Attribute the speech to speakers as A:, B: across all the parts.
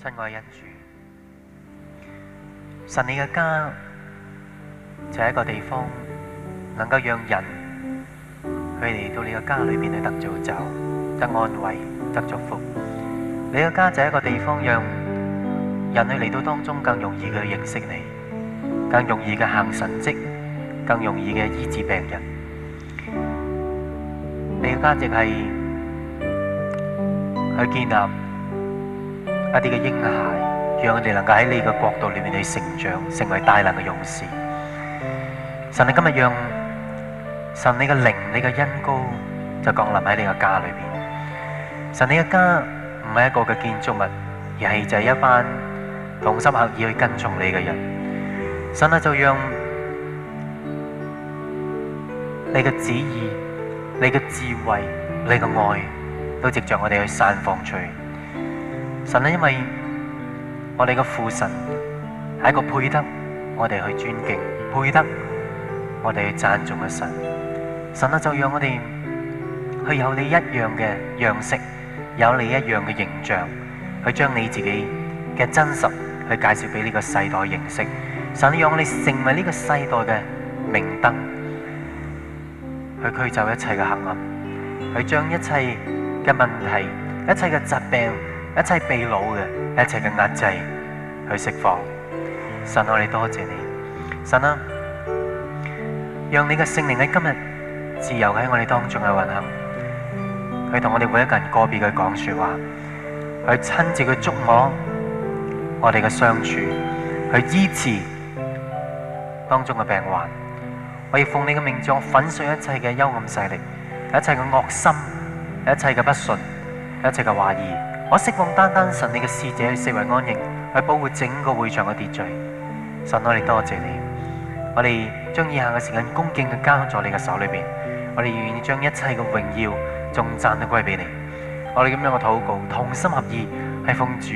A: 親愛嘅恩主，神你嘅家就係一個地方，能夠讓人去嚟到你嘅家裏邊去得造就、得安慰、得祝福。你嘅家就係一個地方，讓人類嚟到當中更容易去認識你，更容易嘅行神蹟，更容易嘅醫治病人。你嘅家亦係去建立。一啲嘅嬰孩，讓佢哋能夠喺你嘅國度裏面去成長，成為大能嘅勇士。神你今日讓神你嘅靈，你嘅恩膏就降臨喺你嘅家裏邊。神你嘅家唔係一個嘅建築物，而係就係一班同心合意去跟從你嘅人。神啊，就讓你嘅旨意、你嘅智慧、你嘅愛，都藉着我哋去散放出去。神呢，因為我哋嘅父神係一個配得我哋去尊敬、配得我哋去讚頌嘅神。神呢，就讓我哋去有你一樣嘅樣式，有你一樣嘅形象，去將你自己嘅真實去介紹畀呢個世代認識。神，讓我哋成為呢個世代嘅明燈，去驅走一切嘅黑暗，去將一切嘅問題、一切嘅疾病。一切被擄嘅一切嘅壓制去釋放，神我哋多謝你，神啊，讓你嘅聖靈喺今日自由喺我哋當中嘅運行，去同我哋每一個人個別去講說話，去親自去觸摸我哋嘅相處，去醫治當中嘅病患，我要奉你嘅名將粉碎一切嘅幽暗勢力，一切嘅惡心，一切嘅不順，一切嘅懷疑。我希望單單神你嘅使者去四圍安營，去保護整個會場嘅秩序。神我哋多謝，謝你，我哋將以下嘅時間恭敬嘅交咗你嘅手裏邊。我哋願意將一切嘅榮耀、頌讚都歸俾你。我哋咁樣嘅禱告，同心合意，係奉主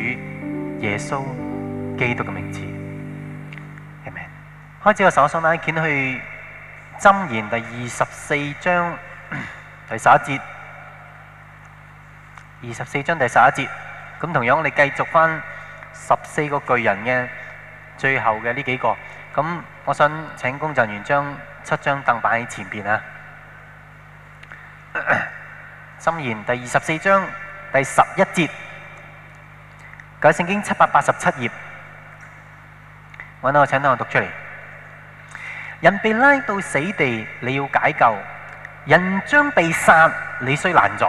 A: 耶穌基督嘅名字。阿門。開始我手上拉件去箴言第二十四章第十一節。二十四章第十一節，咁同樣你繼續翻十四個巨人嘅最後嘅呢幾個，咁我想請工作人員將七張凳擺喺前邊啊。箴言第二十四章第十一節，解聖經七百八十七頁，揾到我請我讀出嚟。人被拉到死地，你要解救；人將被殺，你需攔阻。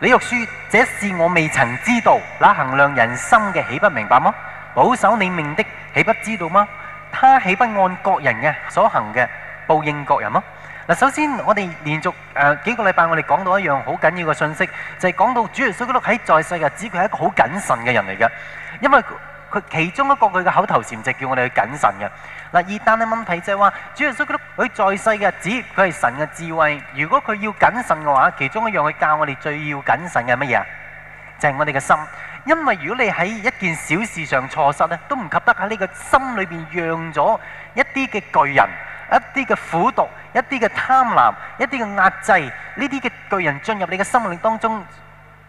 A: 李玉書，這是我未曾知道。那衡量人心嘅，豈不明白嗎？保守你命的，豈不知道嗎？他豈不按各人嘅所行嘅報應各人嗎？嗱，首先我哋連續誒、呃、幾個禮拜，我哋講到一樣好緊要嘅信息，就係、是、講到主耶穌基督喺在世嘅，指佢係一個好謹慎嘅人嚟嘅，因為佢其中一個佢嘅口頭禪就叫我哋去謹慎嘅。嗱，而單一問題就係話，主耶穌佢在世嘅日子，佢係神嘅智慧。如果佢要謹慎嘅話，其中一樣佢教我哋最要謹慎嘅係乜嘢？就係我哋嘅心，因為如果你喺一件小事上錯失呢都唔及得喺呢個心裏邊讓咗一啲嘅巨人、一啲嘅苦毒、一啲嘅貪婪、一啲嘅壓制，呢啲嘅巨人進入你嘅心靈當中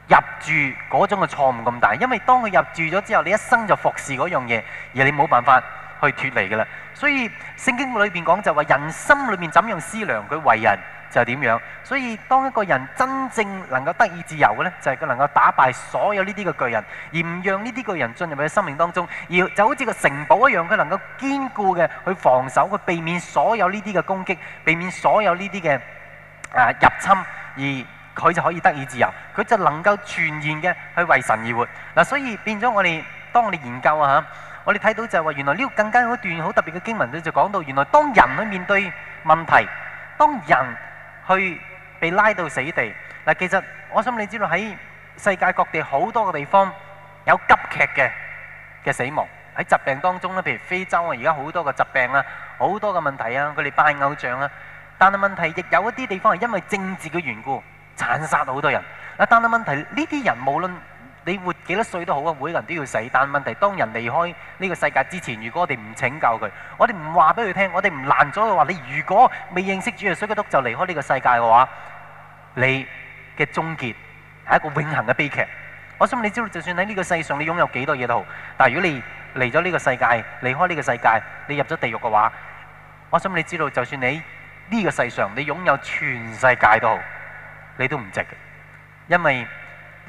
A: 入住嗰種嘅錯誤咁大。因為當佢入住咗之後，你一生就服侍嗰樣嘢，而你冇辦法。去脫離嘅啦，所以聖經裏邊講就話人心裏面怎樣思量，佢為人就點樣。所以當一個人真正能夠得以自由嘅呢，就係佢能夠打敗所有呢啲嘅巨人，而唔讓呢啲巨人進入佢嘅生命當中，而就好似個城堡一樣，佢能夠堅固嘅去防守，佢避免所有呢啲嘅攻擊，避免所有呢啲嘅入侵，而佢就可以得以自由，佢就能夠全然嘅去為神而活嗱。所以變咗我哋當我哋研究啊我哋睇到就係話，原來呢個更加一段好特別嘅經文咧，就講到原來當人去面對問題，當人去被拉到死地。嗱，其實我想你知道喺世界各地好多個地方有急劇嘅嘅死亡喺疾病當中咧，譬如非洲啊，而家好多個疾病啊，好多嘅問題啊，佢哋拜偶像啊。但係問題亦有一啲地方係因為政治嘅緣故，殘殺到好多人。嗱，但係問題呢啲人無論。你活幾多歲都好啊，每個人都要死。但問題當人離開呢個世界之前，如果我哋唔拯救佢，我哋唔話俾佢聽，我哋唔攔咗佢話，你如果未認識主耶穌基督就離開呢個世界嘅話，你嘅終結係一個永恆嘅悲劇。我想你知道，就算喺呢個世上你擁有幾多嘢都好，但係如果你嚟咗呢個世界，離開呢個世界，你入咗地獄嘅話，我想你知道，就算你呢個世上你擁有全世界都好，你都唔值嘅，因為。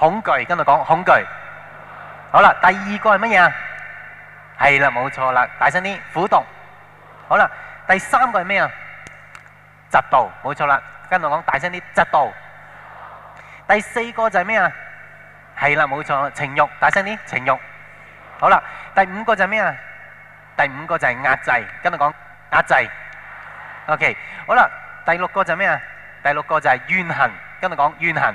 A: 恐懼，跟住講恐懼。好啦，第二個係乜嘢啊？係啦，冇錯啦，大聲啲，苦毒。好啦，第三個係咩啊？嫉妒，冇錯啦，跟住講，大聲啲，嫉妒。第四個就係咩啊？係啦，冇錯，情欲，大聲啲，情欲。好啦，第五個就係咩啊？第五個就係壓制，跟住講，壓制。O.K.，好啦，第六個就係咩啊？第六個就係怨恨，跟住講，怨恨。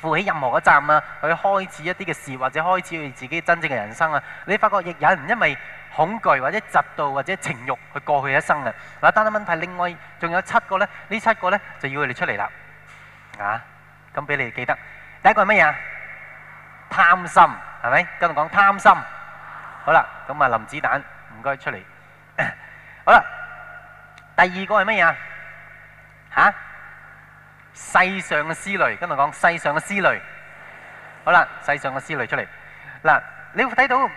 A: 負起任何嘅責任啊，去開始一啲嘅事，或者開始佢自己真正嘅人生啊！你發覺亦有人因為恐懼或者嫉妒或者情欲去過去一生嘅嗱，單單問題，另外仲有七個咧，呢七個咧就要你哋出嚟啦啊！咁俾你哋記得，第一個係乜嘢？貪心係咪？跟住講貪心，好啦，咁啊林子彈，唔該出嚟，好啦，第二個係乜嘢？吓？世上嘅思慮，跟住講世上嘅思慮，好啦，世上嘅思慮出嚟。嗱，你會睇到呢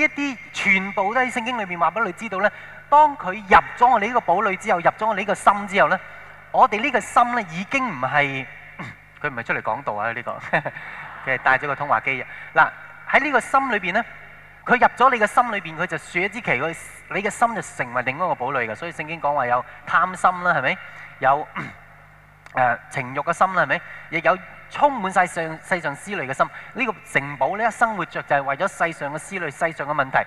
A: 一啲全部都喺聖經裏邊話俾你知道咧。當佢入咗我哋呢個堡壘之後，入咗我哋呢個心之後咧，我哋呢個心咧已經唔係佢，唔係出嚟講道啊呢、這個，佢 係帶咗個通話機嘅。嗱，喺呢個心裏邊咧，佢入咗你嘅心裏邊，佢就豎一枝旗，佢，你嘅心就成為另一個堡壘嘅。所以聖經講話有貪心啦，係咪有？呃、情欲嘅心啦，係咪？亦有充滿曬上世上思慮嘅心。呢、呢個城堡呢，一生活着就係為咗世上嘅思慮、世上嘅問題，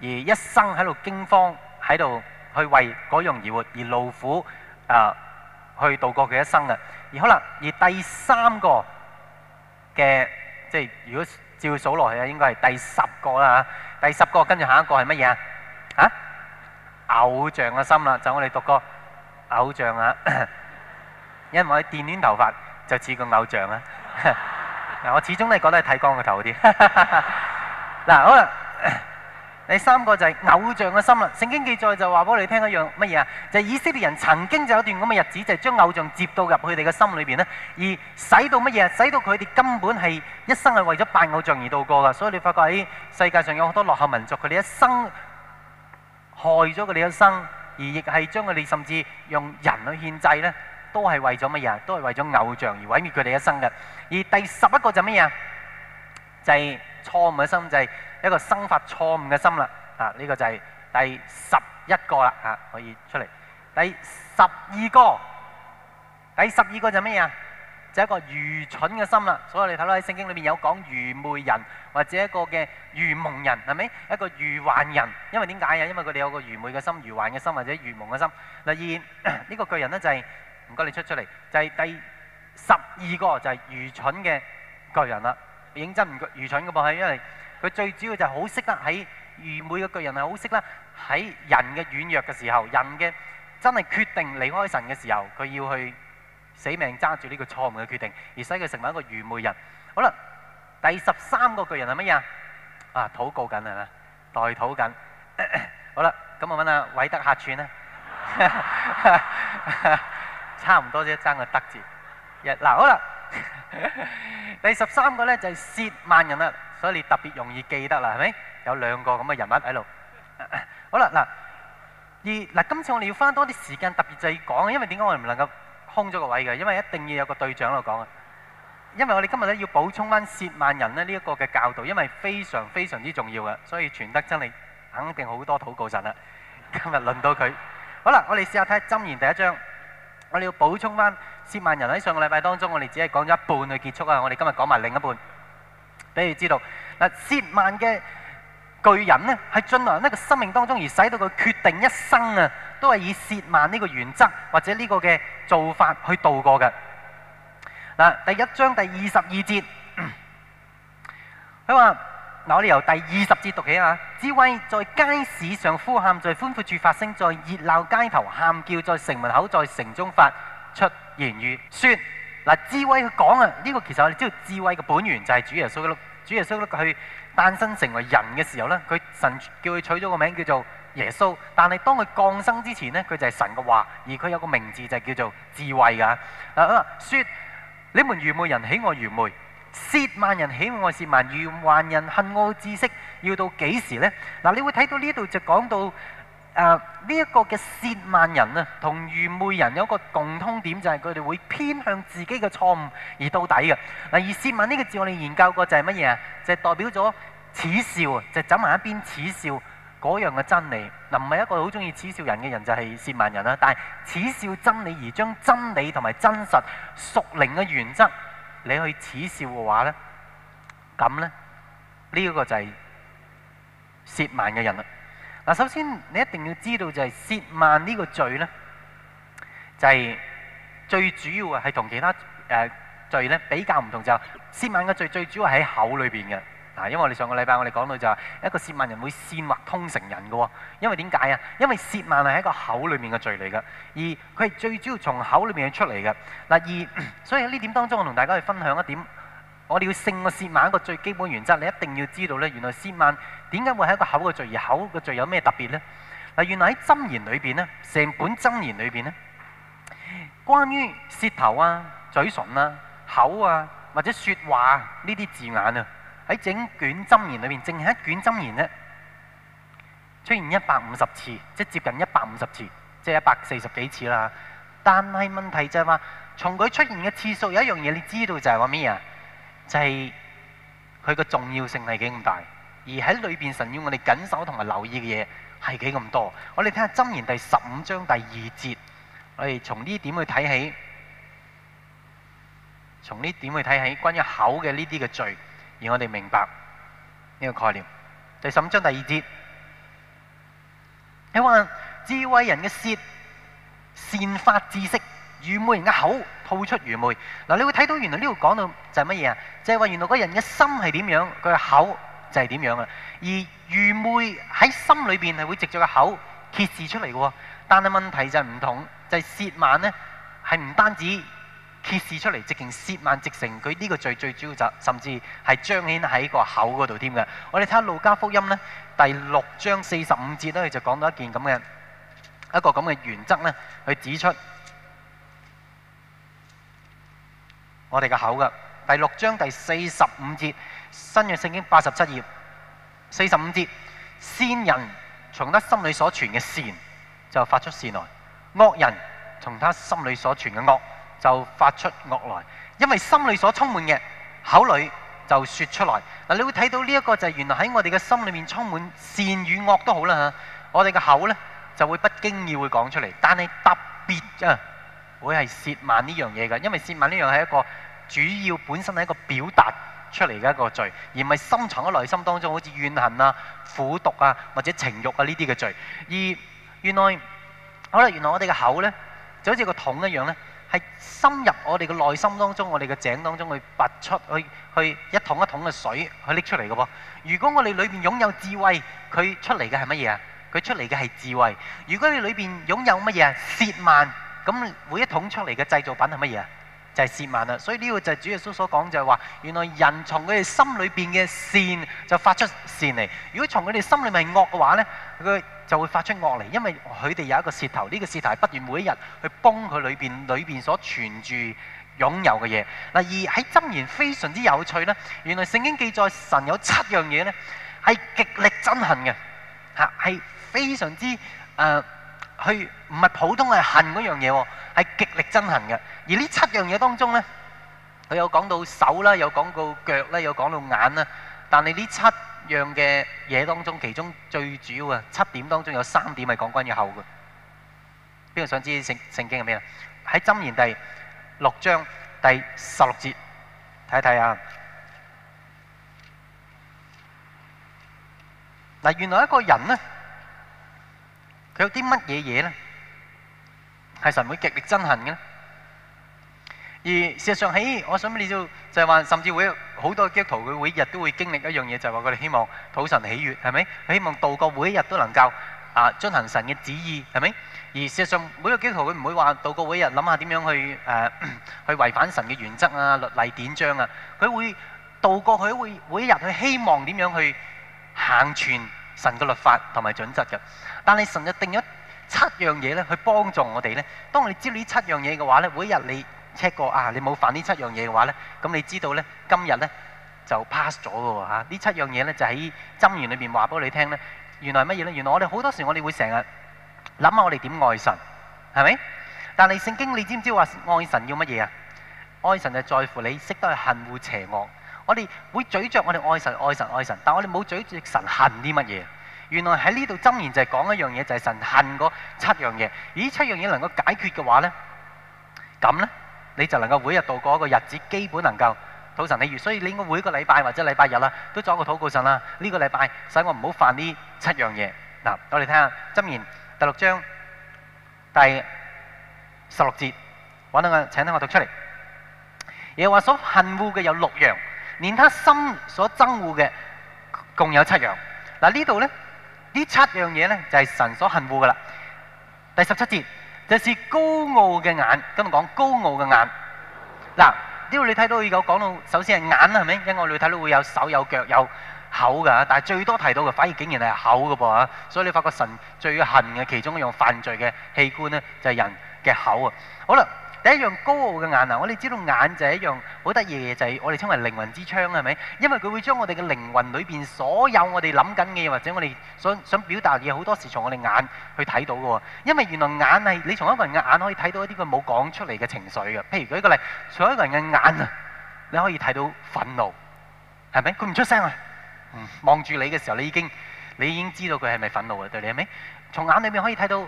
A: 而一生喺度驚慌，喺度去為嗰樣而活，而勞苦啊，去度過佢一生啊。而可能而第三個嘅，即係如果照數落去咧，應該係第十個啦嚇、啊。第十個跟住下一個係乜嘢啊？啊，偶像嘅心啦，就我哋讀個偶像啊。因為我電暖頭髮就似個偶像啦。嗱，我始終都係覺得係剃光個頭好啲。嗱，好啦，第三個就係偶像嘅心啦。聖經記載就話俾你聽一樣乜嘢啊？就係以色列人曾經就有一段咁嘅日子，就將偶像接到入佢哋嘅心裏邊呢。而使到乜嘢？使到佢哋根本係一生係為咗扮偶像而度過噶。所以你發覺喺世界上有好多落後民族，佢哋一生害咗佢哋一生，而亦係將佢哋甚至用人去獻祭呢。都係為咗乜嘢？都係為咗偶像而毀滅佢哋一生嘅。而第十一個就乜嘢？就係錯誤嘅心，就係一個生發錯誤嘅心啦。吓，呢個就係第十一個啦。吓，可以出嚟。第十二個，第十二個就乜嘢？就一個愚蠢嘅心啦。所以你睇到喺聖經裏面有講愚昧人，或者一個嘅愚蒙人，係咪？一個愚頑人。因為點解啊？因為佢哋有個愚昧嘅心、愚頑嘅心或者愚蒙嘅心。嗱，而呢個巨人呢就係。唔該，你出出嚟就係、是、第十二個就係、是、愚蠢嘅巨人啦，認真唔愚蠢嘅噃，係因為佢最主要就係好識得喺愚昧嘅巨人係好識啦，喺人嘅軟弱嘅時候，人嘅真係決定離開神嘅時候，佢要去死命揸住呢個錯誤嘅決定，而使佢成為一個愚昧人。好啦，第十三個巨人係乜嘢啊？啊，禱告緊係咪啊？代禱緊。好啦，咁我問下偉德客串啦。哈哈 差唔多啫，爭個德字。一嗱好啦，第十三個咧就係薛萬人啦，所以你特別容易記得啦，係咪？有兩個咁嘅人物喺度。好啦嗱，二嗱，今次我哋要花多啲時間特別就要講，因為點解我哋唔能夠空咗個位嘅？因為一定要有個對象喺度講啊。因為我哋今日咧要補充翻薛萬人咧呢一個嘅教導，因為非常非常之重要嘅，所以傳得真係肯定好多禱告神啦。今日輪到佢。好啦，我哋試下睇《箴言》第一章。我哋要補充翻，薛萬人喺上個禮拜當中，我哋只係講咗一半去結束啊！我哋今日講埋另一半。比如知道嗱，薛萬嘅巨人呢，係進行呢個生命當中而使到佢決定一生啊，都係以薛萬呢個原則或者呢個嘅做法去度過嘅。嗱，第一章第二十二節，佢話。我哋由第二十節讀起啊！智慧在街市上呼喊，在寬闊處發聲，在熱鬧街頭喊叫，在城門口，在城中發出言語。說，嗱，智慧佢講啊，呢、這個其實我哋知道智慧嘅本源就係主耶穌咯。主耶穌咧佢誕生成為人嘅時候咧，佢神叫佢取咗個名叫做耶穌。但係當佢降生之前咧，佢就係神嘅話，而佢有個名字就叫做智慧啊。啊，說你們愚昧人喜愛愚昧。褻慢人喜愛褻慢，愚頑人恨惡知識，要到幾時呢？嗱，你會睇到呢度就講到，誒呢一個嘅褻慢人啊，同愚昧人有一個共通點，就係佢哋會偏向自己嘅錯誤而到底嘅。嗱，而褻慢呢個字我哋研究過就係乜嘢啊？就係、是、代表咗恥笑，就是、走埋一邊恥笑嗰樣嘅真理。嗱、呃，唔係一個好中意恥笑人嘅人就係、是、褻慢人啦，但係恥笑真理而將真理同埋真實、屬靈嘅原則。你去恥笑嘅話咧，咁咧呢一個就係褻慢嘅人啦。嗱，首先你一定要知道就係褻慢呢個罪咧，就係最主要係同其他誒、呃、罪咧比較唔同，就褻慢嘅罪，最主要係喺口裏邊嘅。因為我哋上個禮拜我哋講到就係一個褻慢人會煽惑通城人嘅喎，因為點解啊？因為褻慢係一個口裏面嘅罪嚟嘅，而佢係最主要從口裏面出嚟嘅嗱。而所以喺呢點當中，我同大家去分享一點，我哋要勝過褻慢一個最基本原則，你一定要知道呢，原來褻慢點解會係一個口嘅罪，而口嘅罪有咩特別呢？嗱，原來喺《箴言》裏邊呢，成本《箴言》裏邊呢，關於舌頭啊、嘴唇啊、口啊或者説話呢、啊、啲字眼啊，喺整卷箴言裏面，淨係一卷箴言呢，出現一百五十次，即接近一百五十次，即係一百四十幾次啦。但係問題就係話，從佢出現嘅次數有一樣嘢，你知道就係話咩啊？就係佢個重要性係幾咁大，而喺裏面神要我哋緊守同埋留意嘅嘢係幾咁多。我哋睇下箴言第十五章第二節，我哋從呢點去睇起，從呢點去睇起，關於口嘅呢啲嘅罪。而我哋明白呢個概念，第、就是、十五章第二節，你話智慧人嘅舌善發知識，愚昧人嘅口吐出愚昧。嗱，你會睇到原來呢度講到就係乜嘢啊？就係、是、話原來個人嘅心係點樣，佢嘅口就係點樣啦。而愚昧喺心裏面係會藉住個口揭示出嚟嘅喎。但係問題就係唔同，就係、是、舌慢咧，係唔單止。揭示出嚟，直情涉慢直成，佢呢個罪最主要就，甚至係彰顯喺個口嗰度添嘅。我哋睇下路加福音呢，第六章四十五節咧，佢就講到一件咁嘅一個咁嘅原則呢，去指出我哋嘅口嘅。第六章第四十五節，新約聖經八十七頁，四十五節，善人從他心裏所傳嘅善就發出善來，惡人從他心裏所傳嘅惡。就發出惡來，因為心裏所充滿嘅口裏就說出來，嗱，你會睇到呢一個就係原來喺我哋嘅心裏面充滿善與惡都好啦嚇，我哋嘅口呢，就會不經意會講出嚟，但係特別啊會係褻慢呢樣嘢㗎，因為褻慢呢樣係一個主要本身係一個表達出嚟嘅一個罪，而唔係深藏喺內心當中好似怨恨啊、苦毒啊或者情慾啊呢啲嘅罪。而原來好啦，原來我哋嘅口呢，就好似個桶一樣呢。係深入我哋嘅內心當中，我哋嘅井當中去拔出，去去一桶一桶嘅水去拎出嚟嘅噃。如果我哋裏邊擁有智慧，佢出嚟嘅係乜嘢啊？佢出嚟嘅係智慧。如果你裏邊擁有乜嘢啊？褻慢，咁每一桶出嚟嘅製造品係乜嘢啊？就係舌吻啦，所以呢個就係主耶穌所講就係話，原來人從佢哋心裏邊嘅善就發出善嚟；如果從佢哋心裏面係惡嘅話咧，佢就會發出惡嚟。因為佢哋有一個舌頭，呢個舌頭係不斷每一日去崩佢裏邊裏邊所存住擁有嘅嘢。嗱，而喺箴言非常之有趣咧，原來聖經記載神有七樣嘢咧係極力憎恨嘅，嚇係非常之誒。佢唔係普通係恨嗰樣嘢喎，係極力憎恨嘅。而呢七樣嘢當中咧，佢有講到手啦，有講到腳啦，有講到眼啦。但係呢七樣嘅嘢當中，其中最主要啊，七點當中有三點係講關於口嘅。邊個想知聖聖經係咩啊？喺箴言第六章第十六節睇睇啊！嗱，原來一個人咧。有啲乜嘢嘢咧，係神會極力憎恨嘅。而事實上，喺我想俾你就就係話，甚至會好多基督徒佢每日都會經歷一樣嘢，就係話佢哋希望討神喜悅，係咪？佢希望度過每一日都能夠啊遵行神嘅旨意，係咪？而事實上，每個基督徒佢唔會話度過每一日諗下點樣去誒去違反神嘅原則啊律例典章啊，佢會度過佢會每一日去希望點樣去行全神嘅律法同埋準則嘅。但係神就定咗七樣嘢咧，去幫助我哋咧。當我哋知道呢七樣嘢嘅話咧，每一日你 check 過啊，你冇犯呢七樣嘢嘅話咧，咁你知道咧，今日咧就 pass 咗嘅喎嚇。呢七樣嘢咧就喺箴言裏面話俾你聽咧。原來乜嘢咧？原來我哋好多時我哋會成日諗下我哋點愛神，係咪？但係聖經你知唔知話愛神要乜嘢啊？愛神就係在乎你識得去恨惡邪惡。我哋會咀嚼我哋愛神愛神愛神，但係我哋冇咀嚼神恨啲乜嘢。原來喺呢度箴言就係講一樣嘢，就係神恨過七樣嘢。咦，七樣嘢能夠解決嘅話咧，咁咧你就能夠每日度過一個日子，基本能夠討神喜悅。所以你應該每個禮拜或者禮拜日啦，都做一個禱告神啦。呢個禮拜使我唔好犯呢七樣嘢。嗱，我哋睇下箴言第六章第十六節，揾到我請到我讀出嚟。耶和華所恨惡嘅有六樣，連他心所憎惡嘅共有七樣。嗱呢度咧。呢七樣嘢呢就係神所恨惡嘅啦。第十七節就係高傲嘅眼，今日講高傲嘅眼。嗱，因為你睇到已經講到，首先係眼啦，係咪？因為你睇到會有手、有腳、有口嘅，但係最多提到嘅，反而竟然係口嘅噃啊！所以你發覺神最恨嘅其中一樣犯罪嘅器官呢，就係人嘅口啊！好啦。一樣高傲嘅眼啊！我哋知道眼就係一樣好得意嘅，就係我哋稱為靈魂之窗，係咪？因為佢會將我哋嘅靈魂裏邊所有我哋諗緊嘅嘢，或者我哋想想表達嘅嘢，好多時從我哋眼去睇到嘅喎。因為原來眼係你從一個人嘅眼可以睇到一啲佢冇講出嚟嘅情緒嘅。譬如舉個例，從一個人嘅眼啊，你可以睇到憤怒，係咪？佢唔出聲啊，望住你嘅時候，你已經你已經知道佢係咪憤怒啊？對你係咪？從眼裏面可以睇到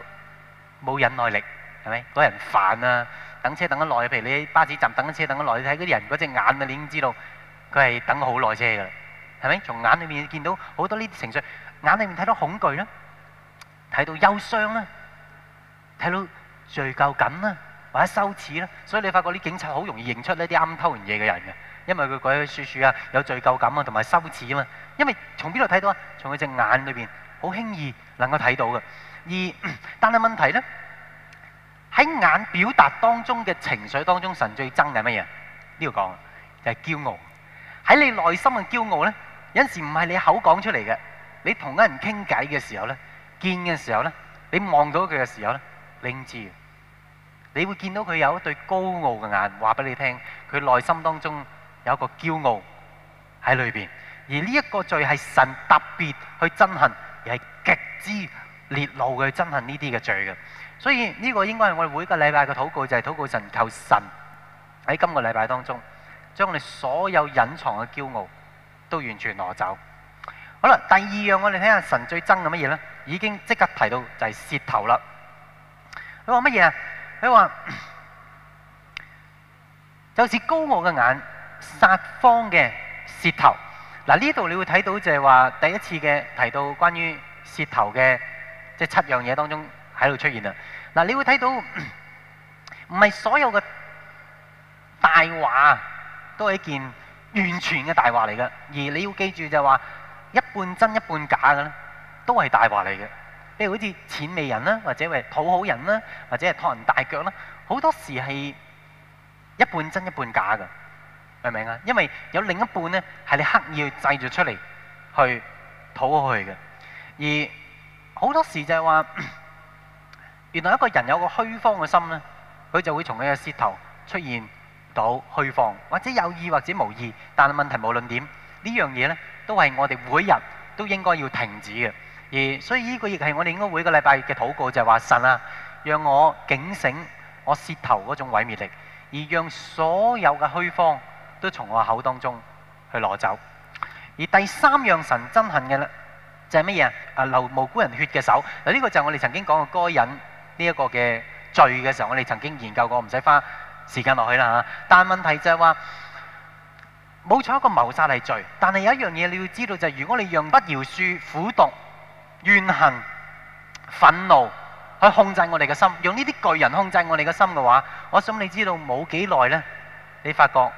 A: 冇忍耐力，係咪？嗰人煩啊！等車等得耐，譬如你喺巴士站等緊車，等咗耐，你睇嗰啲人嗰隻眼啊，你已經知道佢係等好耐車噶啦，係咪？從眼裏面見到好多呢啲情緒，眼裏面睇到恐懼啦，睇到憂傷啦，睇到罪疚感啦，或者羞恥啦，所以你發覺啲警察好容易認出呢啲啱偷完嘢嘅人嘅，因為佢鬼鬼祟祟啊，有罪疚感啊，同埋羞恥啊嘛。因為從邊度睇到啊？從佢隻眼裏邊，好輕易能夠睇到嘅。而但係問題咧。喺眼表達當中嘅情緒當中，神最憎嘅係乜嘢？呢度講就係、是、驕傲。喺你內心嘅驕傲呢，有陣時唔係你口講出嚟嘅。你同一人傾偈嘅時候呢，見嘅時候呢，你望到佢嘅時候呢，領知。你會見到佢有一對高傲嘅眼，話俾你聽，佢內心當中有一個驕傲喺裏邊。而呢一個罪係神特別去憎恨，而係極之烈怒去憎恨呢啲嘅罪嘅。所以呢、呢個應該係我哋每個禮拜嘅禱告，就係、是、禱告神求神喺今個禮拜當中，將我哋所有隱藏嘅驕傲都完全挪走。好啦，第二樣我哋睇下神最憎嘅乜嘢呢？已經即刻提到就係舌頭啦。佢話乜嘢啊？佢話就似、是、高傲嘅眼、撒謊嘅舌頭。嗱，呢度你會睇到就係話第一次嘅提到關於舌頭嘅即係七樣嘢當中，喺度出現啦！嗱，你會睇到唔係所有嘅大話都係一件完全嘅大話嚟嘅，而你要記住就係話一半真一半假嘅咧，都係大話嚟嘅。譬如好似諂媚人啦，或者係討好人啦，或者係托人大腳啦，好多時係一半真一半假嘅，明唔明啊？因為有另一半咧，係你刻意去製造出嚟去討好佢嘅，而好多時就係話。原來一個人有個虛謊嘅心呢，佢就會從佢嘅舌頭出現到虛謊，或者有意或者無意，但係問題無論點，這呢樣嘢呢都係我哋每日都應該要停止嘅。而所以呢個亦係我哋應該每個禮拜嘅禱告，就係、是、話神啊，讓我警醒我舌頭嗰種毀滅力，而讓所有嘅虛謊都從我口當中去攞走。而第三樣神憎恨嘅呢，就係乜嘢啊？流無辜人血嘅手，嗱、這、呢個就係我哋曾經講過嘅該隱。呢一個嘅罪嘅時候，我哋曾經研究過，唔使花時間落去啦。但問題就係話，冇錯，一個謀殺係罪，但係有一樣嘢你要知道就係，如果你用不饒恕、苦毒、怨恨、憤怒去控制我哋嘅心，用呢啲巨人控制我哋嘅心嘅話，我想你知道冇幾耐呢，你發覺。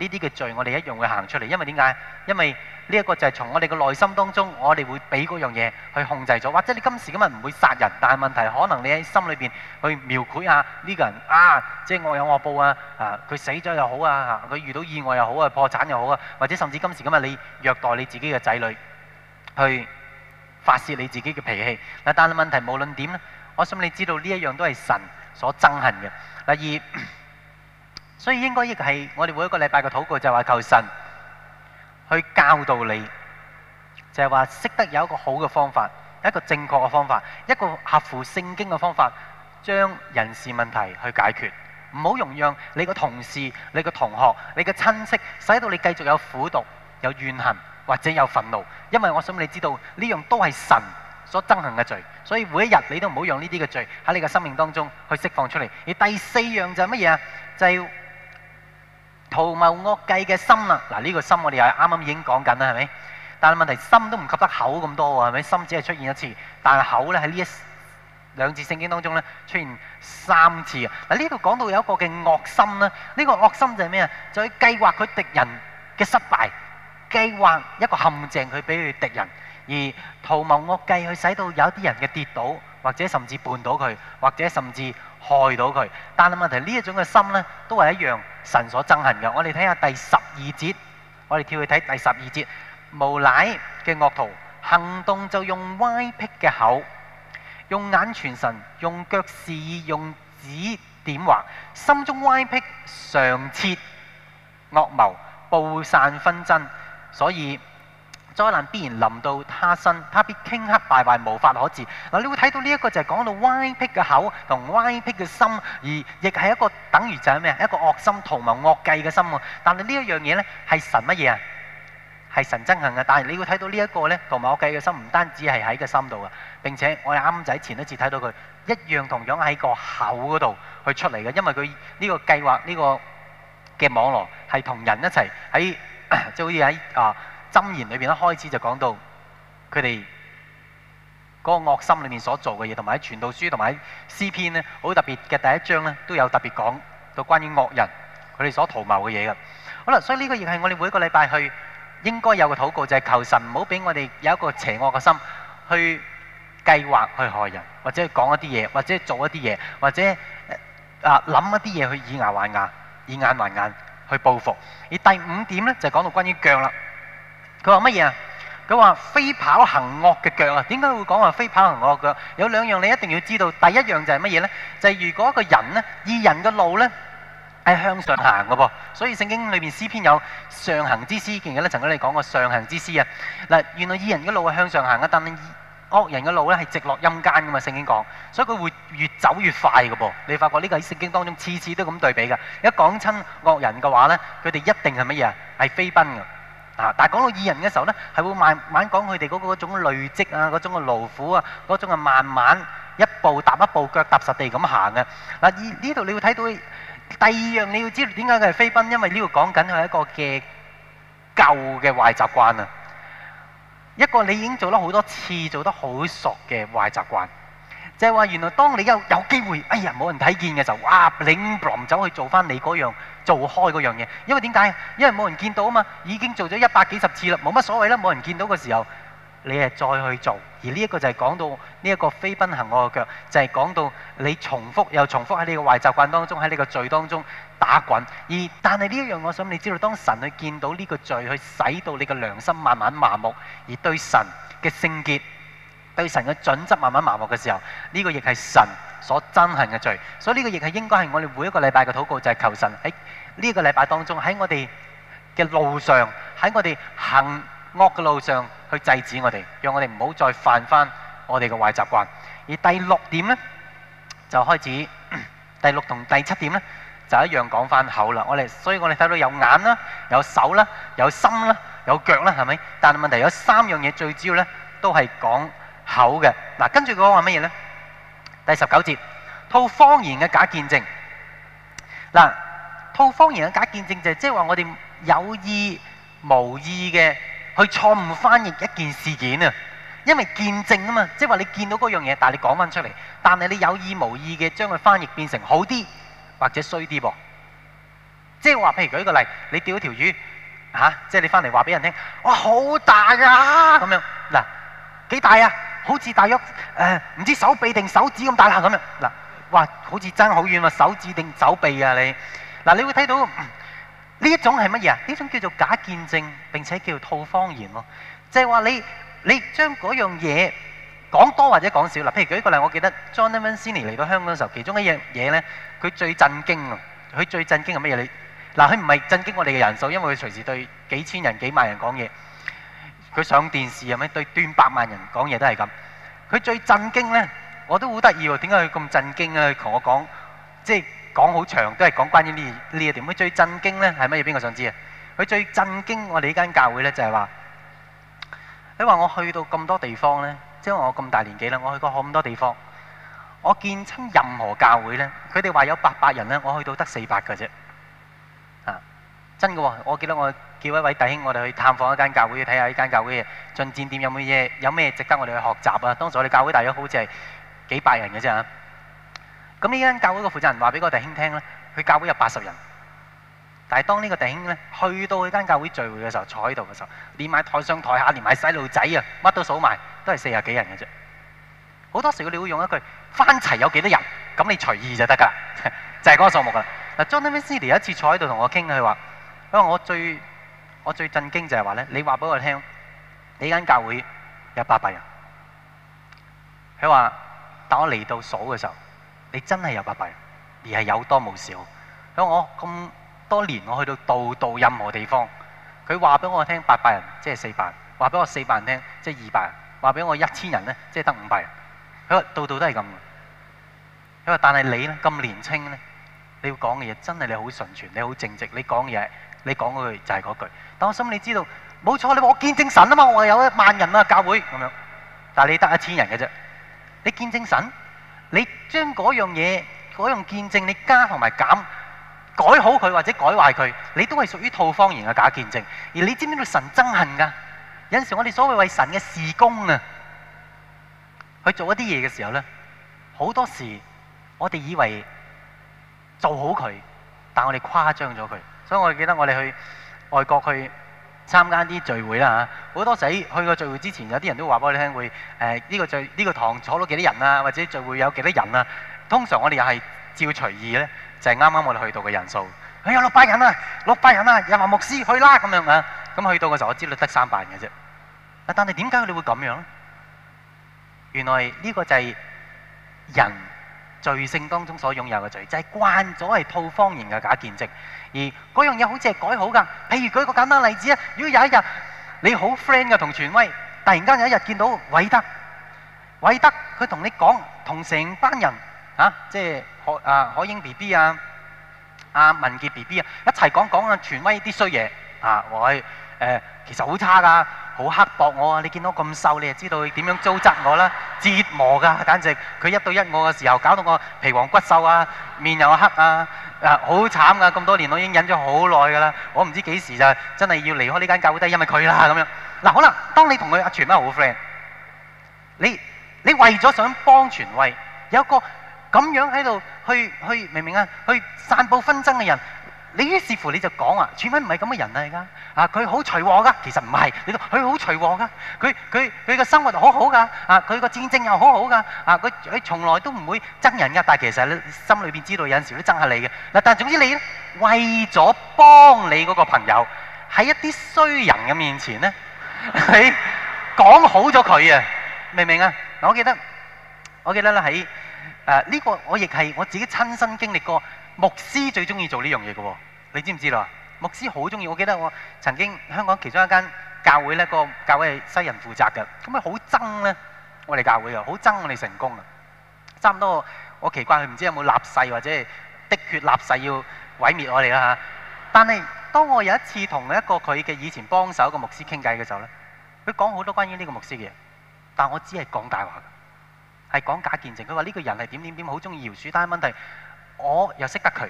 A: 呢啲嘅罪，我哋一樣會行出嚟，因為點解？因為呢一個就係從我哋嘅內心當中，我哋會俾嗰樣嘢去控制咗。或者你今時今日唔會殺人，但係問題可能你喺心裏邊去描繪下呢個人啊，即係惡有惡報啊啊！佢死咗又好啊，佢遇到意外又好啊，破產又好啊，或者甚至今時今日你虐待你自己嘅仔女，去發泄你自己嘅脾氣。嗱，但係問題無論點咧，我信你知道呢一樣都係神所憎恨嘅。第二。所以應該亦係我哋每一個禮拜嘅禱告就係話求神去教導你，就係話識得有一個好嘅方法，一個正確嘅方法，一個合乎聖經嘅方法，將人事問題去解決。唔好容讓你個同事、你個同學、你個親戚，使到你繼續有苦毒、有怨恨或者有憤怒。因為我想你知道呢樣都係神所憎恨嘅罪，所以每一日你都唔好讓呢啲嘅罪喺你嘅生命當中去釋放出嚟。而第四樣就係乜嘢啊？就係。圖謀惡計嘅心啦，嗱呢個心我哋又啱啱已經講緊啦，係咪？但係問題心都唔及得口咁多喎，係咪？心只係出現一次，但係口咧喺呢一兩節聖經當中咧出現三次啊！嗱，呢度講到有一個嘅惡心啦，呢個惡心就係咩啊？就係計劃佢敵人嘅失敗，計劃一個陷阱去俾佢敵人，而圖謀惡計去使到有啲人嘅跌倒，或者甚至絆到佢，或者甚至害到佢。但係問題呢一種嘅心咧，都係一樣。神所憎恨嘅，我哋睇下第十二節，我哋跳去睇第十二節，無賴嘅惡徒行動就用歪僻嘅口，用眼傳神，用腳示意，用指點劃，心中歪僻，常設惡謀，佈散紛爭，所以。災難必然臨到他身，他必頃刻敗壞，無法可治。嗱，你會睇到呢一個就係講到歪僻嘅口同歪僻嘅心，而亦係一個等於就係咩啊？一個惡心圖謀惡計嘅心喎。但係呢一樣嘢咧，係神乜嘢啊？係神憎恨嘅。但係你會睇到呢一個咧，圖謀惡計嘅心唔單止係喺個心度啊，並且我哋啱仔前一次睇到佢一樣同樣喺個口嗰度去出嚟嘅，因為佢呢個計劃呢個嘅網絡係同人一齊喺即係好似喺啊。箴言裏邊一開始就講到佢哋嗰個惡心裏面所做嘅嘢，同埋喺傳道書同埋喺詩篇咧，好特別嘅第一章咧都有特別講到關於惡人佢哋所圖謀嘅嘢嘅。好啦，所以呢個亦係我哋每個禮拜去應該有嘅禱告，就係求神唔好俾我哋有一個邪惡嘅心去計劃去害人，或者講一啲嘢，或者做一啲嘢，或者啊諗一啲嘢去以牙還牙、以眼還眼去報復。而第五點咧就講到關於腳啦。佢話乜嘢啊？佢話飛跑行惡嘅腳啊！點解會講話飛跑行惡嘅腳？有兩樣你一定要知道。第一樣就係乜嘢咧？就係如果一個人咧，義人嘅路咧係向上行嘅噃。所以聖經裏邊詩篇有上行之詩，記唔記得？曾經你講過上行之詩啊！嗱，原來義人嘅路係向上行嘅，但係惡人嘅路咧係直落陰間嘅嘛。聖經講，所以佢會越走越快嘅噃。你發覺呢個喺聖經當中次次都咁對比嘅。一講親惡人嘅話咧，佢哋一定係乜嘢啊？係飛奔嘅。啊！但係講到義人嘅時候咧，係會慢慢講佢哋嗰個嗰種累積啊，嗰種嘅勞苦啊，嗰種啊慢慢一步踏一步腳踏實地咁行嘅。嗱，呢呢度你要睇到第二樣你要知道點解佢係飛奔，因為呢個講緊佢係一個嘅舊嘅壞習慣啊。一個你已經做得好多次做得好熟嘅壞習慣，就係話原來當你有有機會，哎呀冇人睇見嘅時候，哇！bling bling 走去做翻你嗰樣。做開嗰樣嘢，因為點解？因為冇人見到啊嘛，已經做咗一百幾十次啦，冇乜所謂啦。冇人見到嘅時候，你係再去做。而呢一個就係講到呢一個飛奔行我嘅腳，就係、是、講到你重複又重複喺呢個壞習慣當中，喺呢個罪當中打滾。而但係呢一樣，我想你知道，當神去見到呢個罪，去使到你嘅良心慢慢麻木，而對神嘅聖潔、對神嘅準則慢慢麻木嘅時候，呢、這個亦係神所憎恨嘅罪。所以呢個亦係應該係我哋每一個禮拜嘅禱告，就係、是、求神喺。呢個禮拜當中喺我哋嘅路上，喺我哋行惡嘅路上，去制止我哋，讓我哋唔好再犯翻我哋嘅壞習慣。而第六點呢，就開始第六同第七點呢，就一樣講翻口啦。我哋，所以我哋睇到有眼啦，有手啦，有心啦，有腳啦，係咪？但係問題有三樣嘢最主要呢，都係講口嘅。嗱，跟住講話乜嘢呢？第十九節，套謊言嘅假見證。嗱。報謠言嘅假見證就係即係話我哋有意無意嘅去錯誤翻譯一件事件啊，因為見證啊嘛，即係話你見到嗰樣嘢，但係你講翻出嚟，但係你有意無意嘅將佢翻譯變成好啲或者衰啲噃。即係話譬如舉一個例，你釣一條魚嚇，即係你翻嚟話俾人聽，哇好大啊咁樣，嗱幾大啊？好似大約誒唔知手臂定手指咁大下咁樣，嗱哇好似爭好遠喎，手指定手臂啊你？嗱，你會睇到呢一種係乜嘢啊？呢種叫做假見證，並且叫套方言咯。即係話你你將嗰樣嘢講多或者講少。嗱，譬如舉一個例，我記得 John Wesley 嚟到香港嘅時候，其中一樣嘢咧，佢最震驚啊！佢最震驚係乜嘢？你嗱，佢唔係震驚我哋嘅人數，因為佢隨時對幾千人、幾萬人講嘢。佢上電視，係咪對段百萬人講嘢都係咁。佢最震驚咧，我都好得意喎。點解佢咁震驚啊？佢同我講，即係。講好長，都係講關於呢呢一點。咁、這個、最震驚呢？係乜嘢？邊個想知啊？佢最震驚我哋呢間教會呢，就係、是、話：你話我去到咁多地方呢，即係我咁大年紀啦，我去過咁多地方，我見親任何教會呢，佢哋話有八百人呢，我去到得四百噶啫。啊，真嘅、哦！我記得我叫一位弟兄我哋去探訪一間教會，睇下呢間教會嘅進展點有有，有冇嘢，有咩值得我哋去學習啊？當時我哋教會大約好似係幾百人嘅啫。咁呢間教會個負責人話俾個弟兄聽咧，佢教會有八十人，但係當呢個弟兄咧去到佢間教會聚會嘅時候，坐喺度嘅時候，連埋台上台下，連埋細路仔啊，乜都數埋，都係四廿幾人嘅啫。好多時我哋會用一句翻齊有幾多人，咁你隨意就得㗎，就係嗰個數目㗎。嗱 Jonathan Steele 有一次坐喺度同我傾，佢話：我最我最震驚就係話咧，你話俾我聽，你間教會有八百人，佢話，但我嚟到數嘅時候。你真係有八百人，而係有多冇少。咁我咁多年，我去到度度任何地方，佢話俾我聽八百人，即係四百人；話俾我四百人聽，即係二百人；話俾我一千人咧，即係得五百人。佢話度度都係咁。佢話：但係你咧咁年輕咧，你要講嘅嘢真係你好純全，你好正直。你講嘅嘢，你講嗰句就係嗰句。但係我想你知道，冇錯，你話我見證神啊嘛，我有一萬人啊教會咁樣，但係你得一千人嘅啫。你見證神？你將嗰樣嘢，嗰樣見證，你加同埋減，改好佢或者改壞佢，你都係屬於套方言嘅假見證。而你知唔知道神憎恨㗎？有陣時我哋所謂為神嘅事工啊，去做一啲嘢嘅時候咧，好多時我哋以為做好佢，但我哋誇張咗佢。所以我記得我哋去外國去。參加啲聚會啦嚇，好多時去過聚會之前有啲人都話俾我聽，會誒呢、呃呢個聚呢、呢個堂坐到幾多人啊，或者聚會有幾多人啊。通常我哋又係照隨意咧，就係啱啱我哋去到嘅人數。佢有六百人啊，六百人啊，又話牧師去啦咁樣啊，咁去到嘅時候我知道得三百人嘅啫。啊，但係點解佢哋會咁樣咧？原來呢個就係人罪性當中所擁有嘅罪，就係、是、慣咗係套方言嘅假見證。而嗰樣嘢好似係改好噶，譬如舉一個簡單例子啊，如果有一日你好 friend 嘅同傳威，突然間有一日見到偉德，偉德佢同你講同成班人啊，即係海啊海英 B B 啊，阿文傑 B B 啊，一齊講講啊，傳威啲衰嘢啊，喂誒，其實好差噶，好刻薄我啊，你見到我咁瘦，你就知道佢點樣糟質我啦，折磨噶，簡直佢一對一我嘅時候，搞到我皮黃骨瘦啊，面又黑啊。啊！好慘噶，咁多年我已經忍咗好耐噶啦，我唔知幾時就真係要離開呢間教會都係因為佢啦咁樣。嗱，好啦，當你同佢阿全媽好 friend，你你為咗想幫全慧，有一個咁樣喺度去去，明唔明啊？去散佈紛爭嘅人。你於是乎你就講啊，馴馬唔係咁嘅人啦而家，啊佢好隨和噶，其實唔係，你佢好隨和噶，佢佢佢個生活很好好噶，啊佢個戰爭又好好噶，啊佢佢從來都唔會憎人噶，但係其實你心裏邊知道有陣時候都憎下你嘅，嗱、啊、但係總之你為咗幫你嗰個朋友喺一啲衰人嘅面前咧， 你講好咗佢啊，明唔明啊？嗱，我記得我記得咧喺誒呢個我亦係我自己親身經歷過。牧師最中意做呢樣嘢嘅喎，你知唔知道啦？牧師好中意，我記得我曾經香港其中一間教會呢個教會係西人負責嘅，咁啊好憎呢，我哋教會啊好憎我哋成功啊，差唔多我奇怪佢唔知道有冇立誓或者的確立誓要毀滅我哋啦嚇。但係當我有一次同一個佢嘅以前幫手個牧師傾偈嘅時候呢，佢講好多關於呢個牧師嘅嘢，但我只係講大話，係講假見證。佢話呢個人係點點點好中意謠傳，但係問題。我又識得佢，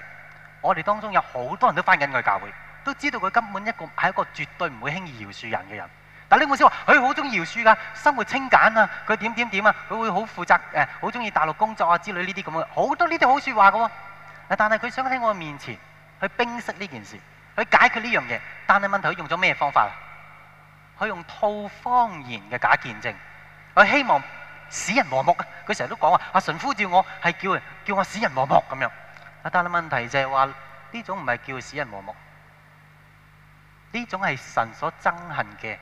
A: 我哋當中有好多人都翻緊佢教會，都知道佢根本一個係一個絕對唔會輕易饒恕人嘅人。但呢位先生，佢好中意饒恕㗎，生活清簡啊，佢點點點啊，佢會好負責誒，好中意大陸工作啊之類呢啲咁嘅，很多好多呢啲好説話嘅喎。但係佢想喺我面前去冰釋呢件事，去解決呢樣嘢。但係問題，佢用咗咩方法啊？佢用套謊言嘅假見證，佢希望。死人和睦啊！佢成日都講啊，阿神呼召我叫，叫我係叫叫我死人和睦咁樣。但係問題就係話呢種唔係叫死人和睦，呢種係神所憎恨嘅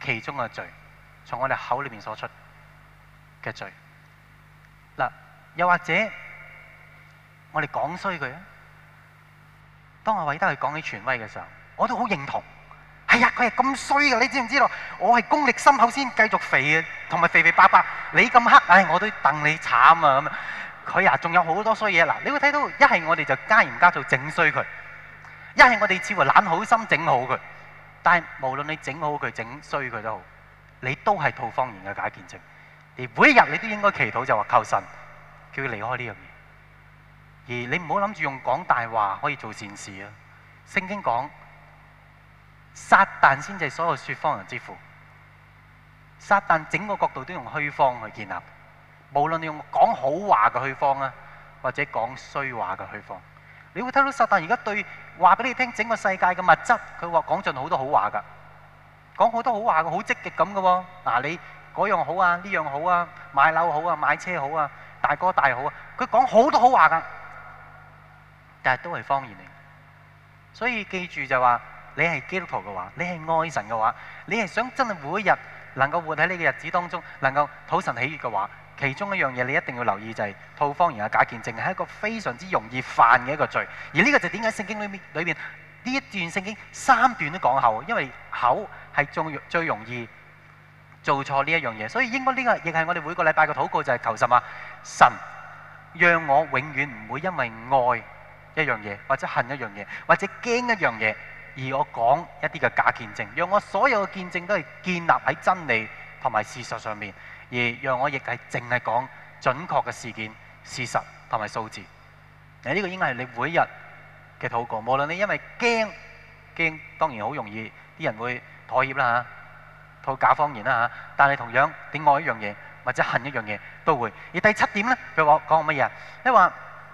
A: 其中嘅罪，從我哋口裏面所出嘅罪。嗱，又或者我哋講衰佢啊，當阿偉德去講起權威嘅時候，我都好認同。哎呀，佢係咁衰嘅，你知唔知道？我係功力深厚先繼續肥嘅，同埋肥肥白白。你咁黑，唉、哎，我都戥你慘啊！咁佢啊，仲有好多衰嘢嗱。你會睇到，一係我哋就加鹽加醋整衰佢，一係我哋似乎懶好心整好佢。但係無論你整好佢、整衰佢都好，你都係套方言嘅假見證。連每一日你都應該祈禱，就話靠神叫佢離開呢樣嘢。而你唔好諗住用講大話可以做善事啊！聖經講。撒旦先至係所有說謊人之父。撒旦整個角度都用虛謊去建立，無論你用講好話嘅虛謊啊，或者講衰話嘅虛謊，你會睇到撒旦而家對話俾你聽，整個世界嘅物質，佢話講盡好多好話噶講好多好話嘅，好積極咁嘅。嗱，你嗰樣好啊，呢樣好啊，買樓好啊，買車好啊，大哥大好啊，佢講好多好話噶但係都係謊言嚟。所以記住就話。你係基督徒嘅話，你係愛神嘅話，你係想真係每一日能夠活喺呢個日子當中，能夠討神喜悅嘅話，其中一樣嘢你一定要留意就係、是、套謊言啊、假見證，係一個非常之容易犯嘅一個罪。而呢個就點解聖經裏面裏面呢一段聖經三段都講口，因為口係最最容易做錯呢一樣嘢，所以應該呢、這個亦係我哋每個禮拜嘅禱告就係求，求神啊，神讓我永遠唔會因為愛一樣嘢，或者恨一樣嘢，或者驚一樣嘢。而我講一啲嘅假見證，讓我所有嘅見證都係建立喺真理同埋事實上面，而讓我亦係淨係講準確嘅事件、事實同埋數字。誒，呢個應該係你每一日嘅禱告。無論你因為驚驚，當然好容易啲人會妥協啦嚇，套假方言啦嚇。但係同樣點愛一樣嘢，或者恨一樣嘢都會。而第七點咧，佢話講乜嘢？你話。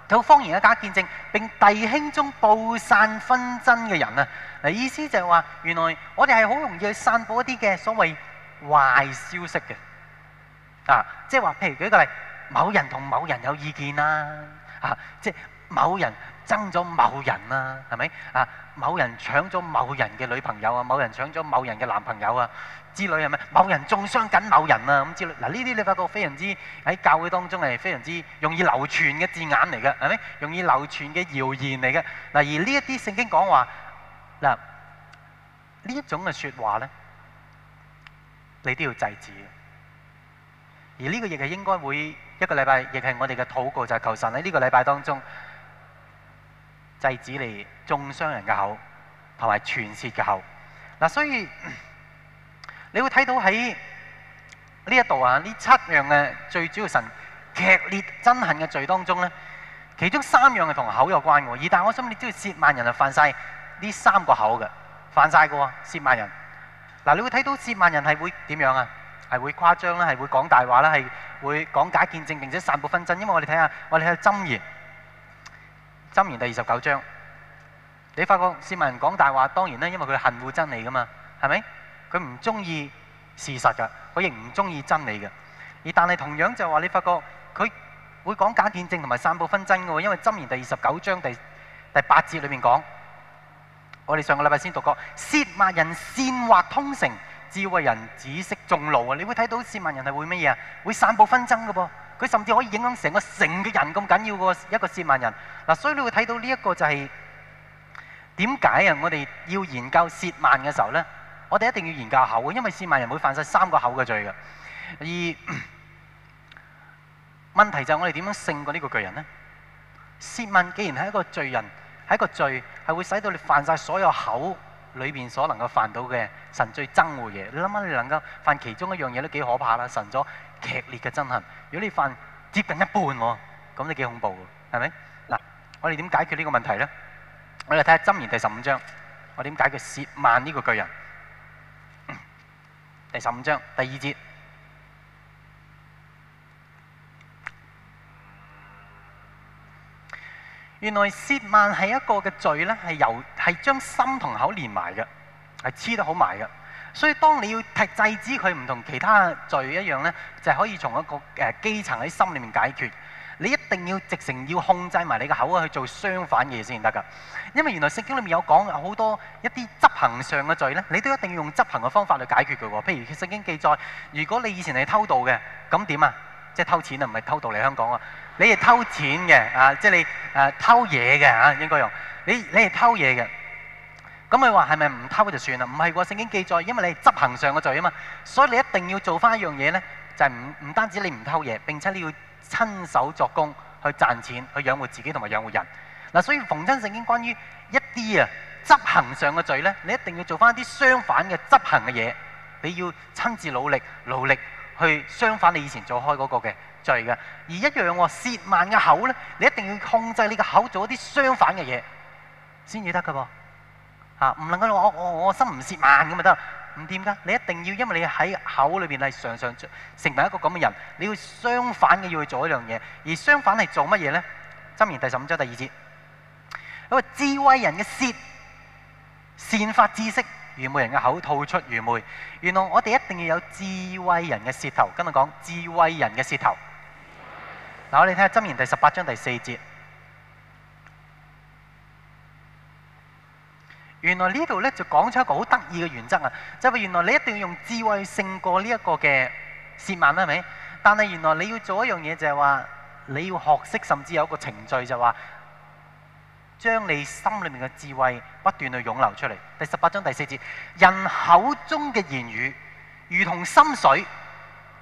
A: 吐謊言的假見證，並弟兄中布散紛爭嘅人啊，嗱，意思就係話，原來我哋係好容易去散播一啲嘅所謂壞消息嘅，啊，即係話譬如舉個例，某人同某人有意見啦、啊，啊，即係某人爭咗某人啦、啊，係咪啊？某人搶咗某人嘅女朋友啊，某人搶咗某人嘅男朋友啊。之類，係咪？某人中傷緊某人啊，咁之類。嗱呢啲你發覺非常之喺教會當中係非常之容易流傳嘅字眼嚟嘅係咪？容易流傳嘅謠言嚟嘅。嗱而呢一啲聖經講話，嗱呢一種嘅説話咧，你都要制止。而呢個亦係應該會一個禮拜，亦係我哋嘅禱告就係求神喺呢個禮拜當中制止你中傷人嘅口同埋傳説嘅口。嗱所以。你會睇到喺呢一度啊，呢七樣嘅最主要神劇烈憎恨嘅罪當中呢，其中三樣係同口有關嘅。而但係我諗你知道褻慢人就犯晒呢三個口嘅，犯晒個褻慢人。嗱，你會睇到褻慢人係會點樣啊？係會誇張啦，係會講大話啦，係會講假見證，並且散布紛爭。因為我哋睇下，我哋睇《箴言》，箴言第二十九章，你發覺褻慢人講大話，當然啦，因為佢恨惡真理噶嘛，係咪？佢唔中意事實㗎，佢亦唔中意真理嘅。而但係同樣就係話，你發覺佢會講假見證同埋散布紛爭㗎喎。因為箴言第二十九章第第八節裏面講，我哋上個禮拜先讀過，褻慢人煽惑通城，智慧人止息眾怒啊！你會睇到褻慢人係會乜嘢啊？會散布紛爭㗎噃。佢甚至可以影響成個城嘅人咁緊要喎，一個褻慢人嗱。所以你會睇到呢一個就係點解啊？我哋要研究褻慢嘅時候咧？我哋一定要研究口，因為撒曼人會犯晒三個口嘅罪嘅。而問題就係我哋點樣勝過呢個巨人呢？撒曼既然係一個罪人，係一個罪，係會使到你犯晒所有口裏邊所能夠犯到嘅神最憎惡嘢。你諗下，你能夠犯其中一樣嘢都幾可怕啦！神咗劇烈嘅憎恨。如果你犯接近一半喎，咁你幾恐怖喎，係咪？嗱，我哋點解決呢個問題呢？我哋睇下箴言第十五章，我哋點解決撒曼呢個巨人？第十五章第二節，原來説謊係一個嘅罪，呢係由係將心同口連埋嘅，係黐得好埋嘅，所以當你要剔制止佢唔同其他罪一樣，呢就可以從一個誒基層喺心裏面解決。你一定要直情要控制埋你個口啊，去做相反嘢先得噶。因為原來聖經裏面有講好多一啲執行上嘅罪呢，你都一定要用執行嘅方法去解決佢。譬如聖經記載，如果你以前係偷渡嘅，咁點啊？即係偷錢啊，唔係偷渡嚟香港啊？你係偷錢嘅啊，即係你誒偷嘢嘅啊，應該用你你係偷嘢嘅。咁你話係咪唔偷就算啦？唔係喎，聖經記載，因為你係執行上嘅罪啊嘛，所以你一定要做翻一樣嘢呢，就係唔唔單止你唔偷嘢，並且你要。親手作工去賺錢，去養活自己同埋養活人。嗱，所以逢親聖經關於一啲啊執行上嘅罪呢，你一定要做翻啲相反嘅執行嘅嘢，你要親自努力努力去相反你以前做開嗰個嘅罪嘅，而一樣我舌慢嘅口呢，你一定要控制你個口做一啲相反嘅嘢先至得㗎噃。唔能夠我我我心唔舌慢咁咪得。唔掂噶，你一定要，因為你喺口裏邊係常常成為一個咁嘅人，你要相反嘅要去做一樣嘢，而相反係做乜嘢呢？箴言第十五章第二節，因為智慧人嘅舌，善發知識；愚昧人嘅口，吐出愚昧。原來我哋一定要有智慧人嘅舌頭，今日講智慧人嘅舌頭。嗱慧，我哋睇下箴言第十八章第四節。原來呢度呢，就講出一個好得意嘅原則啊，就係原來你一定要用智慧勝過呢一個嘅説謊啦，係咪？但係原來你要做一樣嘢就係話，你要學識甚至有一個程序就係話，將你心裏面嘅智慧不斷去湧流出嚟。第十八章第四節，人口中嘅言語如同深水，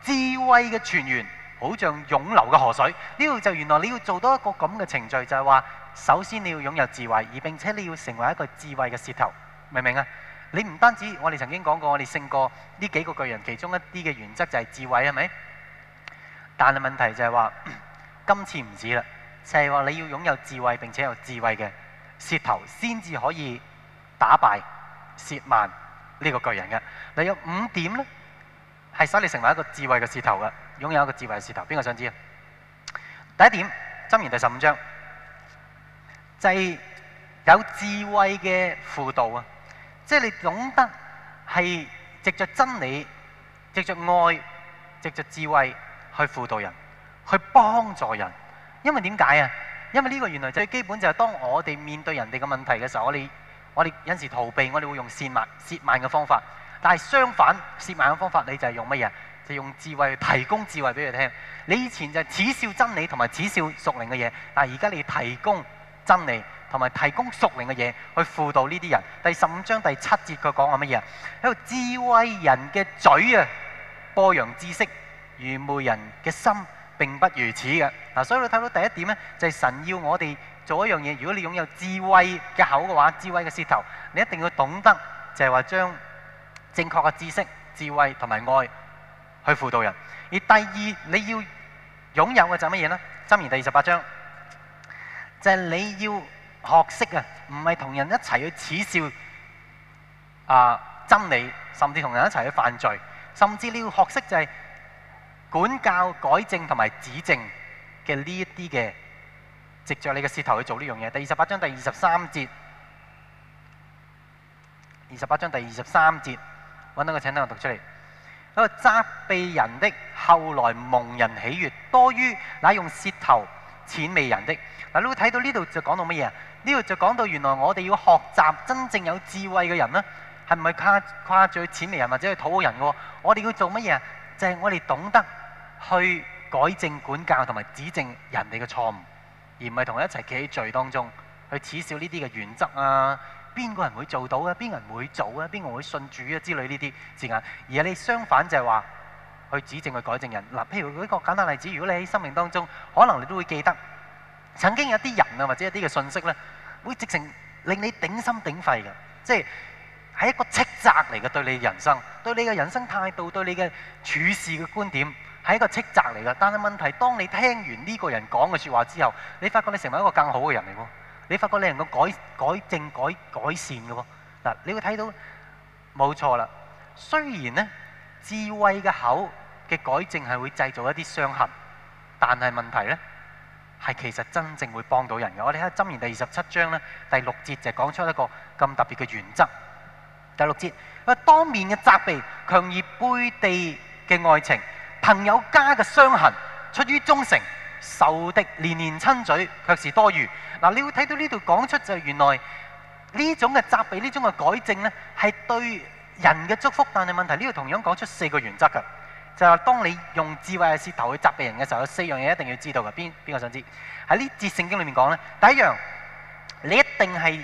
A: 智慧嘅泉源好像湧流嘅河水。呢度就原來你要做到一個咁嘅程序，就係話。首先你要擁有智慧，而並且你要成為一個智慧嘅舌頭，明唔明啊？你唔單止我哋曾經講過，我哋勝過呢幾個巨人，其中一啲嘅原則就係智慧，係咪？但係問題就係話，今次唔止啦，就係話你要擁有智慧，並且有智慧嘅舌頭，先至可以打敗薛萬呢個巨人嘅。你有五點呢，係使你成為一個智慧嘅舌頭嘅，擁有一個智慧嘅舌頭。邊個想知啊？第一點，箴言第十五章。就係有智慧嘅輔導啊，即係你懂得係藉着真理、藉着愛、藉着智慧去輔導人，去幫助人。因為點解啊？因為呢個原來最基本就係當我哋面對人哋嘅問題嘅時候，我哋我哋有陣時逃避，我哋會用褻慢、褻慢嘅方法。但係相反，褻慢嘅方法，你就係用乜嘢？就用智慧提供智慧俾佢聽。你以前就係恥笑真理同埋恥笑屬靈嘅嘢，但係而家你提供。真理同埋提供屬靈嘅嘢去輔導呢啲人。第十五章第七節，佢講係乜嘢？喺度智慧人嘅嘴啊，播揚知識；愚昧人嘅心並不如此嘅。嗱，所以你睇到第一點咧，就係神要我哋做一樣嘢。如果你擁有智慧嘅口嘅話，智慧嘅舌頭，你一定要懂得就係話將正確嘅知識、智慧同埋愛去輔導人。而第二你要擁有嘅就係乜嘢呢？箴言第二十八章。就係你要學識啊，唔係同人一齊去恥笑啊憎你，甚至同人一齊去犯罪，甚至你要學識就係管教、改正同埋指正嘅呢一啲嘅，藉著你嘅舌頭去做呢樣嘢。第二十八章第二十三節，二十八章第二十三節，揾到個，請等我讀出嚟。一個責備人的，後來蒙人喜悅多於乃用舌頭。諂媚人的嗱，你會睇到呢度就講到乜嘢啊？呢度就講到原來我哋要學習真正有智慧嘅人呢，係唔係誇誇獎諂媚人或者係討好人嘅？我哋要做乜嘢啊？就係、是、我哋懂得去改正管教同埋指正人哋嘅錯誤，而唔係同佢一齊企喺罪當中去恥笑呢啲嘅原則啊！邊個人會做到啊？邊個人會做啊？邊個會,會信主啊？之類呢啲字眼。而你相反就係話。去指正去改正人嗱，譬如一個簡單例子，如果你喺生命當中，可能你都會記得曾經有啲人啊，或者一啲嘅信息咧，會直情令你頂心頂肺嘅，即係係一個斥責嚟嘅，對你嘅人生，對你嘅人生態度，對你嘅處事嘅觀點係一個斥責嚟嘅。但係問題，當你聽完呢個人講嘅説話之後，你發覺你成為一個更好嘅人嚟喎，你發覺你能夠改、改正、改改善嘅喎。嗱，你會睇到冇錯啦。雖然呢智慧嘅口，嘅改正係會製造一啲傷痕，但係問題呢，係其實真正會幫到人嘅。我哋睇《箴言》第二十七章呢，第六節就講出一個咁特別嘅原則。第六節話當面嘅責備，強而背地嘅愛情；朋友家嘅傷痕，出於忠誠。仇敵年年親嘴，卻是多餘。嗱，你會睇到呢度講出就係原來呢種嘅責備，呢種嘅改正呢，係對人嘅祝福，但係問題呢度同樣講出四個原則嘅。就係當你用智慧嘅舌頭去責備人嘅時候，有四樣嘢一定要知道嘅。邊邊個想知？喺呢節聖經裏面講咧，第一樣，你一定係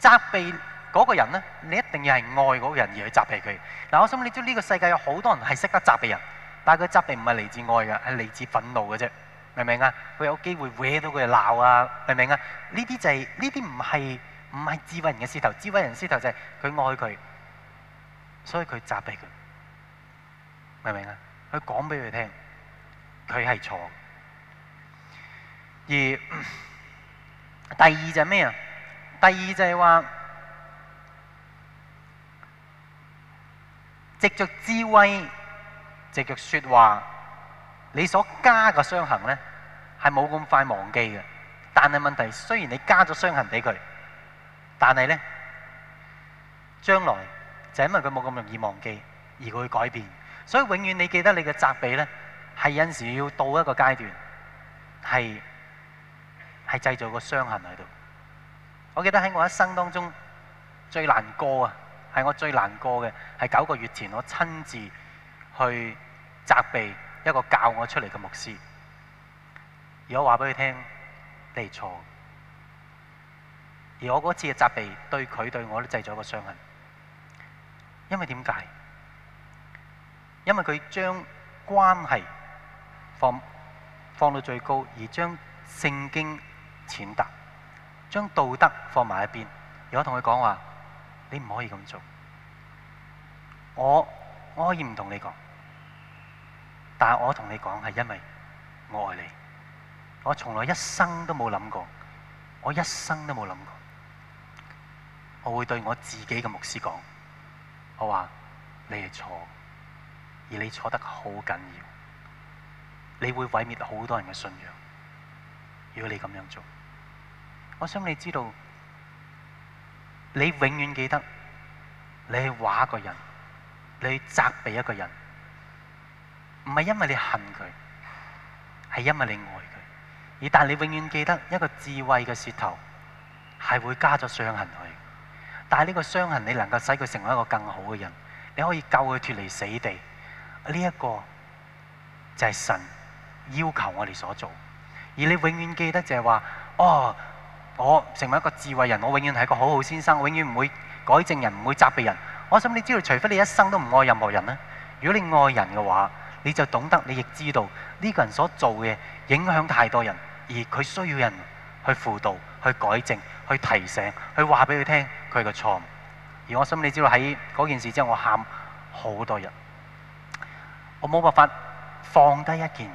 A: 責備嗰個人咧，你一定要係愛嗰個人而去責備佢。嗱，我想你，知，呢個世界有好多人係識得責備人，但係佢責備唔係嚟自愛嘅，係嚟自憤怒嘅啫。明唔明啊？佢有機會搲到佢鬧啊，明唔明啊？呢啲就係呢啲，唔係唔係智慧人嘅舌頭。智慧人嘅舌頭就係佢愛佢，所以佢責備佢。明唔明啊？佢講俾佢聽，佢係錯。而第二就係咩啊？第二就係話，藉着智慧，藉着說話，你所加嘅傷痕咧，係冇咁快忘記嘅。但係問題是，雖然你加咗傷痕俾佢，但係咧，將來就係因為佢冇咁容易忘記，而佢會改變。所以永遠你記得你嘅責備呢，係有陣時要到一個階段，係係製造一個傷痕喺度。我記得喺我一生當中最難過啊，係我最難過嘅係九個月前我親自去責備一個教我出嚟嘅牧師，而我話俾佢聽，你係錯，而我嗰次嘅責備對佢對我都製造一個傷痕，因為點解？因為佢將關係放放到最高，而將聖經踐踏，將道德放埋一邊。如果同佢講話，你唔可以咁做，我我可以唔同你講，但係我同你講係因為我愛你。我從來一生都冇諗過，我一生都冇諗過，我會對我自己嘅牧師講，我話你係錯。而你坐得好緊要，你會毀滅好多人嘅信仰。如果你咁樣做，我想你知道，你永遠記得，你去話一個人，你去責備一個人，唔係因為你恨佢，係因為你愛佢。而但你永遠記得，一個智慧嘅舌頭係會加咗傷痕去，但係呢個傷痕，你能夠使佢成為一個更好嘅人，你可以救佢脫離死地。呢一個就係神要求我哋所做，而你永遠記得就係話哦，我成為一個智慧人，我永遠係個好好先生，我永遠唔會改正人，唔會責備人。我想你知道，除非你一生都唔愛任何人咧。如果你愛人嘅話，你就懂得，你亦知道呢個人所做嘅影響太多人，而佢需要人去輔導，去改正、去提醒、去話俾佢聽佢嘅錯誤，而我想你知道喺嗰件事之後我喊好多人。我冇辦法放低一件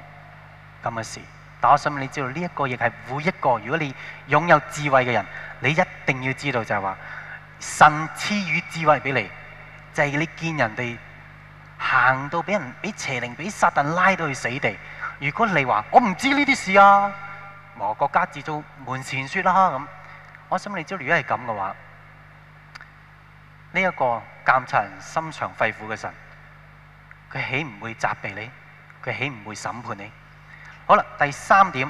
A: 咁嘅事，但我想問你知道呢一個亦係每一個，如果你擁有智慧嘅人，你一定要知道就係話神賜予智慧俾你，就係你見人哋行到俾人、俾邪靈、俾撒旦拉到去死地，如果你話我唔知呢啲事啊，各家自掃門前雪啦、啊、咁，我想問你知道如果係咁嘅話，呢、這、一個鑑察人心腸肺腑嘅神。佢起唔會責備你，佢起唔會審判你。好啦，第三點，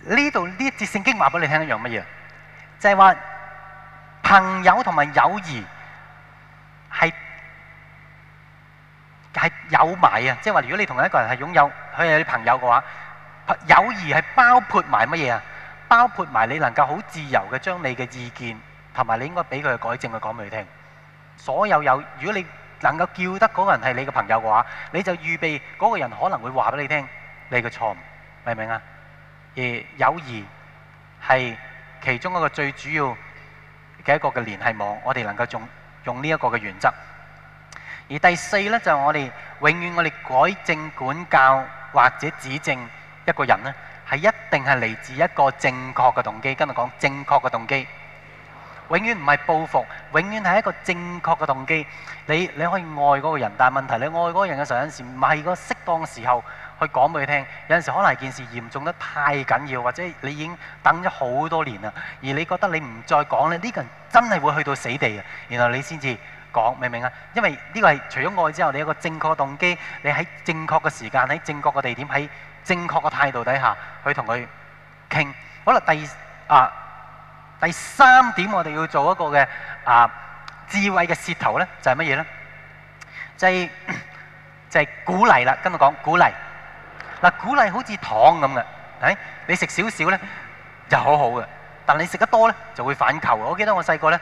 A: 呢度呢節聖經話俾你聽一樣乜嘢？就係話朋友同埋友誼係係有埋啊！即係話如果你同一個人係擁有佢係你朋友嘅話，友誼係包括埋乜嘢啊？包括埋你能夠好自由嘅將你嘅意見同埋你應該俾佢改正嘅講俾佢聽。所有有，如果你能夠叫得嗰個人係你嘅朋友嘅話，你就預備嗰、那個人可能會話俾你聽你嘅錯誤，明唔明啊？而友誼係其中一個最主要嘅一個嘅聯繫網，我哋能夠用用呢一個嘅原則。而第四咧就係、是、我哋永遠我哋改正管教或者指正一個人咧，係一定係嚟自一個正確嘅動機，今日講正確嘅動機。永遠唔係報復，永遠係一個正確嘅動機。你你可以愛嗰個人，但係問題你愛嗰個人嘅時候，有陣時唔係個適當嘅時候去講俾佢聽。有陣時可能係件事嚴重得太緊要，或者你已經等咗好多年啦，而你覺得你唔再講咧，呢個人真係會去到死地啊！然後你先至講，明唔明啊？因為呢個係除咗愛之後，你有個正確嘅動機，你喺正確嘅時間、喺正確嘅地點、喺正確嘅態度底下，去同佢傾。可能第二啊。第三點，我哋要做一個嘅啊智慧嘅舌頭咧，就係乜嘢咧？就係就係鼓勵啦，今日講鼓勵。嗱、啊，鼓勵好似糖咁嘅，你食少少咧就好好嘅，但你食得多咧就會反求。我記得我細個咧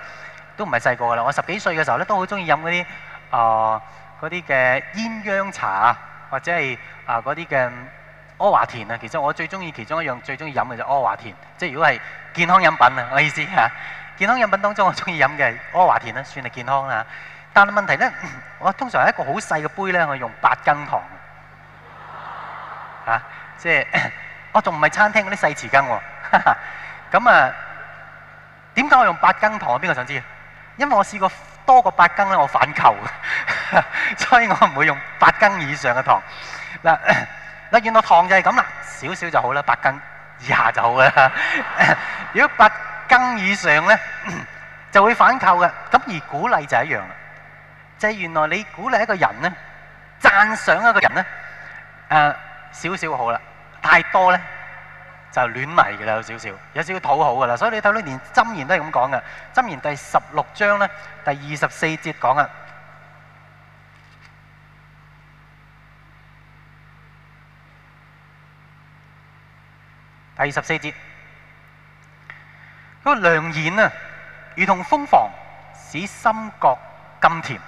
A: 都唔係細個嘅啦，我十幾歲嘅時候咧都好中意飲嗰啲啊嗰啲嘅鴛鴦茶啊，或者係啊嗰啲嘅阿華田啊。其實我最中意其中一樣最中意飲嘅就阿華田，即係如果係。健康飲品啊，我意思嚇。健康飲品當中，我中意飲嘅阿華田啦，算係健康啦。但係問題咧，我通常係一個好細嘅杯咧，我用八羹糖嚇，即、啊、係、就是、我仲唔係餐廳嗰啲細匙羹喎。咁啊，點、啊、解我用八羹糖，邊個想知？因為我試過多過八羹咧，我反求、啊，所以我唔會用八羹以上嘅糖嗱。嗱、啊啊啊，原來糖就係咁啦，少少就好啦，八羹。以下就好嘅， 如果八更以上咧， 就會反扣嘅。咁而鼓勵就一樣啦，即係原來你鼓勵一個人咧，讚賞一個人咧，誒少少好啦，太多咧就亂埋嘅啦，有少少，有少少討好嘅啦。所以你睇到連箴言都係咁講嘅，箴言第十六章咧，第二十四節講啊。第二十四節，嗰、那個良言啊，如同蜂房，使心覺甘甜，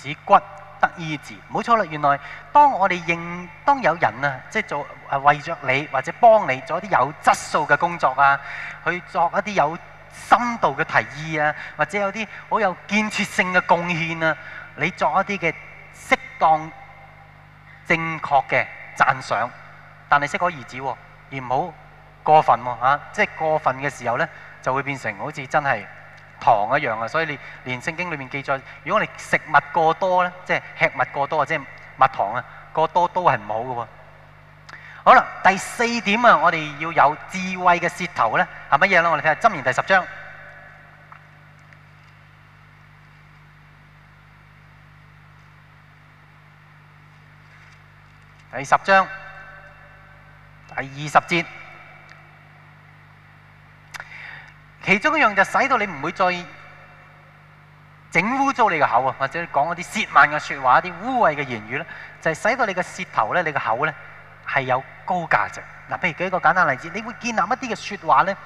A: 使骨得醫治。冇錯啦，原來當我哋認，當有人啊，即係做誒為着你或者幫你做一啲有質素嘅工作啊，去作一啲有深度嘅提議啊，或者有啲好有建設性嘅貢獻啊，你作一啲嘅適當、正確嘅讚賞，但係適可而止，而唔好。過分喎嚇，即係過分嘅時候咧，就會變成好似真係糖一樣啊！所以你連聖經裏面記載，如果你食物過多咧，即係吃物過多啊，或即係蜜糖啊過多都係唔好嘅喎。好啦，第四點啊，我哋要有智慧嘅舌頭咧，係乜嘢咧？我哋睇下箴言第十章，第十章第二十節。其中一樣就使到你唔會再整污糟你個口啊，或者講一啲褻慢嘅説話、一啲污穢嘅言語咧，就係、是、使到你嘅舌頭咧、你嘅口咧係有高價值。嗱，譬如舉一個簡單例子，你會建立一啲嘅説話咧，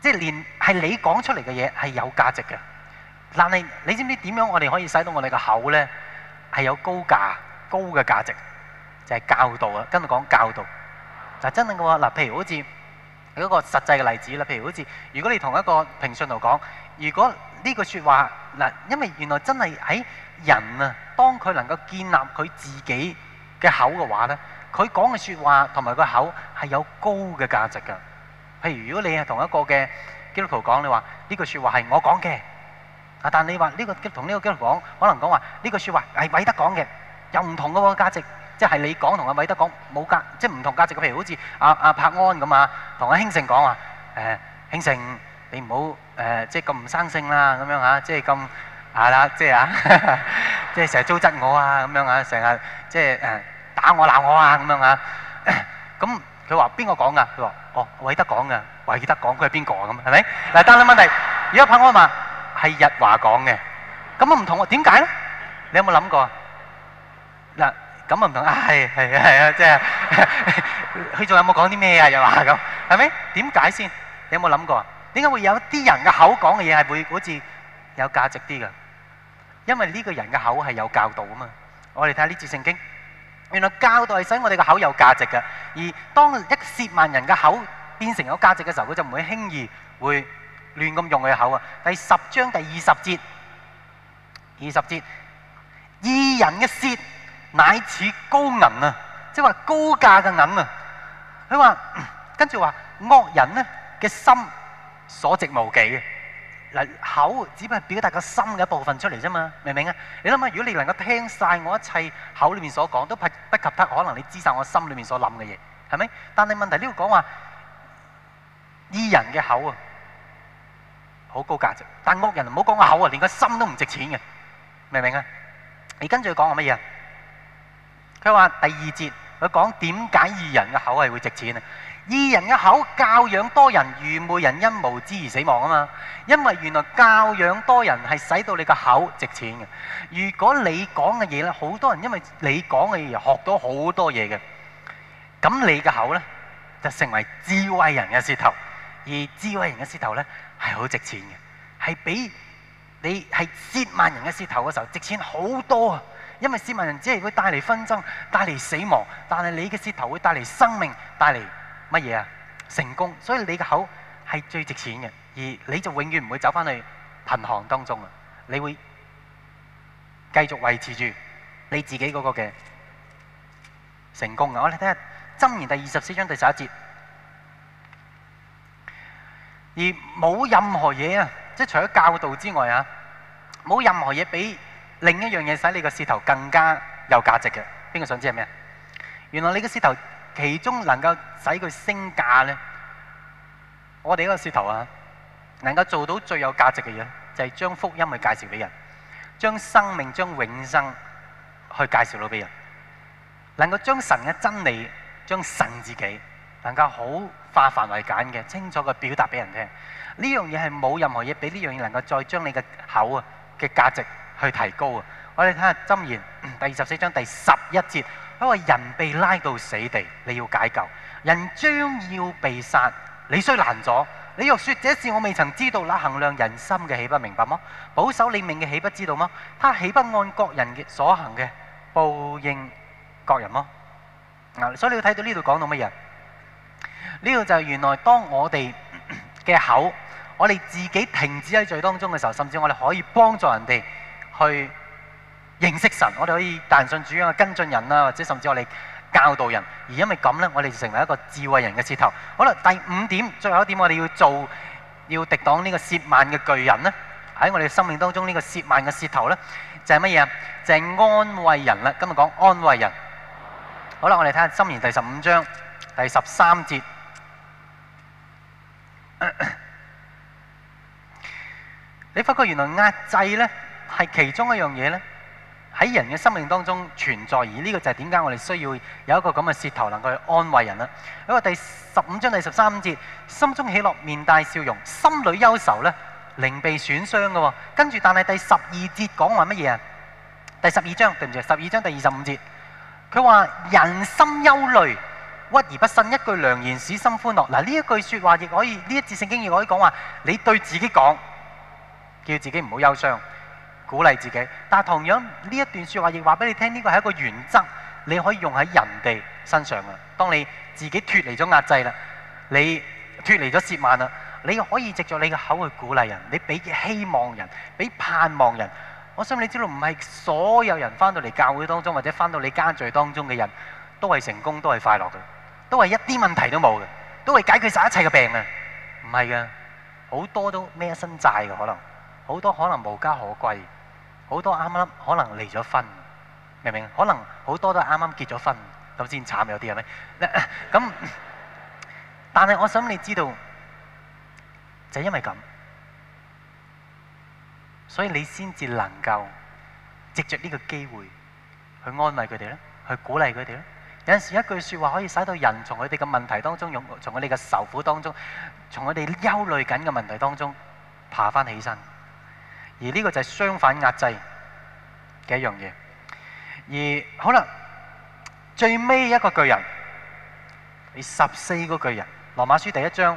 A: 即、就、係、是、連係你講出嚟嘅嘢係有價值嘅。但係你知唔知點樣我哋可以使到我哋嘅口咧係有高價高嘅價值？就係教導啊，跟住講教導。嗱，就是、真㗎喎，嗱，譬如好似。係一個實際嘅例子啦，譬如好似如果你同一個平信徒講，如果呢句説話嗱，因為原來真係喺人啊，當佢能夠建立佢自己嘅口嘅話咧，佢講嘅説話同埋個口係有高嘅價值㗎。譬如如果你係同一個嘅基督徒講，你說、這個、說話呢句説話係我講嘅，啊但你話呢、這個同呢個基督徒講，可能講話呢句説話係偉德講嘅，又唔同嘅個價值。即係你講同阿偉德講冇價，即係唔同價值嘅。譬如好似阿阿柏安咁啊，同阿興盛講啊，誒興盛你唔好誒即係咁唔生性啦，咁樣嚇，即係咁係啦，即係啊，即係成日糟質我啊，咁樣嚇，成日即係誒打我鬧我啊，咁樣嚇。咁佢話邊個講㗎？佢話哦偉德講嘅，偉德講佢係邊個咁？係咪？嗱，但係問題，而家柏安啊係日華講嘅，咁啊唔同喎，點解咧？你有冇諗過？嗱。咁啊唔同啊，係係啊係啊，即係佢仲有冇講啲咩啊？又話咁，係咪？點解先？你有冇諗過啊？點解會有啲人嘅口講嘅嘢係會好似有價值啲㗎？因為呢個人嘅口係有教導啊嘛。我哋睇下呢節聖經，原來教導係使我哋嘅口有價值㗎。而當一十萬人嘅口變成有價值嘅時候，佢就唔會輕易會亂咁用佢嘅口啊。第十章第二十節，二十節，義人嘅舌。乃似高銀啊，即係話高價嘅銀啊。佢話跟住話惡人咧嘅心所值無幾嘅。嗱，口只不過係表達個心嘅一部分出嚟啫嘛，明唔明啊？你諗下，如果你能夠聽晒我一切口裏面所講，都不及得。可能你知晒我心裏面所諗嘅嘢，係咪？但係問題呢度講話，義人嘅口啊，好高價值。但惡人唔好講口啊，連個心都唔值錢嘅，明唔明啊？你跟住佢講係乜嘢？佢話第二節，佢講點解義人嘅口係會值錢啊？義人嘅口教養多人，愚昧人因無知而死亡啊嘛！因為原來教養多人係使到你個口值錢嘅。如果你講嘅嘢咧，好多人因為你講嘅嘢學到好多嘢嘅，咁你嘅口咧就成為智慧人嘅舌頭，而智慧人嘅舌頭咧係好值錢嘅，係比你係千萬人嘅舌頭嘅時候值錢好多啊！因為市民人只係會帶嚟紛爭、帶嚟死亡，但係你嘅舌頭會帶嚟生命、帶嚟乜嘢啊？成功！所以你嘅口係最值錢嘅，而你就永遠唔會走翻去貧寒當中啊！你會繼續維持住你自己嗰個嘅成功啊！我哋睇下《箴言》第二十四章第十一節，而冇任何嘢啊，即係除咗教導之外啊，冇任何嘢畀。另一樣嘢使你個舌頭更加有價值嘅，邊個想知係咩？原來你個舌頭其中能夠使佢升價咧，我哋呢個舌頭啊，能夠做到最有價值嘅嘢，就係、是、將福音去介紹俾人，將生命、將永生去介紹到俾人，能夠將神嘅真理、將神自己，能夠好化繁為簡嘅清楚嘅表達俾人聽。呢樣嘢係冇任何嘢俾呢樣嘢能夠再將你嘅口啊嘅價值去提高啊！我哋睇下箴言第二十四章第十一節，因為人被拉到死地，你要解救人將要被殺，你須攔阻，你若說這事我未曾知道，那衡量人心嘅豈不明白麼？保守你命嘅豈不知道麼？他豈不按各人嘅所行嘅報應各人麼？所以你要睇到呢度講到乜嘢？呢度就係原來當我哋嘅口，我哋自己停止喺罪當中嘅時候，甚至我哋可以幫助人哋，去認識神，我哋可以帶信主嘅跟進人啊，或者甚至我哋教導人，而因為咁呢，我哋就成為一個智慧人嘅舌頭。好啦，第五點，最後一點，我哋要做，要敵擋呢個褻慢嘅巨人呢。喺我哋生命當中呢個褻慢嘅舌頭呢，就係乜嘢啊？就係、是、安慰人啦。今日講安慰人。好啦，我哋睇下《箴言》第十五章第十三節。 你發覺原來壓制呢？係其中一樣嘢呢，喺人嘅生命當中存在，而呢個就係點解我哋需要有一個咁嘅舌頭能夠去安慰人啦。因為第十五章第十三節，心中喜樂，面帶笑容，心裏憂愁呢，靈被損傷嘅。跟住但係第十二節講話乜嘢啊？第十二章定住，十二章第二十五節，佢話人心憂慮，屈而不伸一句良言，使心歡樂。嗱，呢一句説話亦可以，呢一節聖經亦可以講話，你對自己講，叫自己唔好憂傷。鼓勵自己，但係同樣呢一段說話亦話俾你聽，呢個係一個原則，你可以用喺人哋身上嘅。當你自己脫離咗壓制啦，你脫離咗折磨啦，你可以藉著你嘅口去鼓勵人，你俾希望人，俾盼望人。我相信你知道，唔係所有人翻到嚟教會當中，或者翻到你家聚當中嘅人都係成功，都係快樂嘅，都係一啲問題都冇嘅，都係解決晒一切嘅病嘅。唔係嘅，好多都孭一身債嘅可能，好多可能無家可歸。好多啱啱可能離咗婚，明唔明？可能好多都啱啱結咗婚，咁先慘有啲係咪？咁，但係我想你知道，就因為咁，所以你先至能夠藉著呢個機會去安慰佢哋咧，去鼓勵佢哋咧。有陣時一句説話可以使到人從佢哋嘅問題當中，從佢哋嘅受苦當中，從佢哋憂慮緊嘅問題當中爬翻起身。而呢個就係相反壓制嘅一樣嘢，而可能最尾一個巨人，你十四個巨人，《羅馬書》第一章，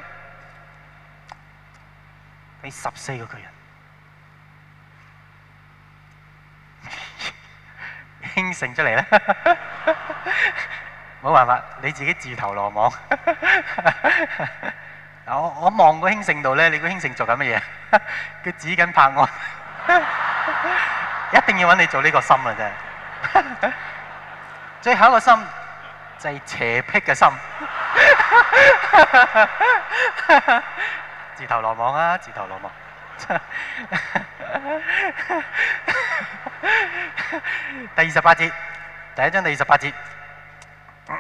A: 你十四個巨人興盛 出嚟啦！冇辦法，你自己自投羅網。 我我望個興盛度咧，你個興盛做緊乜嘢？佢指緊拍案， 一定要揾你做呢個心啦，啊，真係。 最後一個心就係邪癖嘅心， 自投羅網啊！自投羅網。 第二十八節，第一章第二十八節。咳咳。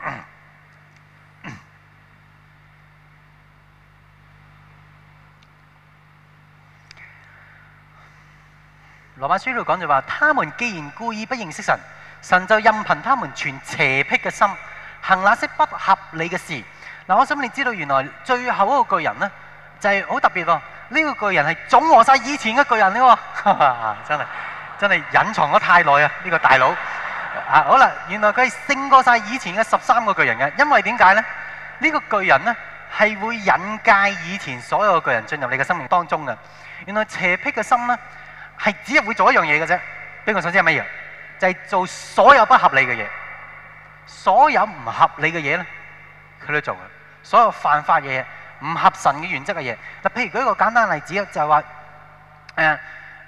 A: 《羅馬書》度講就話，他們既然故意不認識神，神就任憑他們存邪僻嘅心，行那些不合理嘅事。嗱，我心裏知道，原來最後一個巨人呢，就係好特別喎。呢個巨人係總和晒以前嘅巨人咯。 真係真係隱藏咗太耐啊！呢、這個大佬啊，好啦，原來佢係勝過晒以前嘅十三個巨人嘅，因為點解呢？呢、這個巨人呢，係會引介以前所有嘅巨人進入你嘅生命當中嘅。原來邪僻嘅心呢。係只係會做一樣嘢嘅啫，邊個想知係乜嘢？就係做所有不合理嘅嘢，所有唔合理嘅嘢咧，佢都做嘅。所有犯法嘅嘢，唔合神嘅原則嘅嘢。嗱，譬如舉一個簡單例子啊，就係話，誒，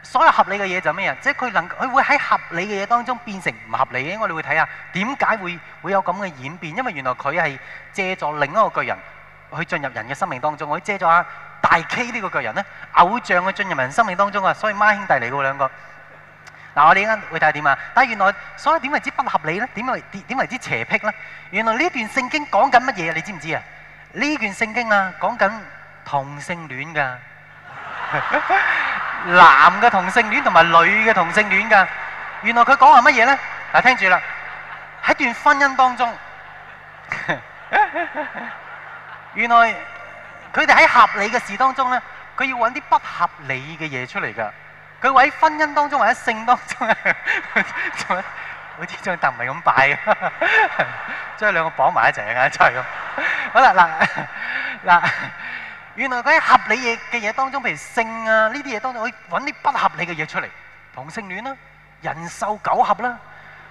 A: 所有合理嘅嘢就係乜嘢？即係佢能佢會喺合理嘅嘢當中變成唔合理嘅。我哋會睇下點解會會有咁嘅演變，因為原來佢係借助另一個巨人去進入人嘅生命當中，去借咗啊。大 K 呢個巨人咧，偶像嘅進入人生命當中啊，所以孖兄弟嚟嘅喎兩個。嗱，我哋依家會睇點啊？但係原來，所以點為之不合理咧？點為點為之邪僻咧？原來呢段聖經講緊乜嘢啊？你知唔知啊？呢段聖經啊，講緊同性戀㗎，男嘅同性戀同埋女嘅同性戀㗎。原來佢講話乜嘢咧？嗱，聽住啦，喺段婚姻當中，原來。佢哋喺合理嘅事當中咧，佢要揾啲不合理嘅嘢出嚟噶。佢會喺婚姻當中或者性當中啊，好似將張凳咁擺，將 兩個綁埋一齊啊，就係、是、咁。 好啦，嗱嗱，原來佢喺合理嘢嘅嘢當中，譬如性啊呢啲嘢當中，去揾啲不合理嘅嘢出嚟，同性戀啦、啊，人獸苟合啦、啊。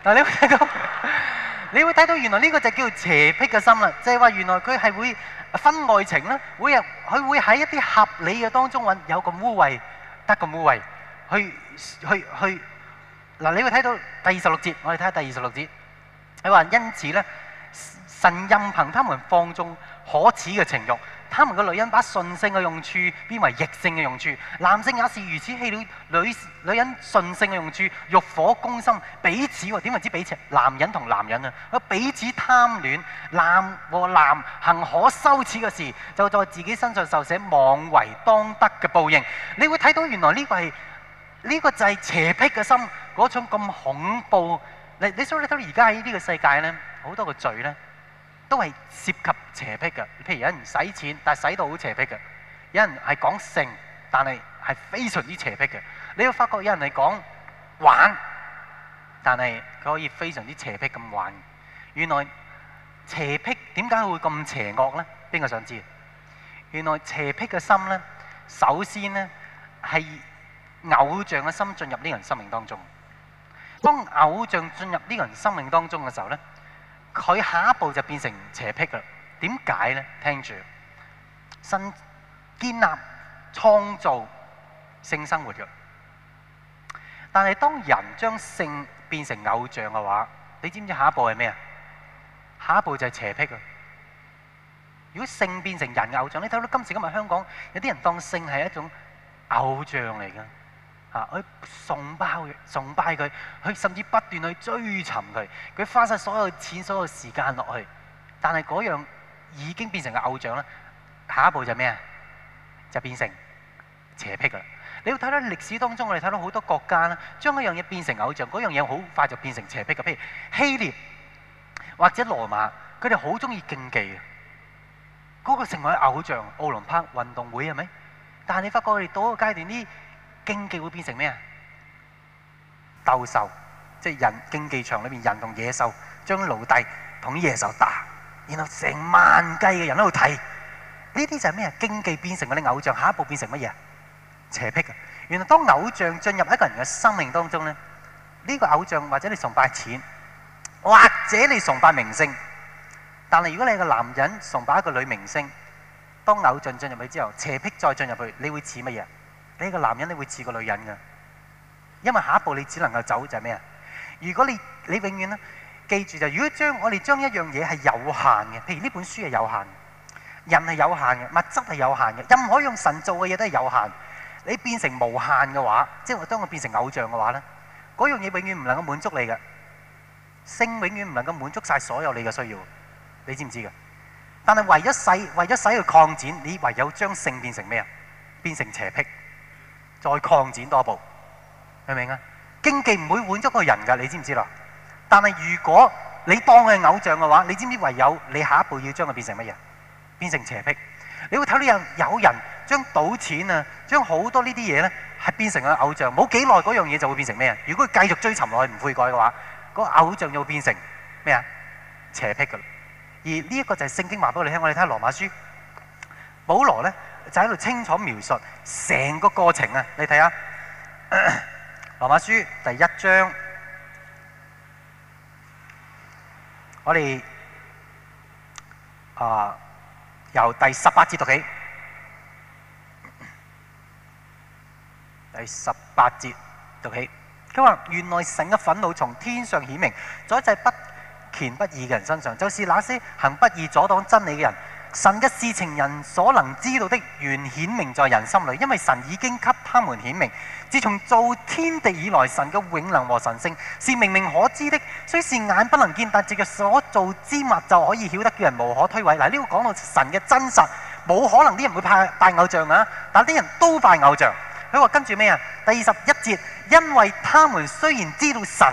A: 嗱，你會睇到， 你會睇到原來呢個就叫做邪癖嘅心啦。即係話原來佢係會。分愛情咧，會啊，佢會喺一啲合理嘅當中揾有咁污穢，得咁污穢，去去去嗱，你會睇到第二十六節，我哋睇下第二十六節，佢話因此咧，神任憑他們放縱可恥嘅情慾。他們個女人把順性嘅用處變為逆性嘅用處，男性也是如此棄了女女人順性嘅用處，欲火攻心，彼此點為之彼此？男人同男人啊，彼此貪戀，男和男，行可羞恥嘅事，就在自己身上受這妄為當得嘅報應。你會睇到原來呢個係呢、呢個就係邪僻嘅心，嗰種咁恐怖。你你所以你睇到而家喺呢個世界呢，好多個罪呢。都係涉及邪癖嘅，譬如有人使錢，但係使到好邪癖嘅；有人係講性，但係係非常之邪癖嘅。你會發覺有人係講玩，但係佢可以非常之邪癖咁玩。原來邪癖點解會咁邪惡呢？邊個想知？原來邪癖嘅心呢，首先呢係偶像嘅心進入呢個人生命當中。當偶像進入呢個人生命當中嘅時候呢，佢下一步就變成邪癖噶啦，點解咧？聽住，新建立創造性生活噶，但係當人將性變成偶像嘅話，你知唔知下一步係咩啊？下一步就係邪癖噶。如果性變成人偶像，你睇到今時今日香港有啲人當性係一種偶像嚟噶。啊！去崇拜佢，崇拜佢，去甚至不斷去追尋佢，佢花晒所有錢、所有時間落去。但係嗰樣已經變成個偶像啦。下一步就咩啊？就變成邪癖噶啦！你要睇到歷史當中，我哋睇到好多國家啦，將一樣嘢變成偶像，嗰樣嘢好快就變成邪癖噶。譬如希臘或者羅馬，佢哋好中意競技啊！嗰、嗰個成為偶像，奧林匹克運動會係咪？但係你發覺佢哋到一個階段呢？競技會變成咩啊？鬥獸，即係人競技場裏面，人同野獸將奴隸同野獸打，然後成萬計嘅人都喺度睇，呢啲就係咩啊？競技變成嗰啲偶像，下一步變成乜嘢？邪癖嘅。原來當偶像進入一個人嘅生命當中咧，呢個偶像或者你崇拜錢，或者你崇拜明星，但係如果你係個男人崇拜一個女明星，當偶像進入去之後，邪癖再進入去，你會似乜嘢？你個男人你會似個女人嘅，因為下一步你只能夠走就係咩啊？如果你你永遠咧記住就係、如果將我哋將一樣嘢係有限嘅，譬如呢本書係有限嘅，人係有限嘅，物質係有限嘅，任何用神做嘅嘢都係有限。你變成無限嘅話，即係話當我變成偶像嘅話咧，嗰樣嘢永遠唔能夠滿足你嘅性，永遠唔能夠滿足晒所有你嘅需要，你知唔知嘅？但係為咗使為咗使佢擴展，你唯有將性變成咩啊？變成邪癖。再擴展多一步，明唔明啊？經紀唔會滿足個人㗎，你知唔知啦？但係如果你當佢係偶像嘅話，你知唔知道唯有你下一步要將佢變成乜嘢？變成邪僻。你會睇到有人將賭錢啊，將好多呢啲嘢呢，係變成個偶像。冇幾耐嗰樣嘢就會變成咩啊？如果佢繼續追尋落去唔悔改嘅話，嗰個偶像就會變成咩啊？邪僻㗎。而呢一個就係聖經話俾你聽，我哋睇羅馬書，保羅呢。就喺度清楚描述成個過程啊！你睇下 《羅馬書》第一章，我哋啊由第十八節讀起。第十八節讀起，佢話：原來神嘅憤怒從天上顯明，在一切不虔不義嘅人身上，就是那些行不義、阻擋真理嘅人。神嘅事情人所能知道的，原顯明在人心裏，因為神已經給他們顯明。自從造天地以來，神嘅永能和神聖是明明可知的，雖是眼不能見，但藉佢所造之物就可以曉得，叫人無可推諉。嗱，呢個講到神嘅真實，冇可能啲人會拜拜偶像啊，但啲人都拜偶像。佢話跟住咩啊？第二十一節，因為他們雖然知道神，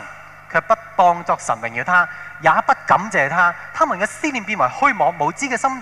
A: 卻不當作神榮耀他，也不感謝他，他們嘅思念變為虛妄無知嘅心。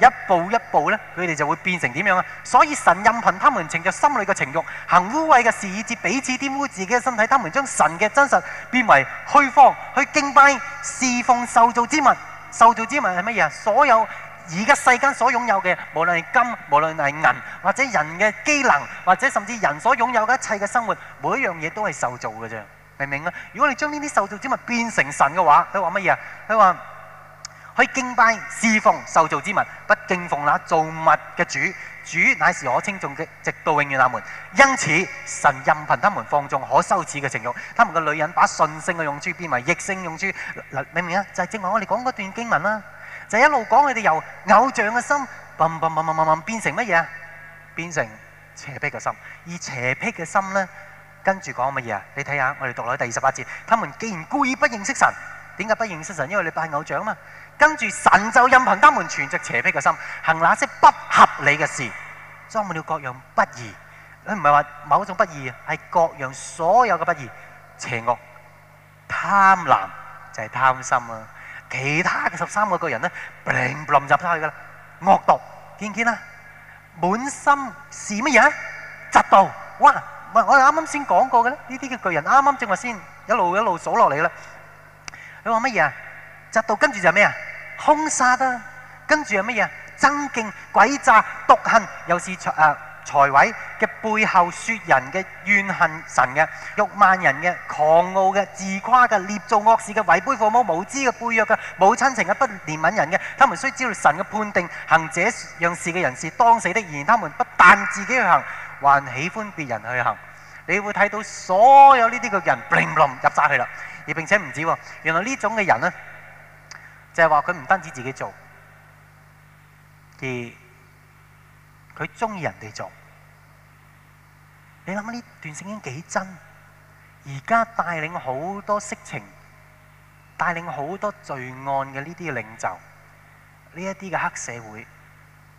A: 一步一步咧，佢哋就會變成點樣啊？所以神任憑他們逞著心裏嘅情慾，行污穢嘅事，以致彼此玷污自己嘅身體。他們將神嘅真實變為虛謊，去敬拜侍奉受造之物。受造之物係乜嘢啊？所有而家世間所擁有嘅，無論係金，無論係銀，或者人嘅機能，或者甚至人所擁有嘅一切嘅生活，每一樣嘢都係受造嘅啫。明唔明啊？如果你將呢啲受造之物變成神嘅話，佢話乜嘢啊？佢話。去敬拜侍奉受造之物，不敬奉那造物嘅主，主乃是可稱頌嘅，直到永遠那門。因此神任憑他們放縱可羞恥嘅情欲，他們嘅女人把順性嘅用處變為逆性用處。明唔明啊？就係正話我哋講嗰段經文啦，就一路講佢哋由偶像嘅心，嘣嘣嘣嘣嘣嘣，變成乜嘢啊？變成邪僻嘅心。而邪僻嘅心呢，跟住講乜嘢啊？你睇下，我哋讀落第二十八節，他們既然故意不認識神，點解不認識神？因為你拜偶像嘛。跟住神就任憑他們存著邪僻嘅心，行那些不合理嘅事，裝滿了各樣不義。佢唔係話某種不義，係各樣所有嘅不義，邪惡、貪婪就係貪心啊！其他嘅十三個巨人咧，唪冧入曬去噶啦，惡毒，見唔見啊？滿心是乜嘢？嫉妒，哇！我哋啱啱先講過嘅咧，呢啲嘅巨人啱啱正話先一路一路數落嚟噶啦。佢話乜嘢啊？嫉妒跟住就係咩啊？凶殺啊！跟住有乜嘢？爭競、詭詐、毒恨，又是、呃、財誒財毀嘅背後説人嘅、怨恨神嘅、侮慢人嘅、狂傲嘅、自誇嘅、捏造惡事嘅、違背父母無知嘅、背約嘅、冇親情嘅、不憐憫人嘅，他們需知道神嘅判定，行這樣事嘅人是當死的，而他們不但自己去行，還喜歡別人去行。你會睇到所有呢啲嘅人唪唥入曬去啦，而並且唔止喎，原來呢種嘅人咧。就係話佢唔單止自己做，而佢中意人哋做。你諗下呢段聖經幾真？而家帶領好多色情、帶領好多罪案嘅呢啲嘅領袖，呢一啲嘅黑社會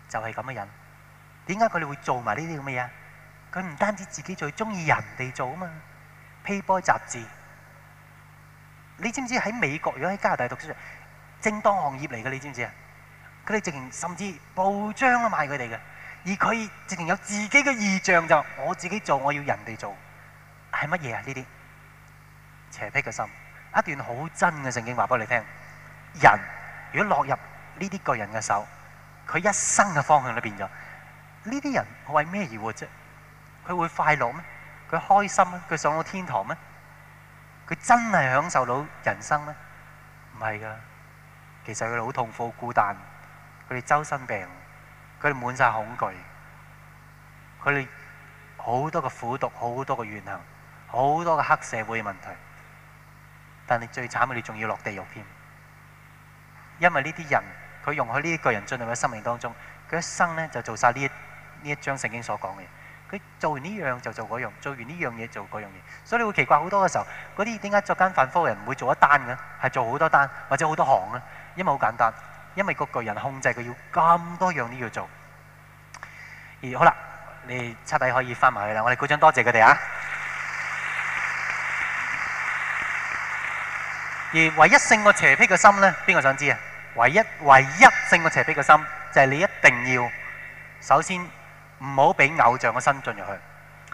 A: 就係咁嘅人。點解佢哋會做埋呢啲咁嘅嘢？佢唔單止自己最中意人哋做啊嘛。Payboy 雜誌，你知唔知喺美國如果喺加拿大讀書？正當行業嚟嘅，你知唔知啊？佢哋直情甚至報章都賣佢哋嘅，而佢直情有自己嘅意象就是，我自己做，我要人哋做，係乜嘢啊？呢啲邪僻嘅心，一段好真嘅聖經話俾你聽，人如果落入呢啲個人嘅手，佢一生嘅方向都變咗。呢啲人為咩而活啫？佢會快樂咩？佢開心咩？佢上到天堂咩？佢真係享受到人生咩？唔係噶。其實佢哋好痛苦、好孤單，佢哋周身病，佢哋滿晒恐懼，佢哋好多嘅苦毒、好多嘅怨恨、好多嘅黑社會嘅問題。但係最慘嘅，你仲要落地獄添。因為呢啲人，佢容許呢一個人進入咗生命當中，佢一生咧就做晒呢呢一章聖經所講嘅嘢。佢做完呢樣就做嗰樣，做完呢樣嘢做嗰樣嘢。所以你會奇怪好多嘅時候，嗰啲點解作奸犯科嘅人唔會做一單嘅，係做好多單或者好多行嘅？因為好簡單，因為個巨人控制佢要咁多樣都要做。而好啦，你七底可以翻埋佢啦。我哋鼓掌多謝佢哋啊！嗯、而唯一勝過邪癖嘅心呢，邊個想知啊？唯一唯一勝過邪癖嘅心，就係、是、你一定要首先唔好俾偶像嘅心進入去。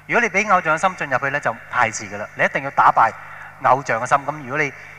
A: 如果你俾偶像嘅心進入去呢，就太遲㗎啦。你一定要打敗偶像嘅心。咁如果你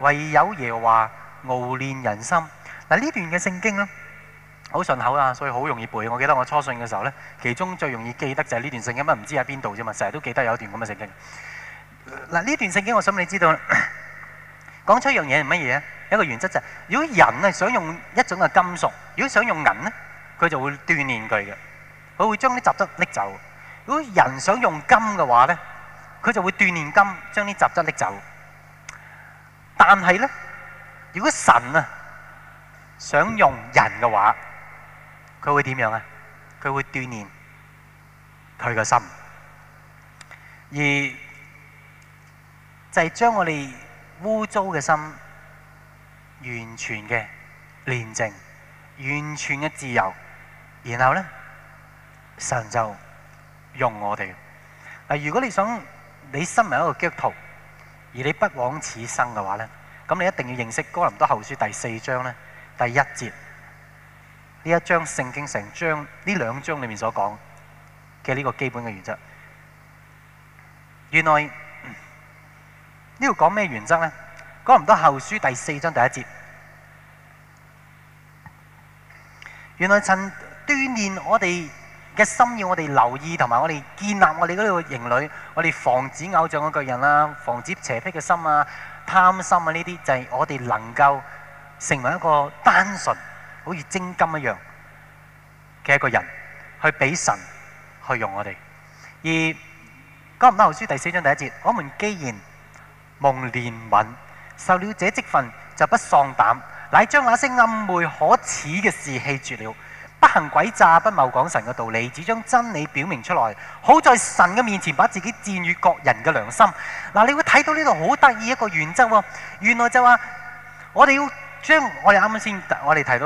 A: 唯有耶華熬煉人心。嗱呢段嘅聖經咧，好順口啦，所以好容易背。我記得我初信嘅時候咧，其中最容易記得就係呢段聖經，唔知喺邊度啫嘛，成日都記得有一段咁嘅聖經。嗱呢段聖經，我想你知道，講出一樣嘢係乜嘢啊？一個原則就係、是，如果人係想用一種嘅金屬，如果想用銀咧，佢就會鍛鍊佢嘅，佢會將啲雜質拎走。如果人想用金嘅話咧，佢就會鍛鍊金，將啲雜質拎走。但係咧，如果神啊想用人嘅話，佢會點樣啊？佢會鍛鍊佢個心，而就係將我哋污糟嘅心完全嘅練淨，完全嘅自由，然後咧，神就用我哋。嗱，如果你想你心係一個基督徒。而你不枉此生嘅話呢，咁你一定要認識《哥林多後書》第四章第一節呢一章聖經成章呢兩章裏面所講嘅呢個基本嘅原則。原來呢度、嗯、講咩原則呢？《哥林多後書》第四章第一節，原來趁鍛煉我哋。一心要我哋留意，同埋我哋建立我哋嗰度形像，我哋防止偶像嘅巨人啦，防止邪僻嘅心啊、貪心啊呢啲，就係、是、我哋能夠成為一個單純好似精金一樣嘅一個人，去俾神去用我哋。而《哥林多後書》第四章第一節，我們既然蒙憐憫，受了這職分，就不喪膽，乃將那些暗昧可恥嘅事棄絕了。不行詭詐，不謬講神嘅道理，只將真理表明出來。好在神嘅面前，把自己薦與各人嘅良心。嗱、啊，你會睇到呢度好得意一個原則喎、哦。原來就話我哋要將我哋啱啱先我哋提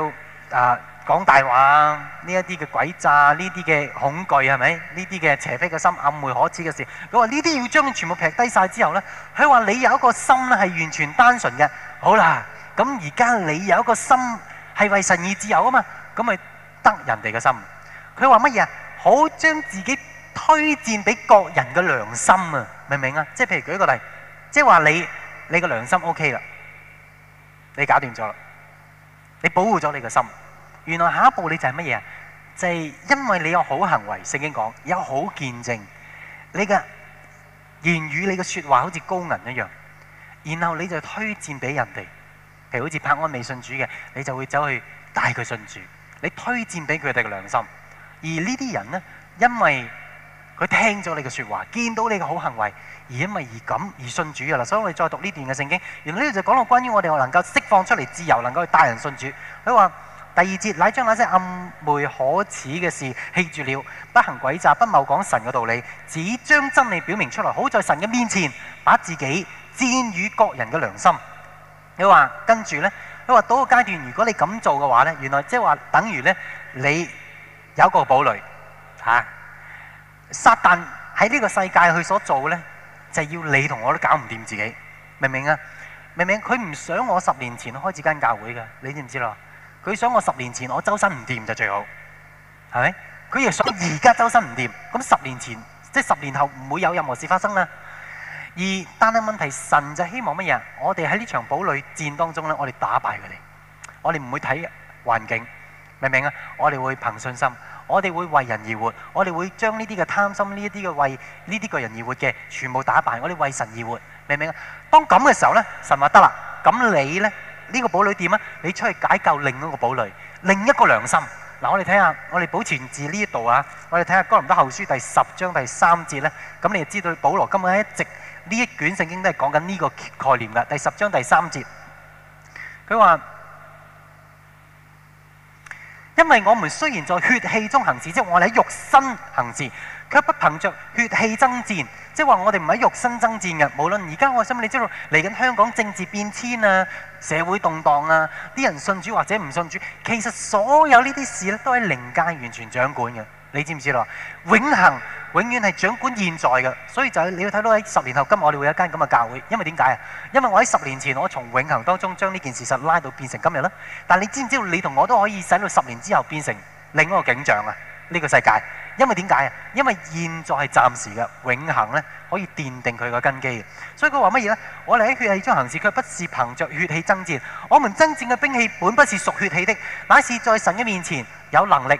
A: 到啊講大話呢一啲嘅詭詐，呢啲嘅恐懼係咪？呢啲嘅邪僻嘅心暗昧可恥嘅事。佢話呢啲要將全部劈低晒之後呢，佢話你有一個心係完全單純嘅。好啦，咁而家你有一個心係為神而自由啊嘛，咁咪。得人哋嘅心，佢話乜嘢啊？好將自己推薦俾各人嘅良心啊，明唔明啊？即係譬如舉一個例，即係話你你個良心 OK 啦，你搞掂咗啦，你保護咗你嘅心。原來下一步你就係乜嘢啊？就係因為你有好行為，聖經講有好見證，你嘅言語你嘅說話好似高銀一樣，然後你就推薦俾人哋，譬如好似拍安未信主嘅，你就會走去帶佢信主。你推薦俾佢哋嘅良心，而呢啲人呢，因為佢聽咗你嘅說話，見到你嘅好行為，而因為而咁而信主㗎啦。所以我哋再讀呢段嘅聖經，原來呢就講到關於我哋能夠釋放出嚟自由，能夠去帶人信主。佢話第二節乃將那些暗昧可恥嘅事棄住了，不行詭詐，不謬講神嘅道理，只將真理表明出來，好在神嘅面前，把自己薦與各人嘅良心。你話跟住呢。」你話嗰個階段，如果你咁做嘅話咧，原來即係話等於咧，你有個堡壘嚇。撒旦喺呢個世界去所做呢，就係要你同我都搞唔掂自己，明唔明啊？明唔明？佢唔想我十年前開始間教會嘅，你知唔知咯？佢想我十年前我周身唔掂就最好，係咪？佢又想而家周身唔掂，咁十年前即係十年後唔會有任何事發生啦！而但係問題，神就希望乜嘢？我哋喺呢場堡壘戰當中咧，我哋打敗佢哋。我哋唔會睇環境，明唔明啊？我哋會憑信心，我哋會為人而活，我哋會將呢啲嘅貪心、呢一啲嘅為呢啲個人而活嘅，全部打敗。我哋為神而活，明唔明啊？當咁嘅時候咧，神話得啦。咁你咧呢個堡壘點啊？你出去解救另一個堡壘，另一個良心。嗱，我哋睇下我哋保存至呢度啊。我哋睇下哥林多後書第十章第三節咧。咁你就知道保羅今日一直。呢一卷聖經都係講緊呢個概念噶，第十章第三節，佢話：因為我們雖然在血氣中行事，即係我哋喺肉身行事，卻不憑着血氣爭戰，即係話我哋唔喺肉身爭戰嘅。無論而家我哋，你知道嚟緊香港政治變遷啊，社會動蕩啊，啲人信主或者唔信主，其實所有呢啲事咧都喺靈界完全掌管嘅，你知唔知道，永恆。永遠係掌管現在嘅，所以就係你要睇到喺十年後，今日我哋會有一間咁嘅教會，因為點解啊？因為我喺十年前，我從永恆當中將呢件事實拉到變成今日啦。但你知唔知道，你同我都可以使到十年之後變成另一個景象啊？呢個世界，因為點解啊？因為現在係暫時嘅，永恆咧可以奠定佢嘅根基。所以佢話乜嘢呢？我哋喺血氣中行事，佢不是憑着血氣爭戰，我們爭戰嘅兵器本不是屬血氣的，乃是在神嘅面前有能力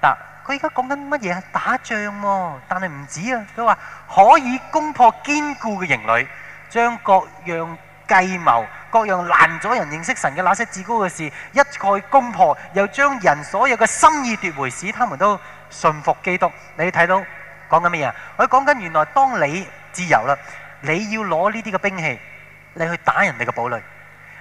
A: 得。佢而家講緊乜嘢啊？打仗喎，但係唔止啊！佢話可以攻破堅固嘅營壘，將各樣計謀、各樣攔阻人認識神嘅那些至高嘅事一概攻破，又將人所有嘅心意奪回，使他們都順服基督。你睇到講緊乜嘢啊？我講緊原來當你自由啦，你要攞呢啲嘅兵器，你去打人哋嘅堡壘，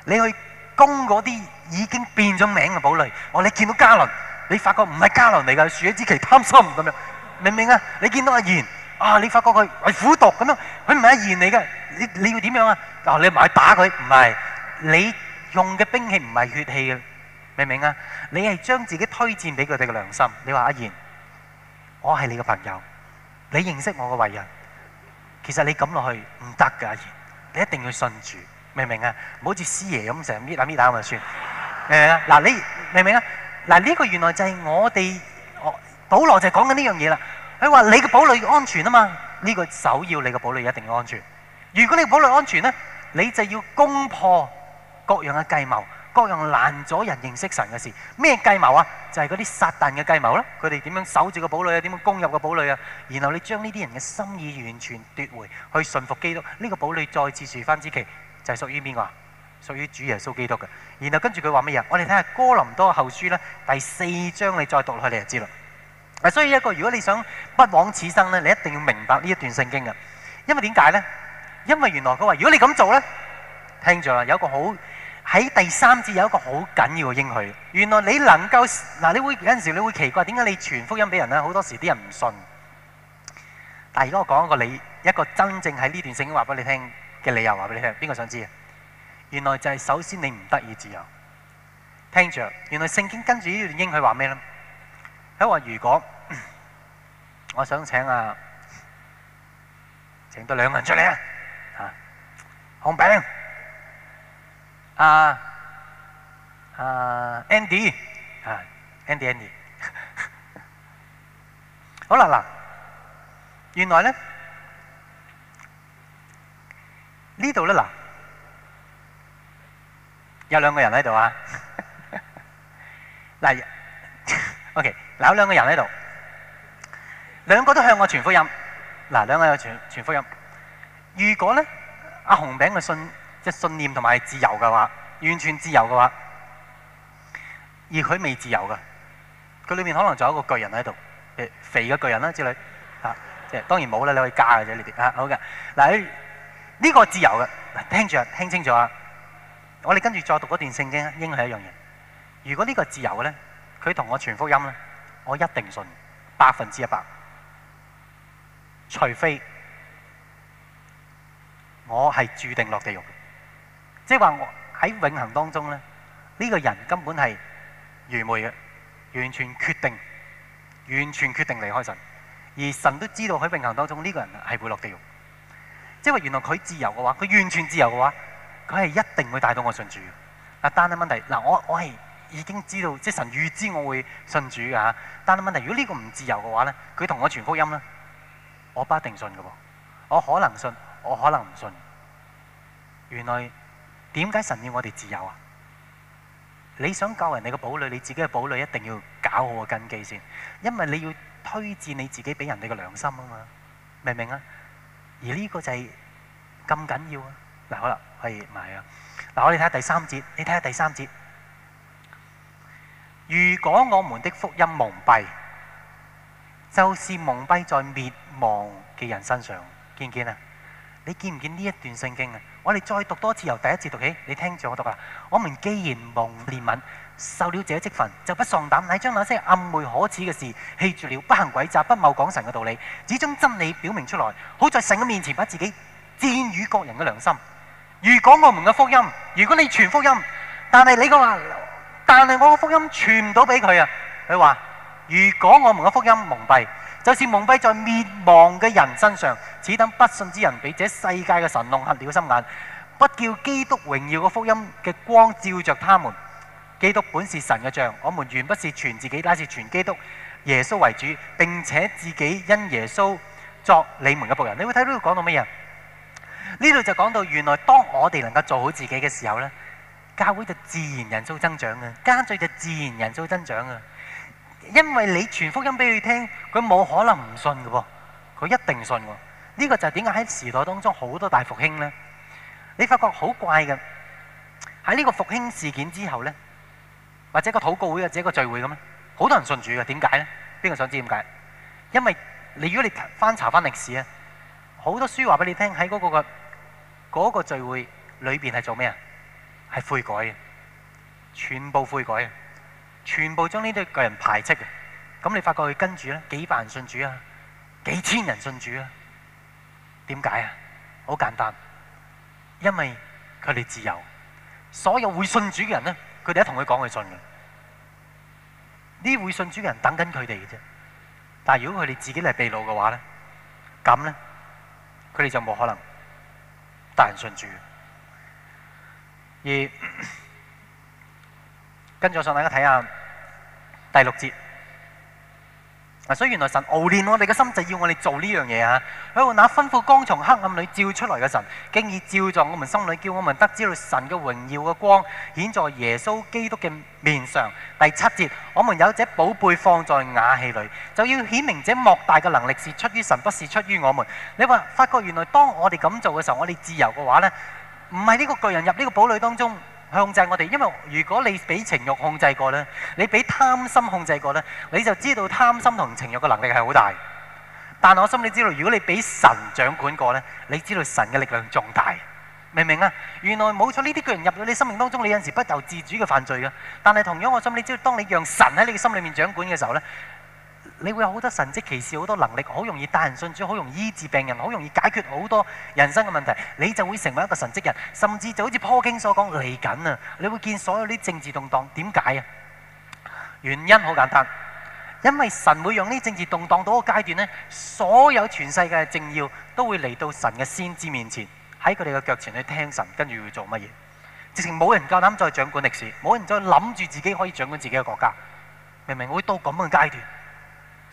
A: 你去攻嗰啲已經變咗名嘅堡壘。哦，你見到嘉倫？你發覺，唔係交流嚟噶，樹子之奇貪心咁樣，明唔明啊？你見到阿賢啊，你發覺佢係苦毒咁樣，佢唔係阿賢嚟嘅，你，你要點樣啊？啊，你埋去打佢，唔係，你用嘅兵器唔係血氣嘅，明唔明啊？你係將自己推薦俾佢哋嘅良心，你話阿賢，我係你嘅朋友，你認識我嘅為人，其實你咁落去唔得嘅，阿賢，你一定要信主，明唔明啊？唔好似師爺咁成日搣打搣打咁就算，明唔明啊？嗱，你明唔明啊？嗱，呢個原來就係我哋、哦、保羅就講緊呢樣嘢啦。佢話：你嘅堡壘安全啊嘛，呢、這個首要你嘅堡壘一定要安全。如果你堡壘安全咧，你就要攻破各樣嘅計謀，各樣攔阻人認識神嘅事。咩計謀啊？就係嗰啲撒旦嘅計謀啦。佢哋點樣守住個堡壘啊？點樣攻入個堡壘啊？然後你將呢啲人嘅心意完全奪回，去順服基督。呢、這個堡壘再次豎翻支旗，就係屬於邊個啊？屬於主耶穌基督嘅，然後跟住佢話乜嘢？我哋睇下哥林多後書咧第四章，你再讀落去你就知啦。啊，所以一個如果你想不枉此生咧，你一定要明白呢一段聖經嘅，因為點解咧？因為原來佢話：如果你咁做咧，聽咗啦，有一個好喺第三節有一個好緊要嘅應許。原來你能夠嗱，你會有陣時你會奇怪點解你傳福音俾人咧，好多時啲人唔信。但係如果我講一個你，一個真正喺呢段聖經話俾你聽嘅理由話俾你聽，邊個想知啊？原來就係首先你唔得以自由。聽著，原來聖經跟住呢段經佢話咩咧？佢話如果我想請啊請多兩個人出嚟啊，啊，紅餅，啊啊 Andy 啊 Andy Andy，好啦啦，原來咧呢度咧嗱。有兩個人喺度啊！嗱 ，OK，嗱有兩個人喺度，兩個都向我傳福音。嗱，兩個有傳傳福音。如果咧，阿紅餅嘅信即係信念同埋自由嘅話，完全自由嘅話，而佢未自由嘅，佢裏面可能仲有一個巨人喺度，誒肥嘅巨人啦之類啊，即係當然冇啦，你可以加嘅啫呢啲啊，好嘅。嗱，呢個自由嘅，聽住，聽清楚啊！我哋跟住再讀一段聖經，應係一樣嘢。如果呢個自由嘅咧，佢同我傳福音咧，我一定信百分之一百。除非我係注定落地獄，即係話我喺永恆當中咧，呢個人根本係愚昧嘅，完全決定，完全決定離開神。而神都知道喺永恆當中呢個人係會落地獄，即係話原來佢自由嘅話，佢完全自由嘅話。佢係一定會帶到我信主。嗱，但係問題嗱，我我係已經知道，即係神預知我會信主噶吓。但係問題，如果呢個唔自由嘅話咧，佢同我傳福音啦，我不一定信噶噃。我可能信，我可能唔信。原來點解神要我哋自由啊？你想救人，你個堡壘，你自己嘅堡壘一定要搞好個根基先，因為你要推薦你自己俾人哋嘅良心啊嘛，明唔明啊？而呢個就係咁緊要啊！嗱，好啦，可以買啊！嗱，我哋睇下第三節，你睇下第三節。如果我們的福音蒙蔽，就是蒙蔽在滅亡嘅人身上，見唔見啊？你見唔見呢一段聖經啊？我哋再讀多次，由第一節讀起，你聽住我讀啦。我們既然蒙憐憫，受了這職分，就不喪膽，乃將那些暗昧可恥嘅事棄絕了，不行詭詐，不謬講神嘅道理，只將真理表明出來，好在神嘅面前把自己薦與各人嘅良心。如果我們嘅福音，如果你傳福音，但係你個話，但係我嘅福音傳唔到俾佢啊？佢話：如果我們嘅福音蒙蔽，就是蒙蔽在滅亡嘅人身上。此等不信之人，被這世界嘅神弄瞎了心眼，不叫基督榮耀嘅福音嘅光照着他們。基督本是神嘅像，我們原不是傳自己，乃是傳基督耶穌為主，並且自己因耶穌作你們嘅僕人。你會睇到佢講到乜嘢？呢度就講到，原來當我哋能夠做好自己嘅時候呢，教會就自然人數增長嘅，家聚就自然人數增長嘅。因為你傳福音俾佢聽，佢冇可能唔信嘅喎，佢一定信嘅。呢、呢個就係點解喺時代當中好多大復興呢？你發覺好怪嘅，喺呢個復興事件之後呢，或者個禱告會或者個聚會咁咧，好多人信主嘅。點解呢？邊個想知點解？因為你如果你翻查翻歷史啊，好多書話俾你聽喺嗰個嗰個聚會裏邊係做咩啊？係悔改嘅，全部悔改，全部將呢啲個人排斥嘅。咁你發覺佢跟住咧，幾百人信主啊，幾千人信主啊？點解啊？好簡單，因為佢哋自由。所有會信主嘅人咧，佢哋一同佢講佢信嘅。呢會信主嘅人等緊佢哋嘅啫。但係如果佢哋自己係閉路嘅話咧，咁咧，佢哋就冇可能。大行善主，而跟住我想，大家睇下第六節。所以原來神熬煉我哋嘅心，就係要我哋做呢樣嘢啊！喺度那吩咐光從黑暗裏照出來嘅神，經已照在我們心裏，叫我們得知到神嘅榮耀嘅光顯在耶穌基督嘅面上。第七節，我們有這寶貝放在瓦器裏，就要顯明這莫大嘅能力是出於神，不是出於我們。你話發覺原來當我哋咁做嘅時候，我哋自由嘅話呢，唔係呢個巨人入呢個堡壘當中。控制我哋，因為如果你俾情欲控制過呢，你俾貪心控制過呢，你就知道貪心同情欲嘅能力係好大。但我心裡知道，如果你俾神掌管過呢，你知道神嘅力量仲大，明唔明啊？原來冇錯，呢啲巨人入到你生命當中，你有陣時不由自主嘅犯罪啊。但係同樣，我心裡知道，當你讓神喺你嘅心裡面掌管嘅時候呢。你會有好多神蹟奇事，好多能力，好容易帶人信主，好容易醫治病人，好容易解決好多人生嘅問題。你就會成為一個神蹟人，甚至就好似普京所講嚟緊啊！你會見所有啲政治動盪，點解啊？原因好簡單，因為神會讓啲政治動盪到個階段呢。所有全世界嘅政要都會嚟到神嘅先知面前，喺佢哋嘅腳前去聽神，跟住會做乜嘢？直情冇人夠膽再掌管歷史，冇人再諗住自己可以掌管自己嘅國家。明明會到咁嘅階段。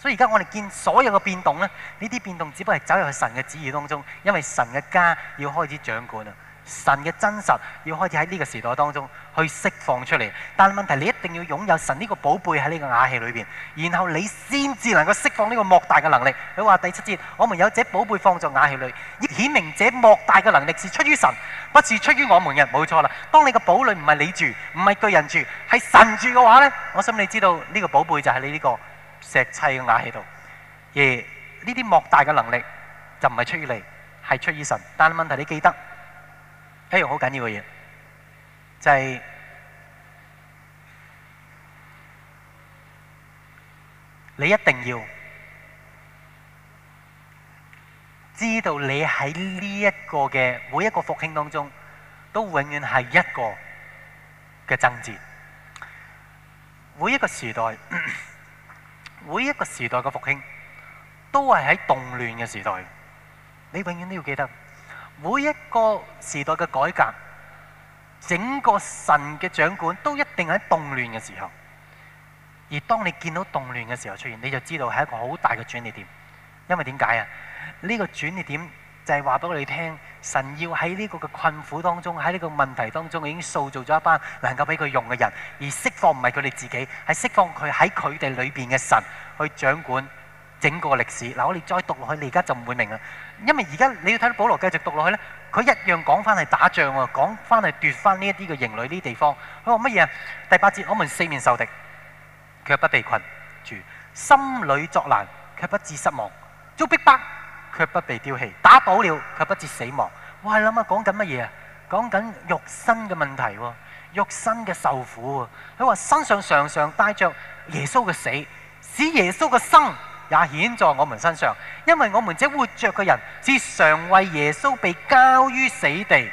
A: 所以而家我哋見所有嘅變動呢，呢啲變動只不過係走入去神嘅旨意當中，因為神嘅家要開始掌管啦，神嘅真實要開始喺呢個時代當中去釋放出嚟。但係問題，你一定要擁有神呢個寶貝喺呢個瓦器裏邊，然後你先至能夠釋放呢個莫大嘅能力。佢話第七節，我們有這寶貝放在瓦器裏，顯明這莫大嘅能力是出於神，不是出於我們嘅。冇錯啦，當你嘅堡壘唔係你住，唔係巨人住，係神住嘅話呢，我想你知道呢個寶貝就係你呢個石砌嘅瓦喺度，而呢啲莫大嘅能力就唔係出於你，係出於神。但係問題，你記得一樣好緊要嘅嘢，就係、是、你一定要知道，你喺呢一個嘅每一個復興當中，都永遠係一個嘅爭戰，每一個時代。 每一個時代嘅復興，都係喺動亂嘅時代。你永遠都要記得，每一個時代嘅改革，整個神嘅掌管都一定喺動亂嘅時候。而當你見到動亂嘅時候出現，你就知道係一個好大嘅轉捩點。因為點解啊？呢個轉捩點。就係話俾我哋聽，神要喺呢個嘅困苦當中，喺呢個問題當中，已經塑造咗一班能夠俾佢用嘅人，而釋放唔係佢哋自己，係釋放佢喺佢哋裏邊嘅神去掌管整個歷史。嗱，我哋再讀落去，你而家就唔會明啦。因為而家你要睇到保羅繼續讀落去咧，佢一樣講翻係打仗喎，講翻係奪翻呢一啲嘅營壘呢啲地方。佢話乜嘢啊？第八節，我們四面受敵，卻不被困住；心裏作難，卻不至失望。足必卻不被丟棄，打倒了卻不至死亡。我係諗下講緊乜嘢啊？講緊肉身嘅問題，肉身嘅受苦。佢話身上常常帶着耶穌嘅死，使耶穌嘅生也顯在我們身上。因為我們這活着嘅人，至常為耶穌被交於死地，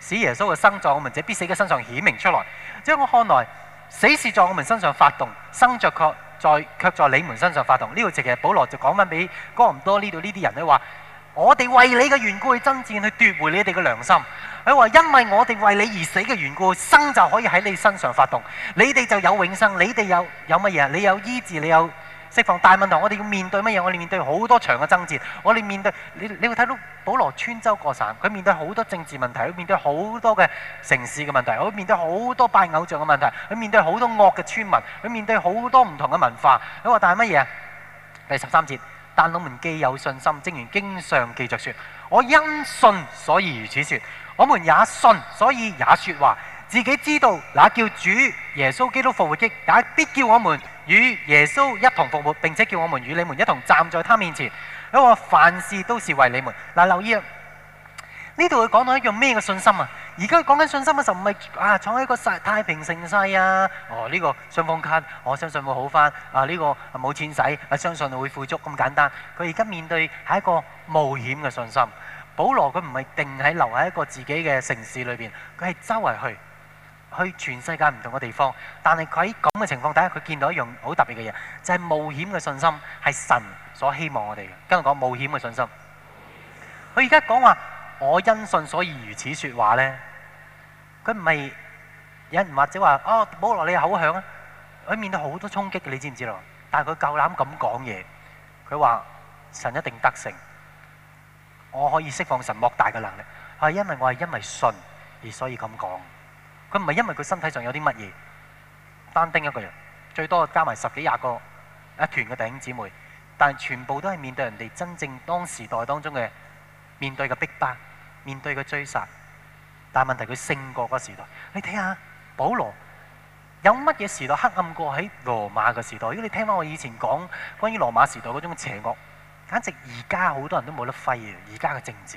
A: 使耶穌嘅生在我們這必死嘅身上顯明出來。在我看來，死是在我們身上發動，生着卻。在卻在你們身上發動。呢度其實保羅就講翻俾哥林多呢度呢啲人去話，我哋為你嘅緣故去爭戰，去奪回你哋嘅良心，佢話因為我哋為你而死嘅緣故，生就可以喺你身上發動，你哋就有永生，你哋有有乜嘢你有醫治，你有。釋放大問題，我哋要面對乜嘢？我哋面對好多場嘅爭戰，我哋面對你，你會睇到保羅穿州過省，佢面對好多政治問題，佢面對好多嘅城市嘅問題，佢面對好多拜偶像嘅問題，佢面對好多惡嘅村民，佢面對好多唔同嘅文化。佢話：但係乜嘢？第十三節，但我們既有信心，正如經上記著説：我因信，所以如此説；我們也信，所以也説話。自己知道那叫主耶穌基督復活的，也必叫我們。與耶穌一同復活，並且叫我們與你們一同站在他面前。我凡事都是為你們。嗱，留意啊，呢度會講到一樣咩嘅信心啊？而家講緊信心嘅時候，唔係啊，坐喺一個太平盛世啊。哦，呢、這個信封卡，我相信會好返。啊，呢、這個冇錢使，我相信會富足咁簡單。佢而家面對係一個冒險嘅信心。保羅佢唔係定喺留喺一個自己嘅城市裏邊，佢係周圍去。去全世界唔同嘅地方，但係佢喺咁嘅情況底下，佢見到一樣好特別嘅嘢，就係冒險嘅信心係神所希望我哋嘅。跟住講冒險嘅信心。佢而家講話，我因信所以如此説話呢。佢唔係有人或者話哦，保羅你口響啊，佢面對好多衝擊，你知唔知咯？但係佢夠膽咁講嘢。佢話神一定得勝，我可以釋放神莫大嘅能力，係因為我係因為信而所以咁講。佢唔係因為佢身體上有啲乜嘢，單丁一個人，最多加埋十幾廿個一團嘅弟兄姊妹，但係全部都係面對人哋真正當時代當中嘅面對嘅逼迫，面對嘅追殺。但係問題佢勝過嗰個時代。你睇下保羅，有乜嘢時代黑暗過喺羅馬嘅時代？如果你聽返我以前講關於羅馬時代嗰種邪惡，簡直而家好多人都冇得揮啊！而家嘅政治。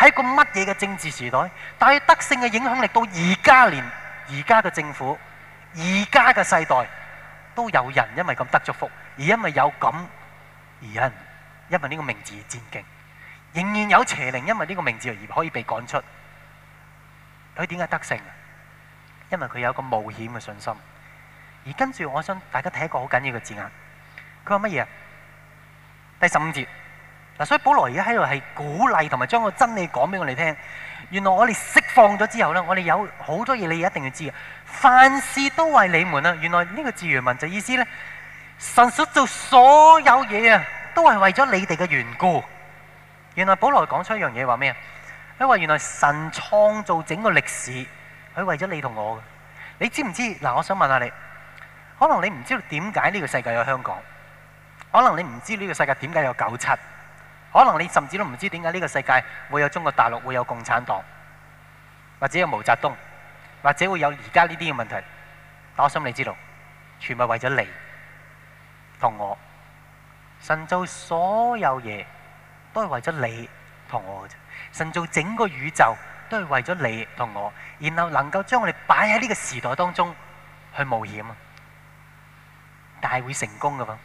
A: 喺個乜嘢嘅政治時代？但係德勝嘅影響力到而家連，而家嘅政府，而家嘅世代都有人因為咁得咗福，而因為有咁而有人，因為呢個名字而戰兢，仍然有邪靈因為呢個名字而可以被趕出。佢點解得勝？因為佢有一個冒險嘅信心。而跟住，我想大家睇一個好緊要嘅字眼，佢話乜嘢？第十五節。嗱，所以保羅而家喺度係鼓勵同埋將個真理講俾我哋聽。原來我哋釋放咗之後咧，我哋有好多嘢你一定要知嘅。凡事都為你們啊！原來呢個字原文就意思咧，神所做所有嘢啊，都係為咗你哋嘅緣故。原來保羅講出一樣嘢，話咩啊？佢話原來神創造整個歷史，佢為咗你同我。你知唔知道？嗱，我想問下你，可能你唔知道點解呢個世界有香港，可能你唔知呢個世界點解有九七。可能你甚至都唔知點解呢個世界會有中國大陸，會有共產黨，或者有毛澤東，或者會有而家呢啲嘅問題。但我心裏知道，全部為咗你同我。神造所有嘢都係為咗你同我嘅啫。神造整個宇宙都係為咗你同我，然後能夠將我哋擺喺呢個時代當中去冒險，但係會成功嘅喎。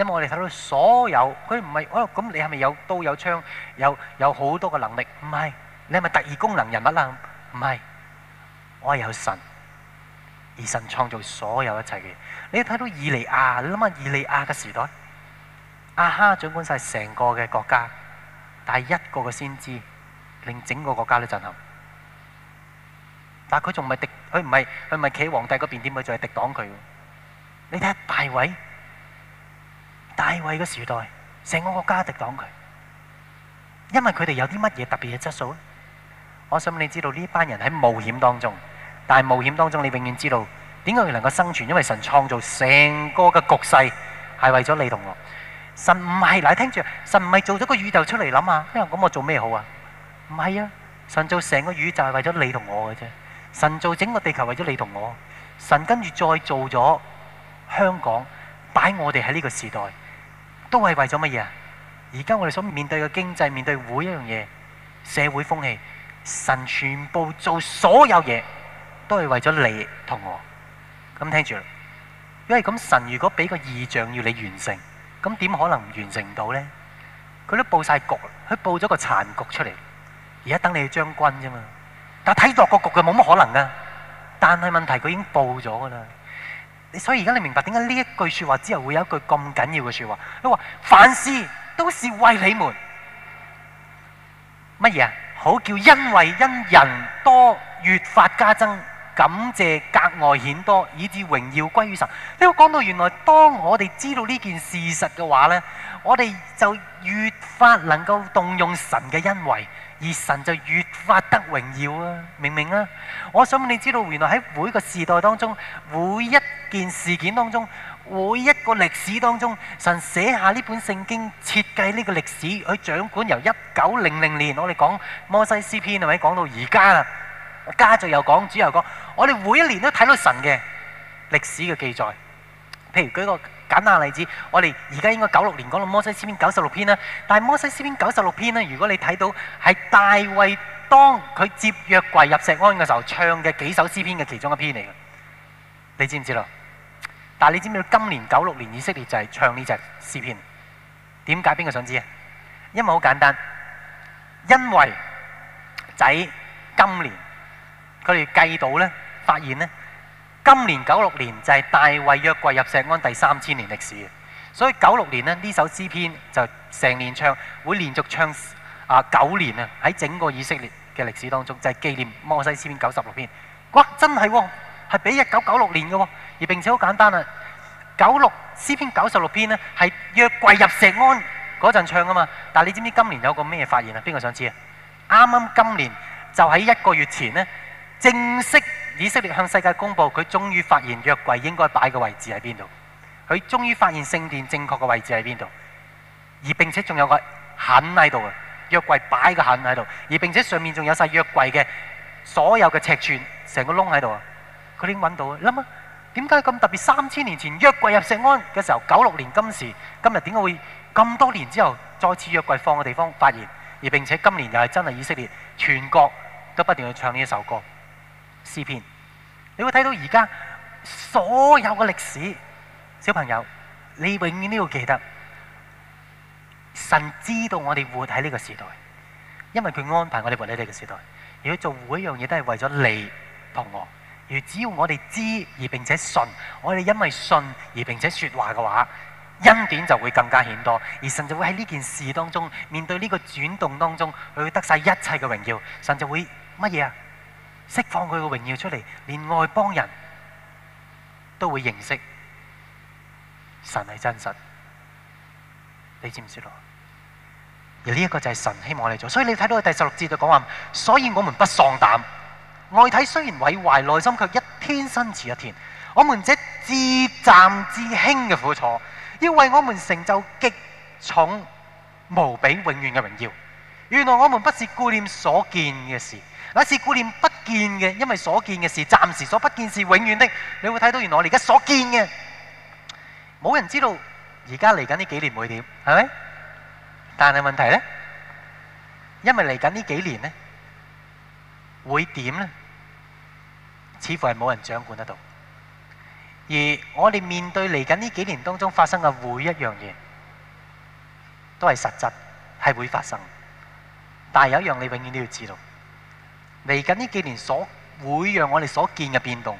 A: 因為我哋睇到所有佢唔係哦，咁你係咪有刀都有槍，有有好多嘅能力？唔係。你係咪特異功能人物啦？唔係。我係有神，而神創造所有一切嘅。你睇到以利亞，你諗下以利亞嘅時代，亞哈掌管晒成個嘅國家，但係一個嘅先知令整個國家都震撼。但係佢仲唔係敵？佢唔係佢唔係企喺皇帝嗰邊點？佢就係敵擋佢。你睇下大衛。大衛嘅時代，成個國家敵擋佢，因為佢哋有啲乜嘢特別嘅質素咧？我想你知道呢班人喺冒險當中，但係冒險當中你永遠知道點解佢能夠生存，因為神創造成個嘅局勢係為咗你同我。神唔係，嗱，聽住，神唔係做咗個宇宙出嚟諗啊？因為咁我做咩好啊？唔係啊，神做成個宇宙係為咗你同我嘅啫。神做整個地球為咗你同我。神跟住再做咗香港，擺我哋喺呢個時代。都係為咗乜嘢啊？而家我哋所面對嘅經濟、面對每一樣嘢、社會風氣，神全部做所有嘢，都係為咗你同我。咁聽住，因為咁神如果俾個意象要你完成，咁點可能唔完成到咧？佢都布晒局，佢布咗個殘局出嚟，而家等你去將軍啫嘛。但睇落個局就冇乜可能噶，但係問題佢已經布咗噶啦。所以而家你明白點解呢一句説話之後會有一句咁緊要嘅説話？佢話凡事都是為你們乜嘢啊？好叫因為，因人多越發加增感謝，格外顯多，以至榮耀歸於神。呢個講到原來，當我哋知道呢件事實嘅話呢，我哋就越發能夠動用神嘅恩惠。而神就越發得榮耀啊！明唔明啊？我想你知道，原來喺每個時代當中，每一件事件當中，每一個歷史當中，神寫下呢本聖經，設計呢個歷史去掌管，由一九零零年我哋講摩西詩篇啊，係咪講到而家啦，家族又講，主又講，我哋每一年都睇到神嘅歷史嘅記載，譬如舉個。簡單例子，我哋而家應該九六年講到《摩西詩篇》九十六篇啦。但係《摩西詩篇》九十六篇呢，如果你睇到係大衛當佢接約櫃入石安嘅時候唱嘅幾首詩篇嘅其中一篇嚟嘅，你知唔知道？但係你知唔知今年九六年以色列就係唱呢隻詩篇？點解？邊個想知啊？因為好簡單，因為仔今年佢哋計到呢發現呢。今年九六年就係大衛約櫃入石安第三千年歷史，所以九六年呢，呢首詩篇就成年唱，會連續唱啊九年啊，喺整個以色列嘅歷史當中就係紀念摩西詩篇九十六篇。哇！真係，係比一九九六年嘅，而並且好簡單呀。九六，詩篇九十六篇呢係約櫃入石安嗰陣唱㗎嘛，但係你知唔知今年有個咩發現啊？邊個想知啊？啱啱今年就喺一個月前呢正式。以色列向世界公佈，佢終於發現約櫃應該擺嘅位置喺邊度。佢終於發現聖殿正確嘅位置喺邊度。而並且仲有個痕喺度啊，約櫃擺個痕喺度。而並且上面仲有晒約櫃嘅所有嘅尺寸，成個窿喺度啊。佢已經揾到啦。諗啊，點解咁特別？三千年前約櫃入錫安嘅時候，九六年今時，今日點解會咁多年之後再次約櫃放嘅地方發現？而並且今年又係真係以色列全國都不斷去唱呢一首歌。詩篇，你會睇到而家所有嘅歷史，小朋友，你永遠都要記得，神知道我哋活喺呢個時代，因為佢安排我哋活喺呢個時代。如果做每一樣嘢都係為咗你同我，而只要我哋知而並且信，我哋因為信而並且說話嘅話，恩典就會更加顯多，而神就會喺呢件事當中，面對呢個轉動當中，佢會得晒一切嘅榮耀。神就會乜嘢啊？釋放佢嘅榮耀出嚟，連外邦人都會認識神係真實。你知唔知道？而呢一個就係神希望你做，所以你睇到第十六節就講話。所以我們不喪膽，外體雖然毀壞，內心卻一天新似一天。我們這至暫至輕嘅苦楚，要為我們成就極重無比永遠嘅榮耀。原來我們不是顧念所見嘅事。嗱，是顧念不見嘅，因為所見嘅事，暫時所不見是永遠的。你會睇到原來我哋而家所見嘅，冇人知道而家嚟緊呢幾年會點，係咪？但係問題呢，因為嚟緊呢幾年呢，會點呢？似乎係冇人掌管得到。而我哋面對嚟緊呢幾年當中發生嘅每一樣嘢，都係實質係會發生。但係有一樣你永遠都要知道。嚟緊呢幾年所會讓我哋所見嘅變動，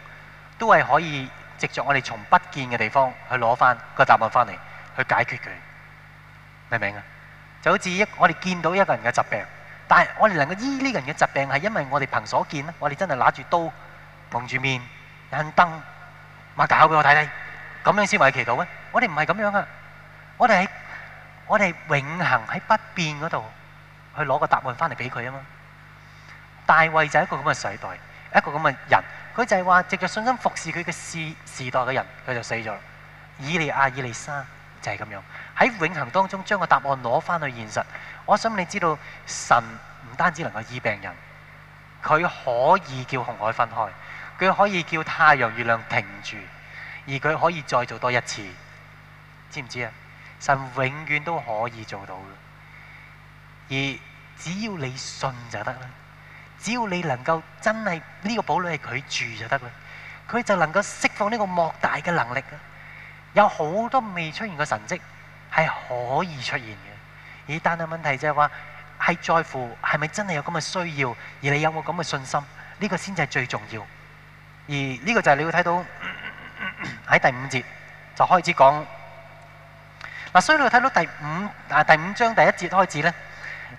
A: 都係可以藉着我哋從不見嘅地方去攞翻個答案翻嚟，去解決佢，明唔明啊？就好似一我哋見到一個人嘅疾病，但係我哋能夠醫呢個人嘅疾病，係因為我哋憑所見咧，我哋真係攞住刀，蒙住面，引燈，擘大口俾我睇睇，咁樣先為係祈禱咩？我哋唔係咁樣啊！我哋喺，我哋永恆喺不變嗰度，去攞個答案翻嚟俾佢啊嘛。大衛就係一個咁嘅世代，一個咁嘅人，佢就係話藉着信心服侍佢嘅時時代嘅人，佢就死咗。以利亞、以利沙就係咁樣，喺永恆當中將個答案攞翻去現實。我想你知道神唔單止能夠醫病人，佢可以叫紅海分開，佢可以叫太陽月亮停住，而佢可以再做多一次，知唔知啊？神永遠都可以做到嘅，而只要你信就得啦。只要你能夠真係呢個寶女係佢住就得啦，佢就能夠釋放呢個莫大嘅能力啦。有好多未出現嘅神跡係可以出現嘅，而單單問題就係話係在乎係咪真係有咁嘅需要，而你有冇咁嘅信心？呢個先至係最重要。而呢個就係你會睇到喺第五節就開始講嗱，所以你會睇到第五啊第五章第一節開始咧。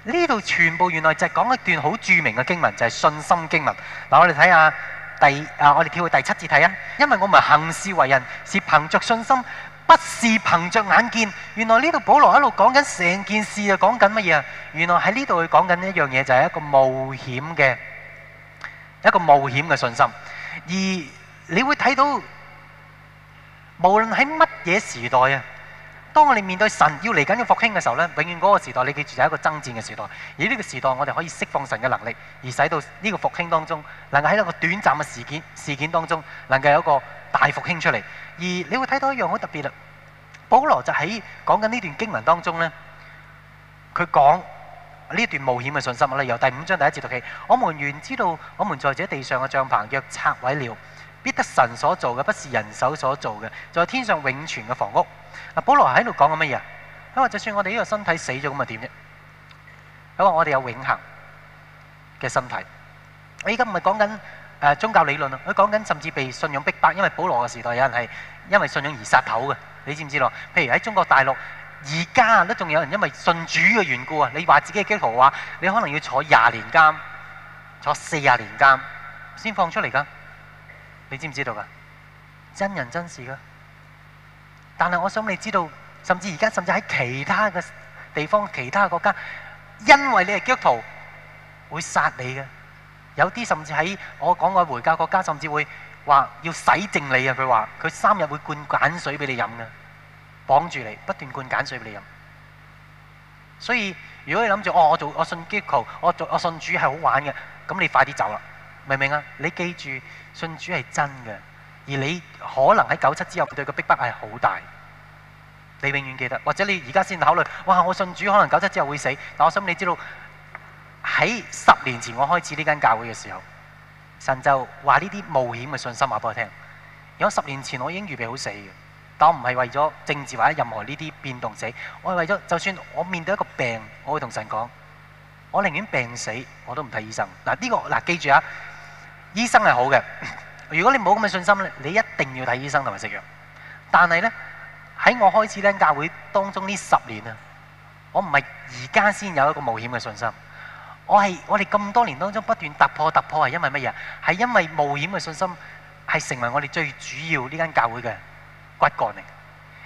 A: 呢度全部原來就係講一段好著名嘅經文，就係、是、信心經文。嗱，我哋睇下第啊，我哋跳去第七節睇啊。因為我唔係行事為人，是憑着信心，不是憑着眼見。原來呢度保羅一路講緊成件事啊，講緊乜嘢啊？原來喺呢度佢講緊一樣嘢，就係一個冒險嘅一個冒險嘅信心。而你會睇到，無論喺乜嘢時代啊。當我哋面對神要嚟緊嘅復興嘅時候咧，永遠嗰個時代，你記住就係一個爭戰嘅時代。而呢個時代，我哋可以釋放神嘅能力，而使到呢個復興當中，能夠喺一個短暫嘅事件事件當中，能夠有一個大復興出嚟。而你會睇到一樣好特別啦，保羅就喺講緊呢段經文當中呢，佢講呢段冒險嘅信心啦。由第五章第一節讀起，我們原知道我們在這地上嘅帳棚若拆毀了，必得神所造嘅不是人手所造嘅，在天上永存嘅房屋。嗱，保羅喺度講緊乜嘢啊？佢話就算我哋呢個身體死咗咁啊點啫？佢話我哋有永恒嘅身體。哎，而家唔係講緊誒宗教理論啊，佢講緊甚至被信仰逼迫，因為保羅嘅時代有人係因為信仰而殺頭嘅，你知唔知咯？譬如喺中國大陸，而家都仲有人因為信主嘅緣故啊，你話自己係基督徒啊，你可能要坐廿年監，坐四十年監先放出嚟噶，你知唔知道噶？真人真事噶。但係我想你知道，甚至而家甚至喺其他嘅地方、其他國家，因為你係基督徒，會殺你嘅。有啲甚至喺我講過回教國家，甚至會話要洗淨你啊！佢話佢三日會灌鹼水俾你飲嘅，綁住你不斷灌鹼水俾你飲。所以如果你諗住哦，我做我信基督徒，我做我信主係好玩嘅，咁你快啲走啦！明唔明啊？你記住，信主係真嘅。而你可能喺九七之後對佢逼迫係好大，你永遠記得，或者你而家先考慮，哇！我信主可能九七之後會死，但我想你知道喺十年前我開始呢間教會嘅時候，神就話呢啲冒險嘅信心話俾我聽。如果十年前我已經預備好死嘅，但我唔係為咗政治或者任何呢啲變動死，我係為咗就算我面對一個病，我會同神講，我寧願病死我都唔睇醫生。嗱、啊、呢個嗱、啊、記住啊，醫生係好嘅。 如果你冇咁嘅信心咧，你一定要睇醫生同埋食藥。但係咧，喺我開始咧教會當中呢十年啊，我唔係而家先有一個冒險嘅信心，我係我哋咁多年當中不斷突破突破，係因為乜嘢？係因為冒險嘅信心係成為我哋最主要呢間教會嘅骨幹嚟。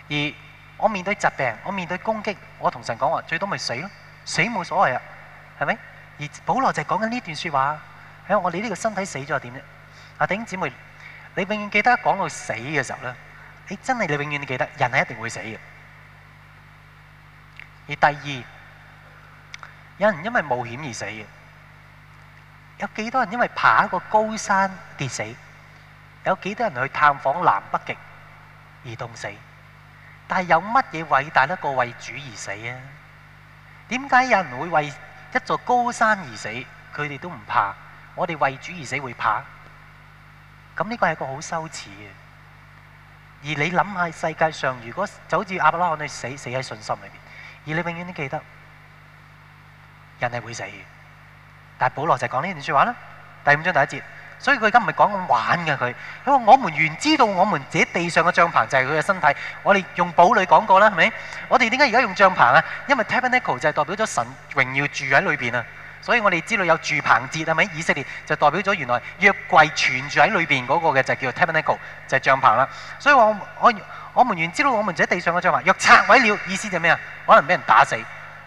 A: 而我面對疾病，我面對攻擊，我同神講話，最多咪死咯，死冇所謂啊，係咪？而保羅就係講緊呢段說話，喺我哋呢個身體死咗係點咧？弟兄姊妹，你永遠記得講到死嘅時候咧，你真係你永遠記得，人係一定會死嘅。而第二，有人因為冒險而死嘅，有幾多人因為爬一個高山跌死？有幾多人去探訪南北極而凍死？但係有乜嘢偉大得過為主而死啊？點解有人會為一座高山而死？佢哋都唔怕，我哋為主而死會怕？咁呢個係一個好羞恥嘅，而你諗下世界上，如果就好似亞伯拉罕，你死死喺信心裏邊，而你永遠都記得，人係會死嘅。但係保羅就係講呢段説話啦，第五章第一節。所以佢而家唔係講咁玩嘅佢，因為我們原知道我們這地上嘅帳棚就係佢嘅身體，我哋用堡壘講過啦，係咪？我哋點解而家用帳棚啊？因為 tabernacle 就係代表咗神榮耀住喺裏邊啊。所以我哋知道有住棚節係咪？以色列就代表咗原來約櫃存住喺裏邊嗰個嘅就是、叫 Tabernacle，就係帳棚啦。所以我我我們原知道我們喺地上嘅帳棚若拆毀了，意思就咩啊？可能俾人打死。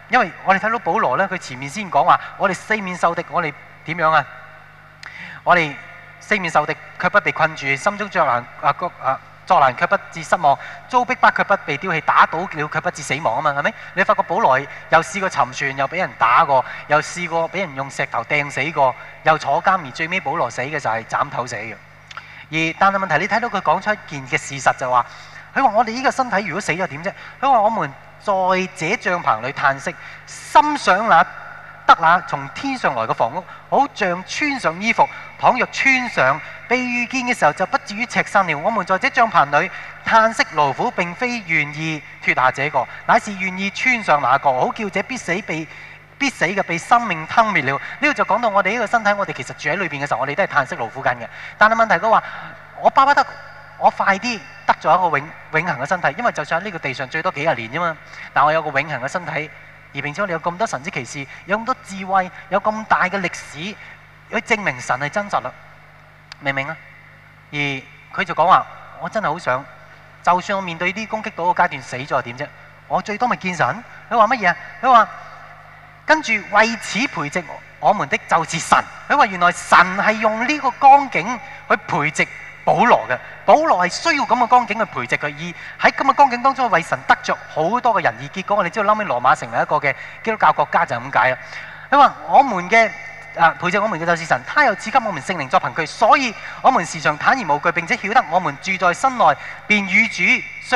A: 因為我哋睇到保羅咧，佢前面先講話，我哋四面受敵，我哋點樣啊？我哋四面受敵，卻不被困住，心中著行啊啊。啊作難卻不至失望，遭逼迫卻不，不被丟棄，打倒了卻不至死亡啊嘛，係咪？你發覺保羅又試過沉船，又俾人打過，又試過俾人用石頭掟死過，又坐監而最尾保羅死嘅就係斬頭死嘅。而但係問題，你睇到佢講出一件嘅事實就話，是，佢話我哋呢個身體如果死咗點啫？佢話我們在這帳棚裏嘆息，心想。」難。得啦，從天上來嘅房屋，好像穿上衣服。倘若穿上，被遇見嘅時候就不至於赤身了。我們在這帳棚裏嘆息勞苦，並非願意脫下這個，乃是願意穿上那個。好叫這必死被必死嘅被生命吞滅了。呢個就講到我哋呢個身體，我哋其實住喺裏邊嘅時候，我哋都係嘆息勞苦緊嘅。但係問題都話，我巴不得我快啲得咗一個永永恆嘅身體，因為就算喺呢個地上最多幾十年啫嘛。但我有一個永恆嘅身體。而並且我哋有咁多神之奇事，有咁多智慧，有咁大嘅歷史，去證明神係真實啦，明唔明啊？而佢就講話：我真係好想，就算我面對啲攻擊到個階段死咗又點啫？我最多咪見神。佢話乜嘢啊？佢話跟住為此培植我們的就是神。佢話原來神係用呢個光景去培植。保羅嘅，保羅係需要咁嘅光景去培植佢，而喺咁嘅光景當中為神得着好多嘅人，而結果我哋知道後尾羅馬成為一個嘅基督教國家就係咁解啦。佢話我們嘅啊，培植我們嘅就是神，他又賜給我們聖靈作憑據，所以我們時常坦然無懼，並且曉得我們住在身內便與主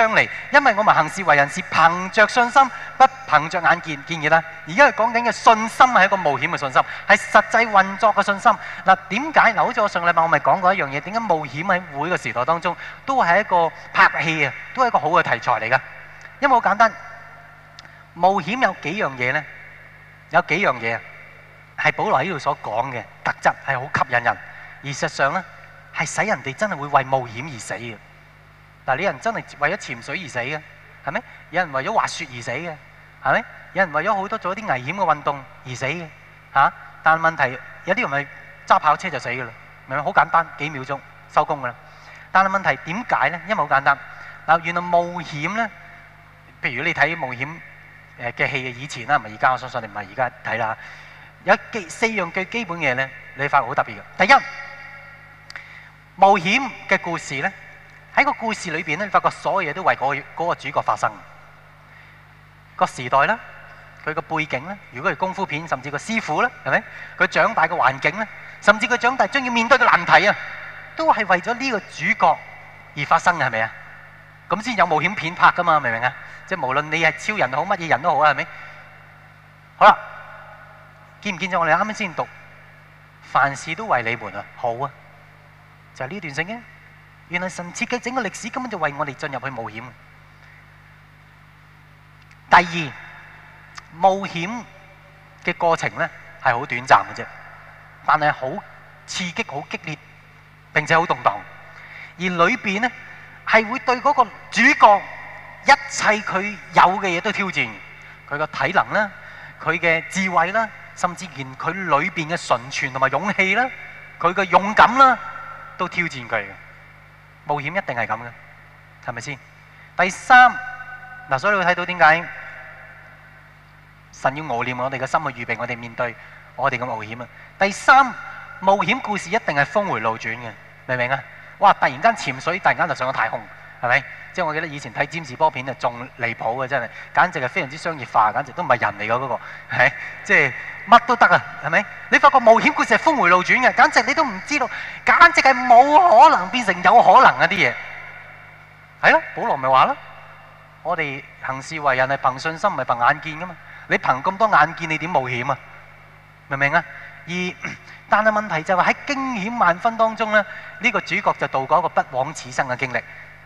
A: 上嚟，因為我咪行事為人是憑著信心，不憑著眼見見嘢啦。而家我講緊嘅信心係一個冒險嘅信心，係實際運作嘅信心。嗱，點解嗱？好似我上禮拜我咪講過一樣嘢，點解冒險喺每個時代當中都係一個拍戲啊，都係一個好嘅題材嚟噶？因為好簡單，冒險有幾樣嘢咧，有幾樣嘢係保羅喺度所講嘅特質係好吸引人，而實上咧係使人哋真係會為冒險而死嘅。嗱，你人真係為咗潛水而死嘅，係咪？有人為咗滑雪而死嘅，係咪？有人為咗好多做一啲危險嘅運動而死嘅，嚇、啊！但係問題有啲人咪揸跑車就死嘅啦，明唔明？好簡單，幾秒鐘收工嘅啦。但係問題點解咧？因為好簡單，嗱，原來冒險咧，譬如你睇冒險誒嘅戲嘅以前啦，唔係而家，我相信你唔係而家睇啦。有基四樣最基本嘢咧，你發覺好特別嘅。第一，冒險嘅故事咧。喺個故事裏邊咧，你發覺所有嘢都為嗰個個主角發生。個時代啦，佢個背景咧，如果係功夫片，甚至個師傅咧，係咪？佢長大嘅環境咧，甚至佢長大將要面對嘅難題啊，都係為咗呢個主角而發生嘅，係咪啊？咁先有冒險片拍噶嘛，明唔明啊？即係無論你係超人好，乜嘢人都好啊，係咪？好啦，見唔見咗我哋啱啱先讀？凡事都為你們啊，好啊，就係呢段聖經。原來神設計整個歷史根本就為我哋進入去冒險。第二，冒險嘅過程咧係好短暫嘅啫，但係好刺激、好激烈，並且好動盪。而裏邊咧係會對嗰個主角一切佢有嘅嘢都挑戰，佢個體能啦，佢嘅智慧啦，甚至連佢裏邊嘅純全同埋勇氣啦，佢嘅勇敢啦，都挑戰佢嘅。冒險一定係咁嘅，係咪先？第三，嗱，所以你會睇到點解神要磨練我哋嘅心去預備我哋面對我哋嘅冒險啊？第三，冒險故事一定係峰回路轉嘅，明唔明啊？哇！突然間潛水，突然間就上咗太空，係咪？即係我記得以前睇占士波片啊，仲離譜嘅真係，簡直係非常之商業化，簡直都唔係人嚟嘅嗰個，係即係乜都得啊，係咪？你發覺冒險故事係峰回路轉嘅，簡直你都唔知道，簡直係冇可能變成有可能啊啲嘢，係咯？保羅咪話咯，我哋行事為人係憑信心，唔係憑眼見噶嘛。你憑咁多眼見，你點冒險啊？明唔明啊？而但係問題就係喺驚險萬分當中咧，呢個主角就度過一個不枉此生嘅經歷。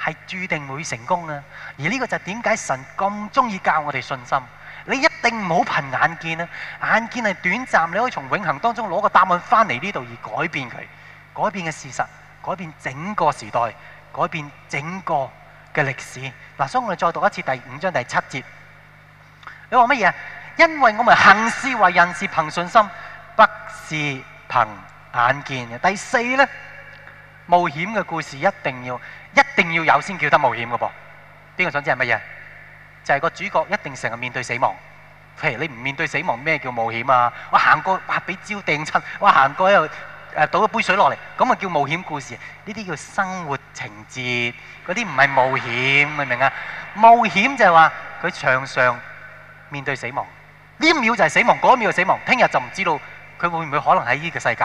A: 係注定會成功嘅，而呢個就係點解神咁中意教我哋信心。你一定唔好憑眼見啊，眼見係短暫，你可以從永恆當中攞個答案翻嚟呢度而改變佢，改變嘅事實，改變整個時代，改變整個嘅歷史。嗱，所以我哋再讀一次第五章第七節。你話乜嘢啊？因為我們行事為人是憑信心，不是憑眼見嘅。第四呢，冒險嘅故事一定要。一定要有先叫得冒險嘅噃，邊個想知係乜嘢？就係個主角一定成日面對死亡。譬如你唔面對死亡，咩叫冒險啊？我行過，哇！俾招掟親，我行過又誒倒一杯水落嚟，咁啊叫冒險故事。呢啲叫生活情節，嗰啲唔係冒險，明唔明啊？冒險就係話佢常常面對死亡，呢秒就係死亡，嗰一秒又死亡，聽日就唔知道佢會唔會可能喺呢個世界。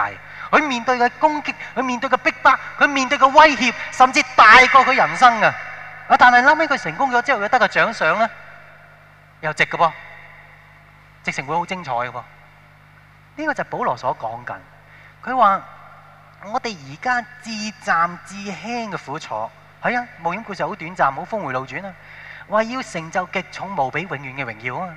A: 佢面對嘅攻擊，佢面對嘅逼迫，迫，佢面對嘅威脅，甚至大過佢人生啊！啊，但係後屘佢成功咗之後，佢得個獎賞啊，又值嘅噃，直情會好精彩嘅噃。呢、呢個就係保羅所講緊，佢話我哋而家至暫至輕嘅苦楚，係啊，冒險故事好短暫，好峰回路轉啊，為要成就極重無比永遠嘅榮耀啊！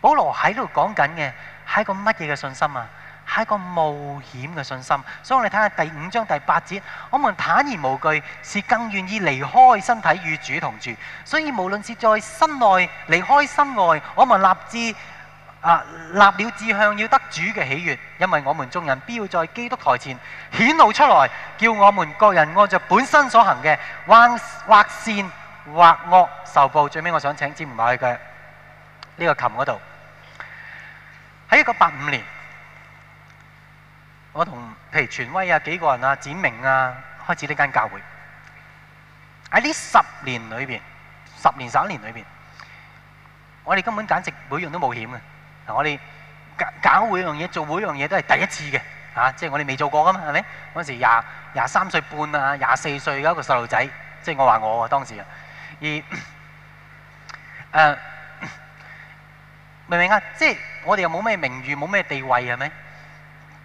A: 保羅喺度講緊嘅係一個乜嘢嘅信心啊？係一個冒險嘅信心，所以我哋睇下第五章第八節，我們坦然無懼，是更願意離開身體與主同住。所以無論是在身內，離開身外，我們立志，立了志向，要得主嘅喜悅。因為我們眾人必要在基督台前顯露出來，叫我們各人按着本身所行嘅，或善或惡受報。最尾，我想請詹文去嘅呢個琴嗰度，喺一九八五年。我同譬如全威啊、幾個人啊、展明啊，開始呢間教會。喺呢十年裏邊，十年十一年裏邊，我哋根本簡直每樣都冒險嘅。嗱，我哋搞每樣嘢，做每樣嘢都係第一次嘅嚇，即係我哋未做過噶嘛，係咪？嗰時廿廿三歲半啊，廿四歲嗰個細路仔，即係我話我當時啊。而誒明唔明啊？即係我哋又冇咩名譽，冇咩地位，係咪？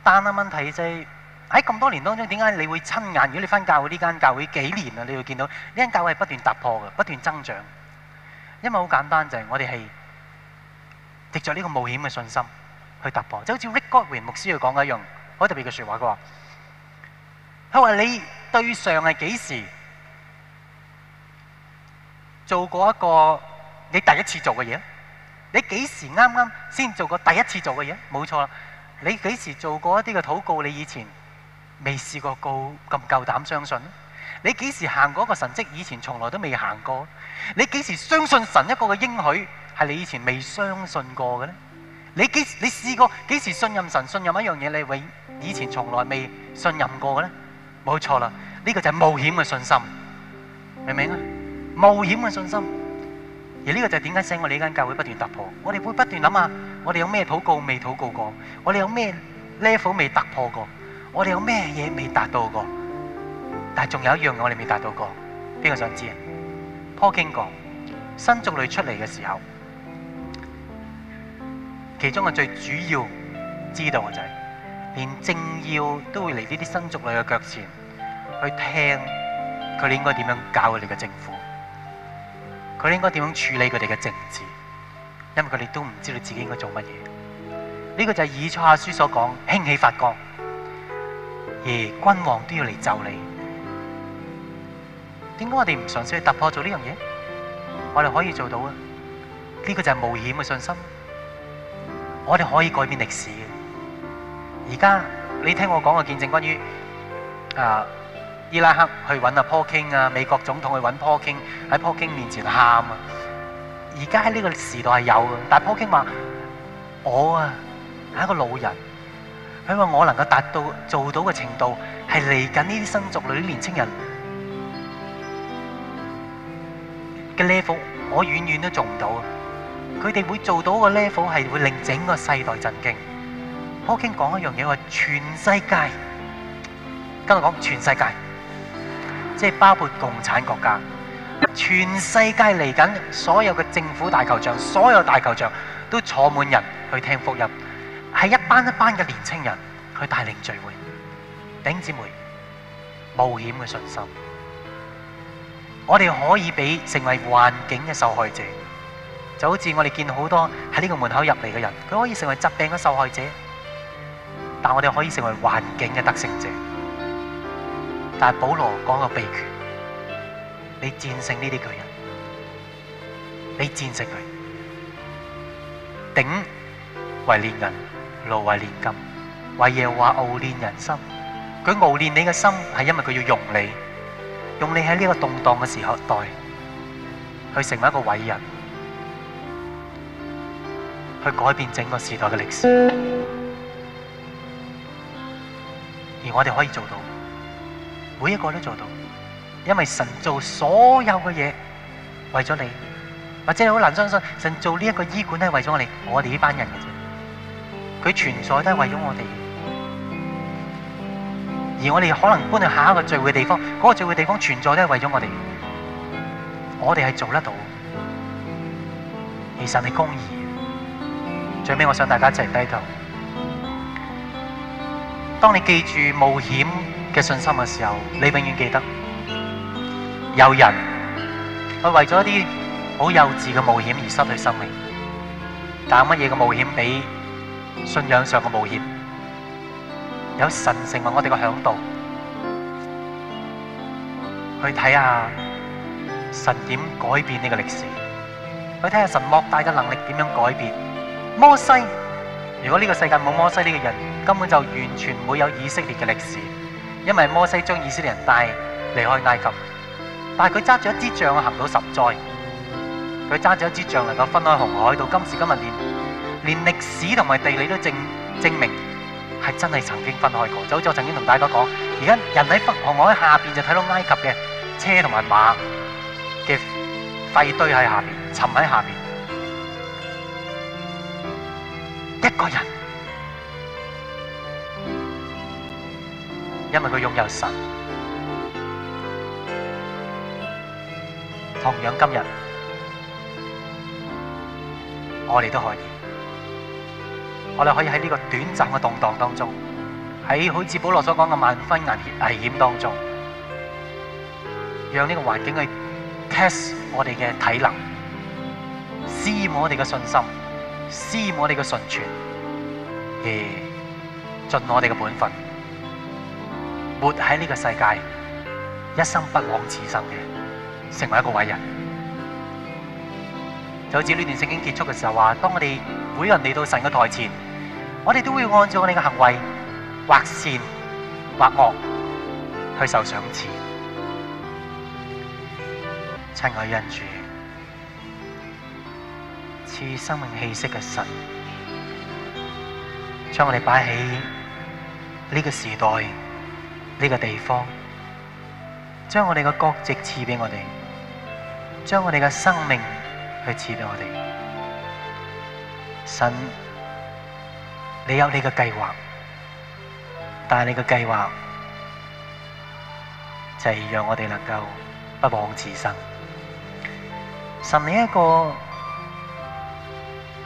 A: 但係問題即係喺咁多年當中，點解你會親眼？如果你翻教會呢間教會幾年啦，你會見到呢間教會係不斷突破嘅，不斷增長。因為好簡單，就係、是、我哋係藉著呢個冒險嘅信心去突破，就好似 Rick Godwin 牧師佢講嘅一樣。好特別嘅説話，佢話：佢話你對上係幾時做過一個你第一次做嘅嘢？你幾時啱啱先做過第一次做嘅嘢？冇錯。你幾時做過一啲嘅禱告？你以前未試過告咁夠膽相信？你幾時行過一個神蹟？以前從來都未行過。你幾時相信神一個嘅應許係你以前未相信過嘅咧？你幾時你試過幾時信任神？信任一樣嘢你為以前從來未信任過嘅咧？冇錯啦，呢個就係冒險嘅信心，明唔明啊？冒險嘅信心。而呢個就係點解使我哋呢間教會不斷突破，我哋會不斷諗下：我哋有咩禱告未禱告過，我哋有咩 level 未突破過，我哋有咩嘢未達到過。但係仲有一樣嘢我哋未達到過，邊個想知啊？坡經過新族類出嚟嘅時候，其中嘅最主要知道嘅就係，連政要都會嚟呢啲新族類嘅腳前去聽，佢哋應該點樣搞佢哋嘅政府。佢哋應該點樣處理佢哋嘅政治？因為佢哋都唔知道自己應該做乜嘢。呢、這個就係以賽亞書所講興起發光，而君王都要嚟就你。點解我哋唔嘗試去突破做呢樣嘢？我哋可以做到啊！呢、這個就係冒險嘅信心。我哋可以改變歷史嘅。而家你聽我講嘅見證關於啊。伊拉克去揾阿 Paul King 啊，美國總統去揾 Paul King 喺 Paul King 面前喊啊！而家喺呢個時代係有嘅，但 Paul King 話：我啊係一個老人，佢話我能夠達到做到嘅程度係嚟緊呢啲新族類啲年青人嘅 level，我遠遠都做唔到。佢哋會做到嘅 level 係會令整個世代震驚。Paul King 講一樣嘢，我全世界，跟我講全世界。即係包括共產國家，全世界嚟緊所有嘅政府大球場，所有大球場都坐滿人去聽福音，係一班一班嘅年輕人去帶領聚會，頂姊妹冒險嘅信心，我哋可以俾成為環境嘅受害者，就好似我哋見到好多喺呢個門口入嚟嘅人，佢可以成為疾病嘅受害者，但我哋可以成為環境嘅得勝者。但係保羅講個秘訣，你戰勝呢啲巨人，你戰勝佢，鼎為煉銀爐為煉金，為耶和華熬煉人心，佢熬煉你嘅心係因為佢要用你，用你喺呢個動盪嘅時候代，去成為一個偉人，去改變整個時代嘅歷史，而我哋可以做到。每一個都做到，因為神做所有嘅嘢為咗你，或者你好難相信神做呢一個醫館都係為咗我哋，我哋呢班人嘅啫。佢存在都係為咗我哋，而我哋可能搬去下一個聚會嘅地方，嗰個聚會地方存在都係為咗我哋。我哋係做得到，其實係公義。最尾我想大家一齊低頭。當你記住冒險。信心嘅時候，你永遠記得有人佢為咗一啲好幼稚嘅冒險而失去生命。但乜嘢嘅冒險比信仰上嘅冒險，有神成為我哋嘅嚮導。去睇下神點改變呢個歷史，去睇下神莫大嘅能力點樣改變。摩西，如果呢個世界冇摩西呢個人，根本就完全唔會有以色列嘅歷史。因為摩西將以色列人帶離開埃及，但係佢揸住一支杖行到十災，佢揸住一支杖能夠分開紅海，到今時今日連連歷史同埋地理都證明係真係曾經分開過。就好似我曾經同大家講，而家人喺紅海下面就睇到埃及嘅車同埋馬嘅廢堆喺下面，沉喺下面一個人。因為佢擁有神，同樣今日我哋都可以，我哋可以喺呢個短暫嘅動蕩當中，喺好似保羅所講嘅萬分危險危當中，讓呢個環境去 test 我哋嘅體能，試我哋嘅信心，試我哋嘅順全，而盡我哋嘅本分。活喺呢個世界，一生不枉此生嘅，成為一個偉人。就好似呢段聖經結束嘅時候話：當我哋每個人嚟到神嘅台前，我哋都會按照我哋嘅行為，或善或惡，去受賞賜。親愛的恩主，賜生命氣息嘅神，將我哋擺喺呢個時代。這個地方，將我們的國籍賜給我們，將我們的生命去賜給我們。神，你有你的計劃，但係你的計劃就是讓我們能夠不枉此生。神，你是一個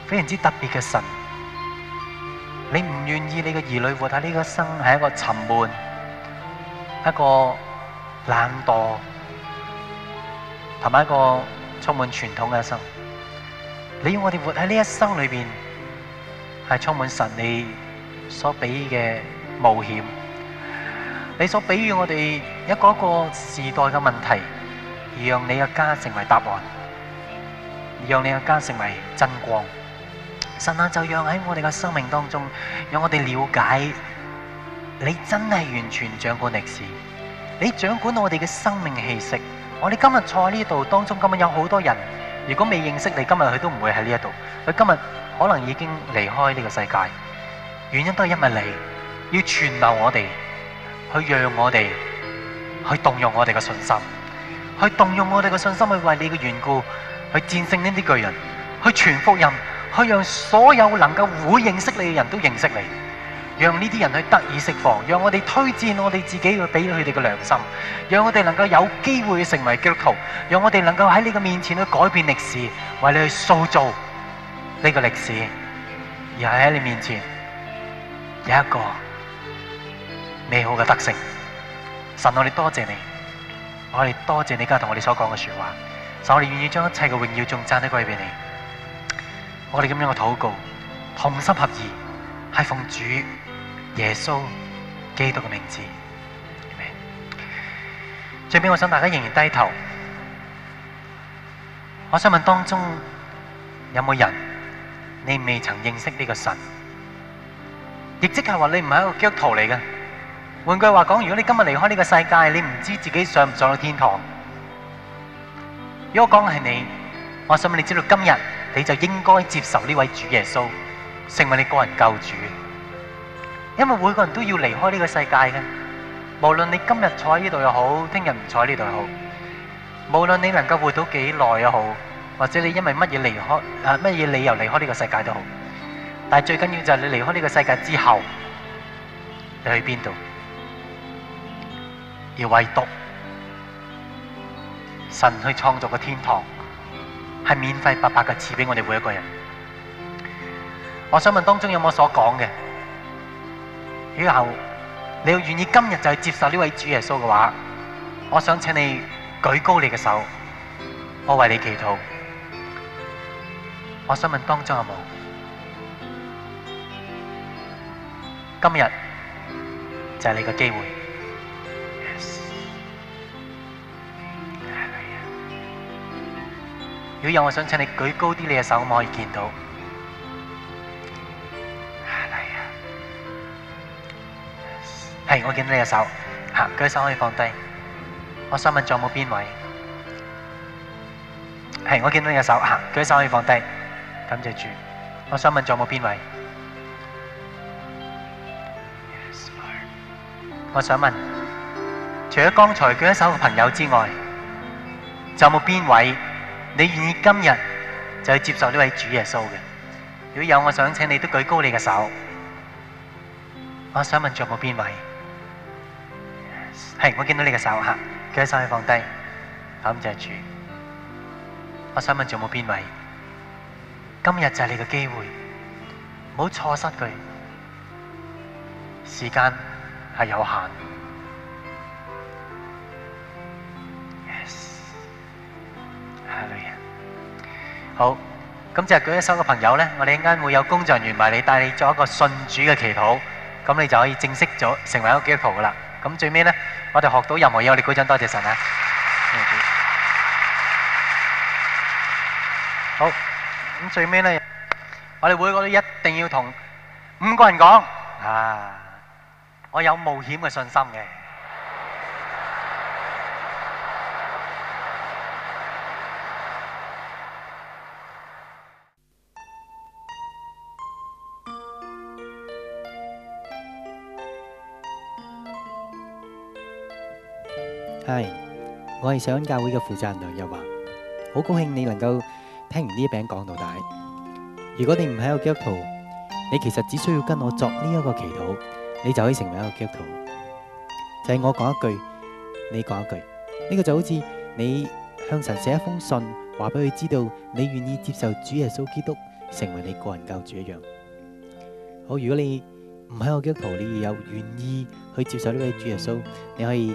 A: 非常之特別的神，你不願意你的兒女活喺這個生是一個沉悶。一個懶惰，同埋一個充滿傳統嘅一生。你要我哋活喺呢一生裏面，係充滿神你所俾嘅冒險。你所給予我哋一個一個時代嘅問題，而讓你嘅家成為答案，讓你嘅家成為真光。神啊，就讓喺我哋嘅生命當中，讓我哋了解。你真係完全掌管歷史，你掌管我哋嘅生命氣息。我哋今日坐喺呢度當中，今日有好多人，如果未認識你，今日佢都唔會喺呢一度。佢今日可能已經離開呢個世界，原因都係因為你要全留我哋，去讓我哋去動用我哋嘅信心，去動用我哋嘅信心去為你嘅緣故去戰勝呢啲巨人，去傳福音，去讓所有能夠會認識你嘅人都認識你。讓呢啲人去得以釋放，讓我哋推薦我哋自己去俾佢哋嘅良心，讓我哋能夠有機會成為基督徒，讓我哋能夠喺你嘅面前去改變歷史，為你去塑造呢個歷史，而係喺你面前有一個美好嘅特色。神，我哋多謝你，我哋多謝你今日同我哋所講嘅說話，所以我哋願意將一切嘅榮耀仲讚得歸俾你。我哋咁樣嘅禱告，同心合意，係奉主耶穌基督嘅名字，最尾我想大家仍然低頭。我想問當中有冇人你未曾認識呢個神？亦即係話你唔係一個基督徒嚟嘅。換句話講，如果你今日離開呢個世界，你唔知自己上唔上到天堂。如果講係你，我想問你，知道今日，今日你就應該接受呢位主耶穌，成為你個人救主。因為每個人都要離開呢個世界嘅，無論你今日坐喺呢度又好，聽日唔坐喺呢度又好，無論你能夠活到幾耐又好，或者你因為乜嘢離開，誒乜嘢理由離開呢個世界都好，但係最緊要就係你離開呢個世界之後，你去邊度？而唯獨神去創造嘅天堂，係免費白白嘅賜俾我哋每一個人。我想問當中有冇所講嘅？以後你要願意今日就接受呢位主耶穌嘅話，我想請你舉高你嘅手，我為你祈禱。我想問當中有冇？今日就係你嘅機會。Yes. 如果有，我想請你舉高啲你嘅手，可唔可以見到？係，我見到你嘅手，吓舉手可以放低。我想問仲有冇邊位？係，我見到你嘅手，吓舉手可以放低。感謝主，我想問仲有冇邊位？我想問，除咗剛才舉手嘅朋友之外，仲有冇邊位你願意今日就去接受呢位主耶穌嘅？如果有，我想請你都舉高你嘅手。我想問仲有冇邊位？係，我見到你嘅手，舉一手去放低，咁就係主。我想問仲有冇邊位？今日就係你嘅機會，唔好錯失佢。時間係有限。係女人。好，咁就係舉一手嘅朋友咧，我哋一陣間會有工作人員埋嚟，帶你做一個信主嘅祈禱，咁你就可以正式咗成為一個基督徒噶啦。咁最尾咧，我哋學到任何嘢，我哋舉掌多謝神啊！好，咁最尾咧，我哋會覺得一定要同五個人講啊！我有冒險嘅信心嘅。我係聖恩教會嘅負責人梁日華，好高興你能夠聽完呢一篇講道大。如果你唔係一個基督徒，你其實只需要跟我作呢一個祈禱，你就可以成為一個基督徒。就係我講一句，你講一句，呢個就好似你向神寫一封信，話俾佢知道你願意接受主耶穌基督成為你個人教主一樣。好，如果你唔係一個基督徒，你又願意去接受呢位主耶穌，你可以。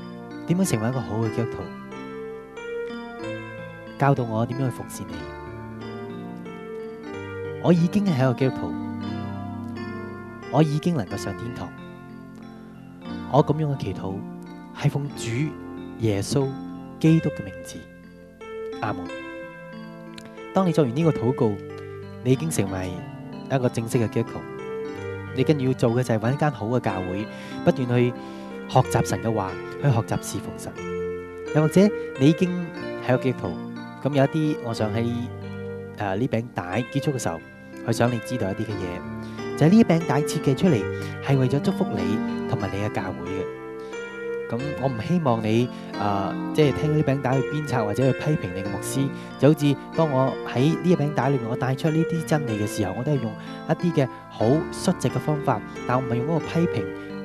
A: 點樣成為一個好嘅基督徒？教導我點樣去服侍你？我已經係一個基督徒，我已經能夠上天堂。我咁樣嘅祈禱係奉主耶穌基督嘅名字，阿門。當你做完呢個禱告，你已經成為一個正式嘅基督徒。你跟住要做嘅就係揾一間好嘅教會，不斷去學習神嘅話。去學習侍奉神，又或者你已經喺個基督徒，咁有一啲，我想喺誒呢餅帶結束嘅時候，去想你知道一啲嘅嘢，就係呢餅帶設計出嚟係為咗祝福你同埋你嘅教會嘅。咁我唔希望你誒，即係聽呢餅帶去鞭策或者去批評你嘅牧師，就好似當我喺呢餅帶裏面我帶出呢啲真理嘅時候，我都係用一啲嘅好率直嘅方法，但係我唔係用嗰個批評。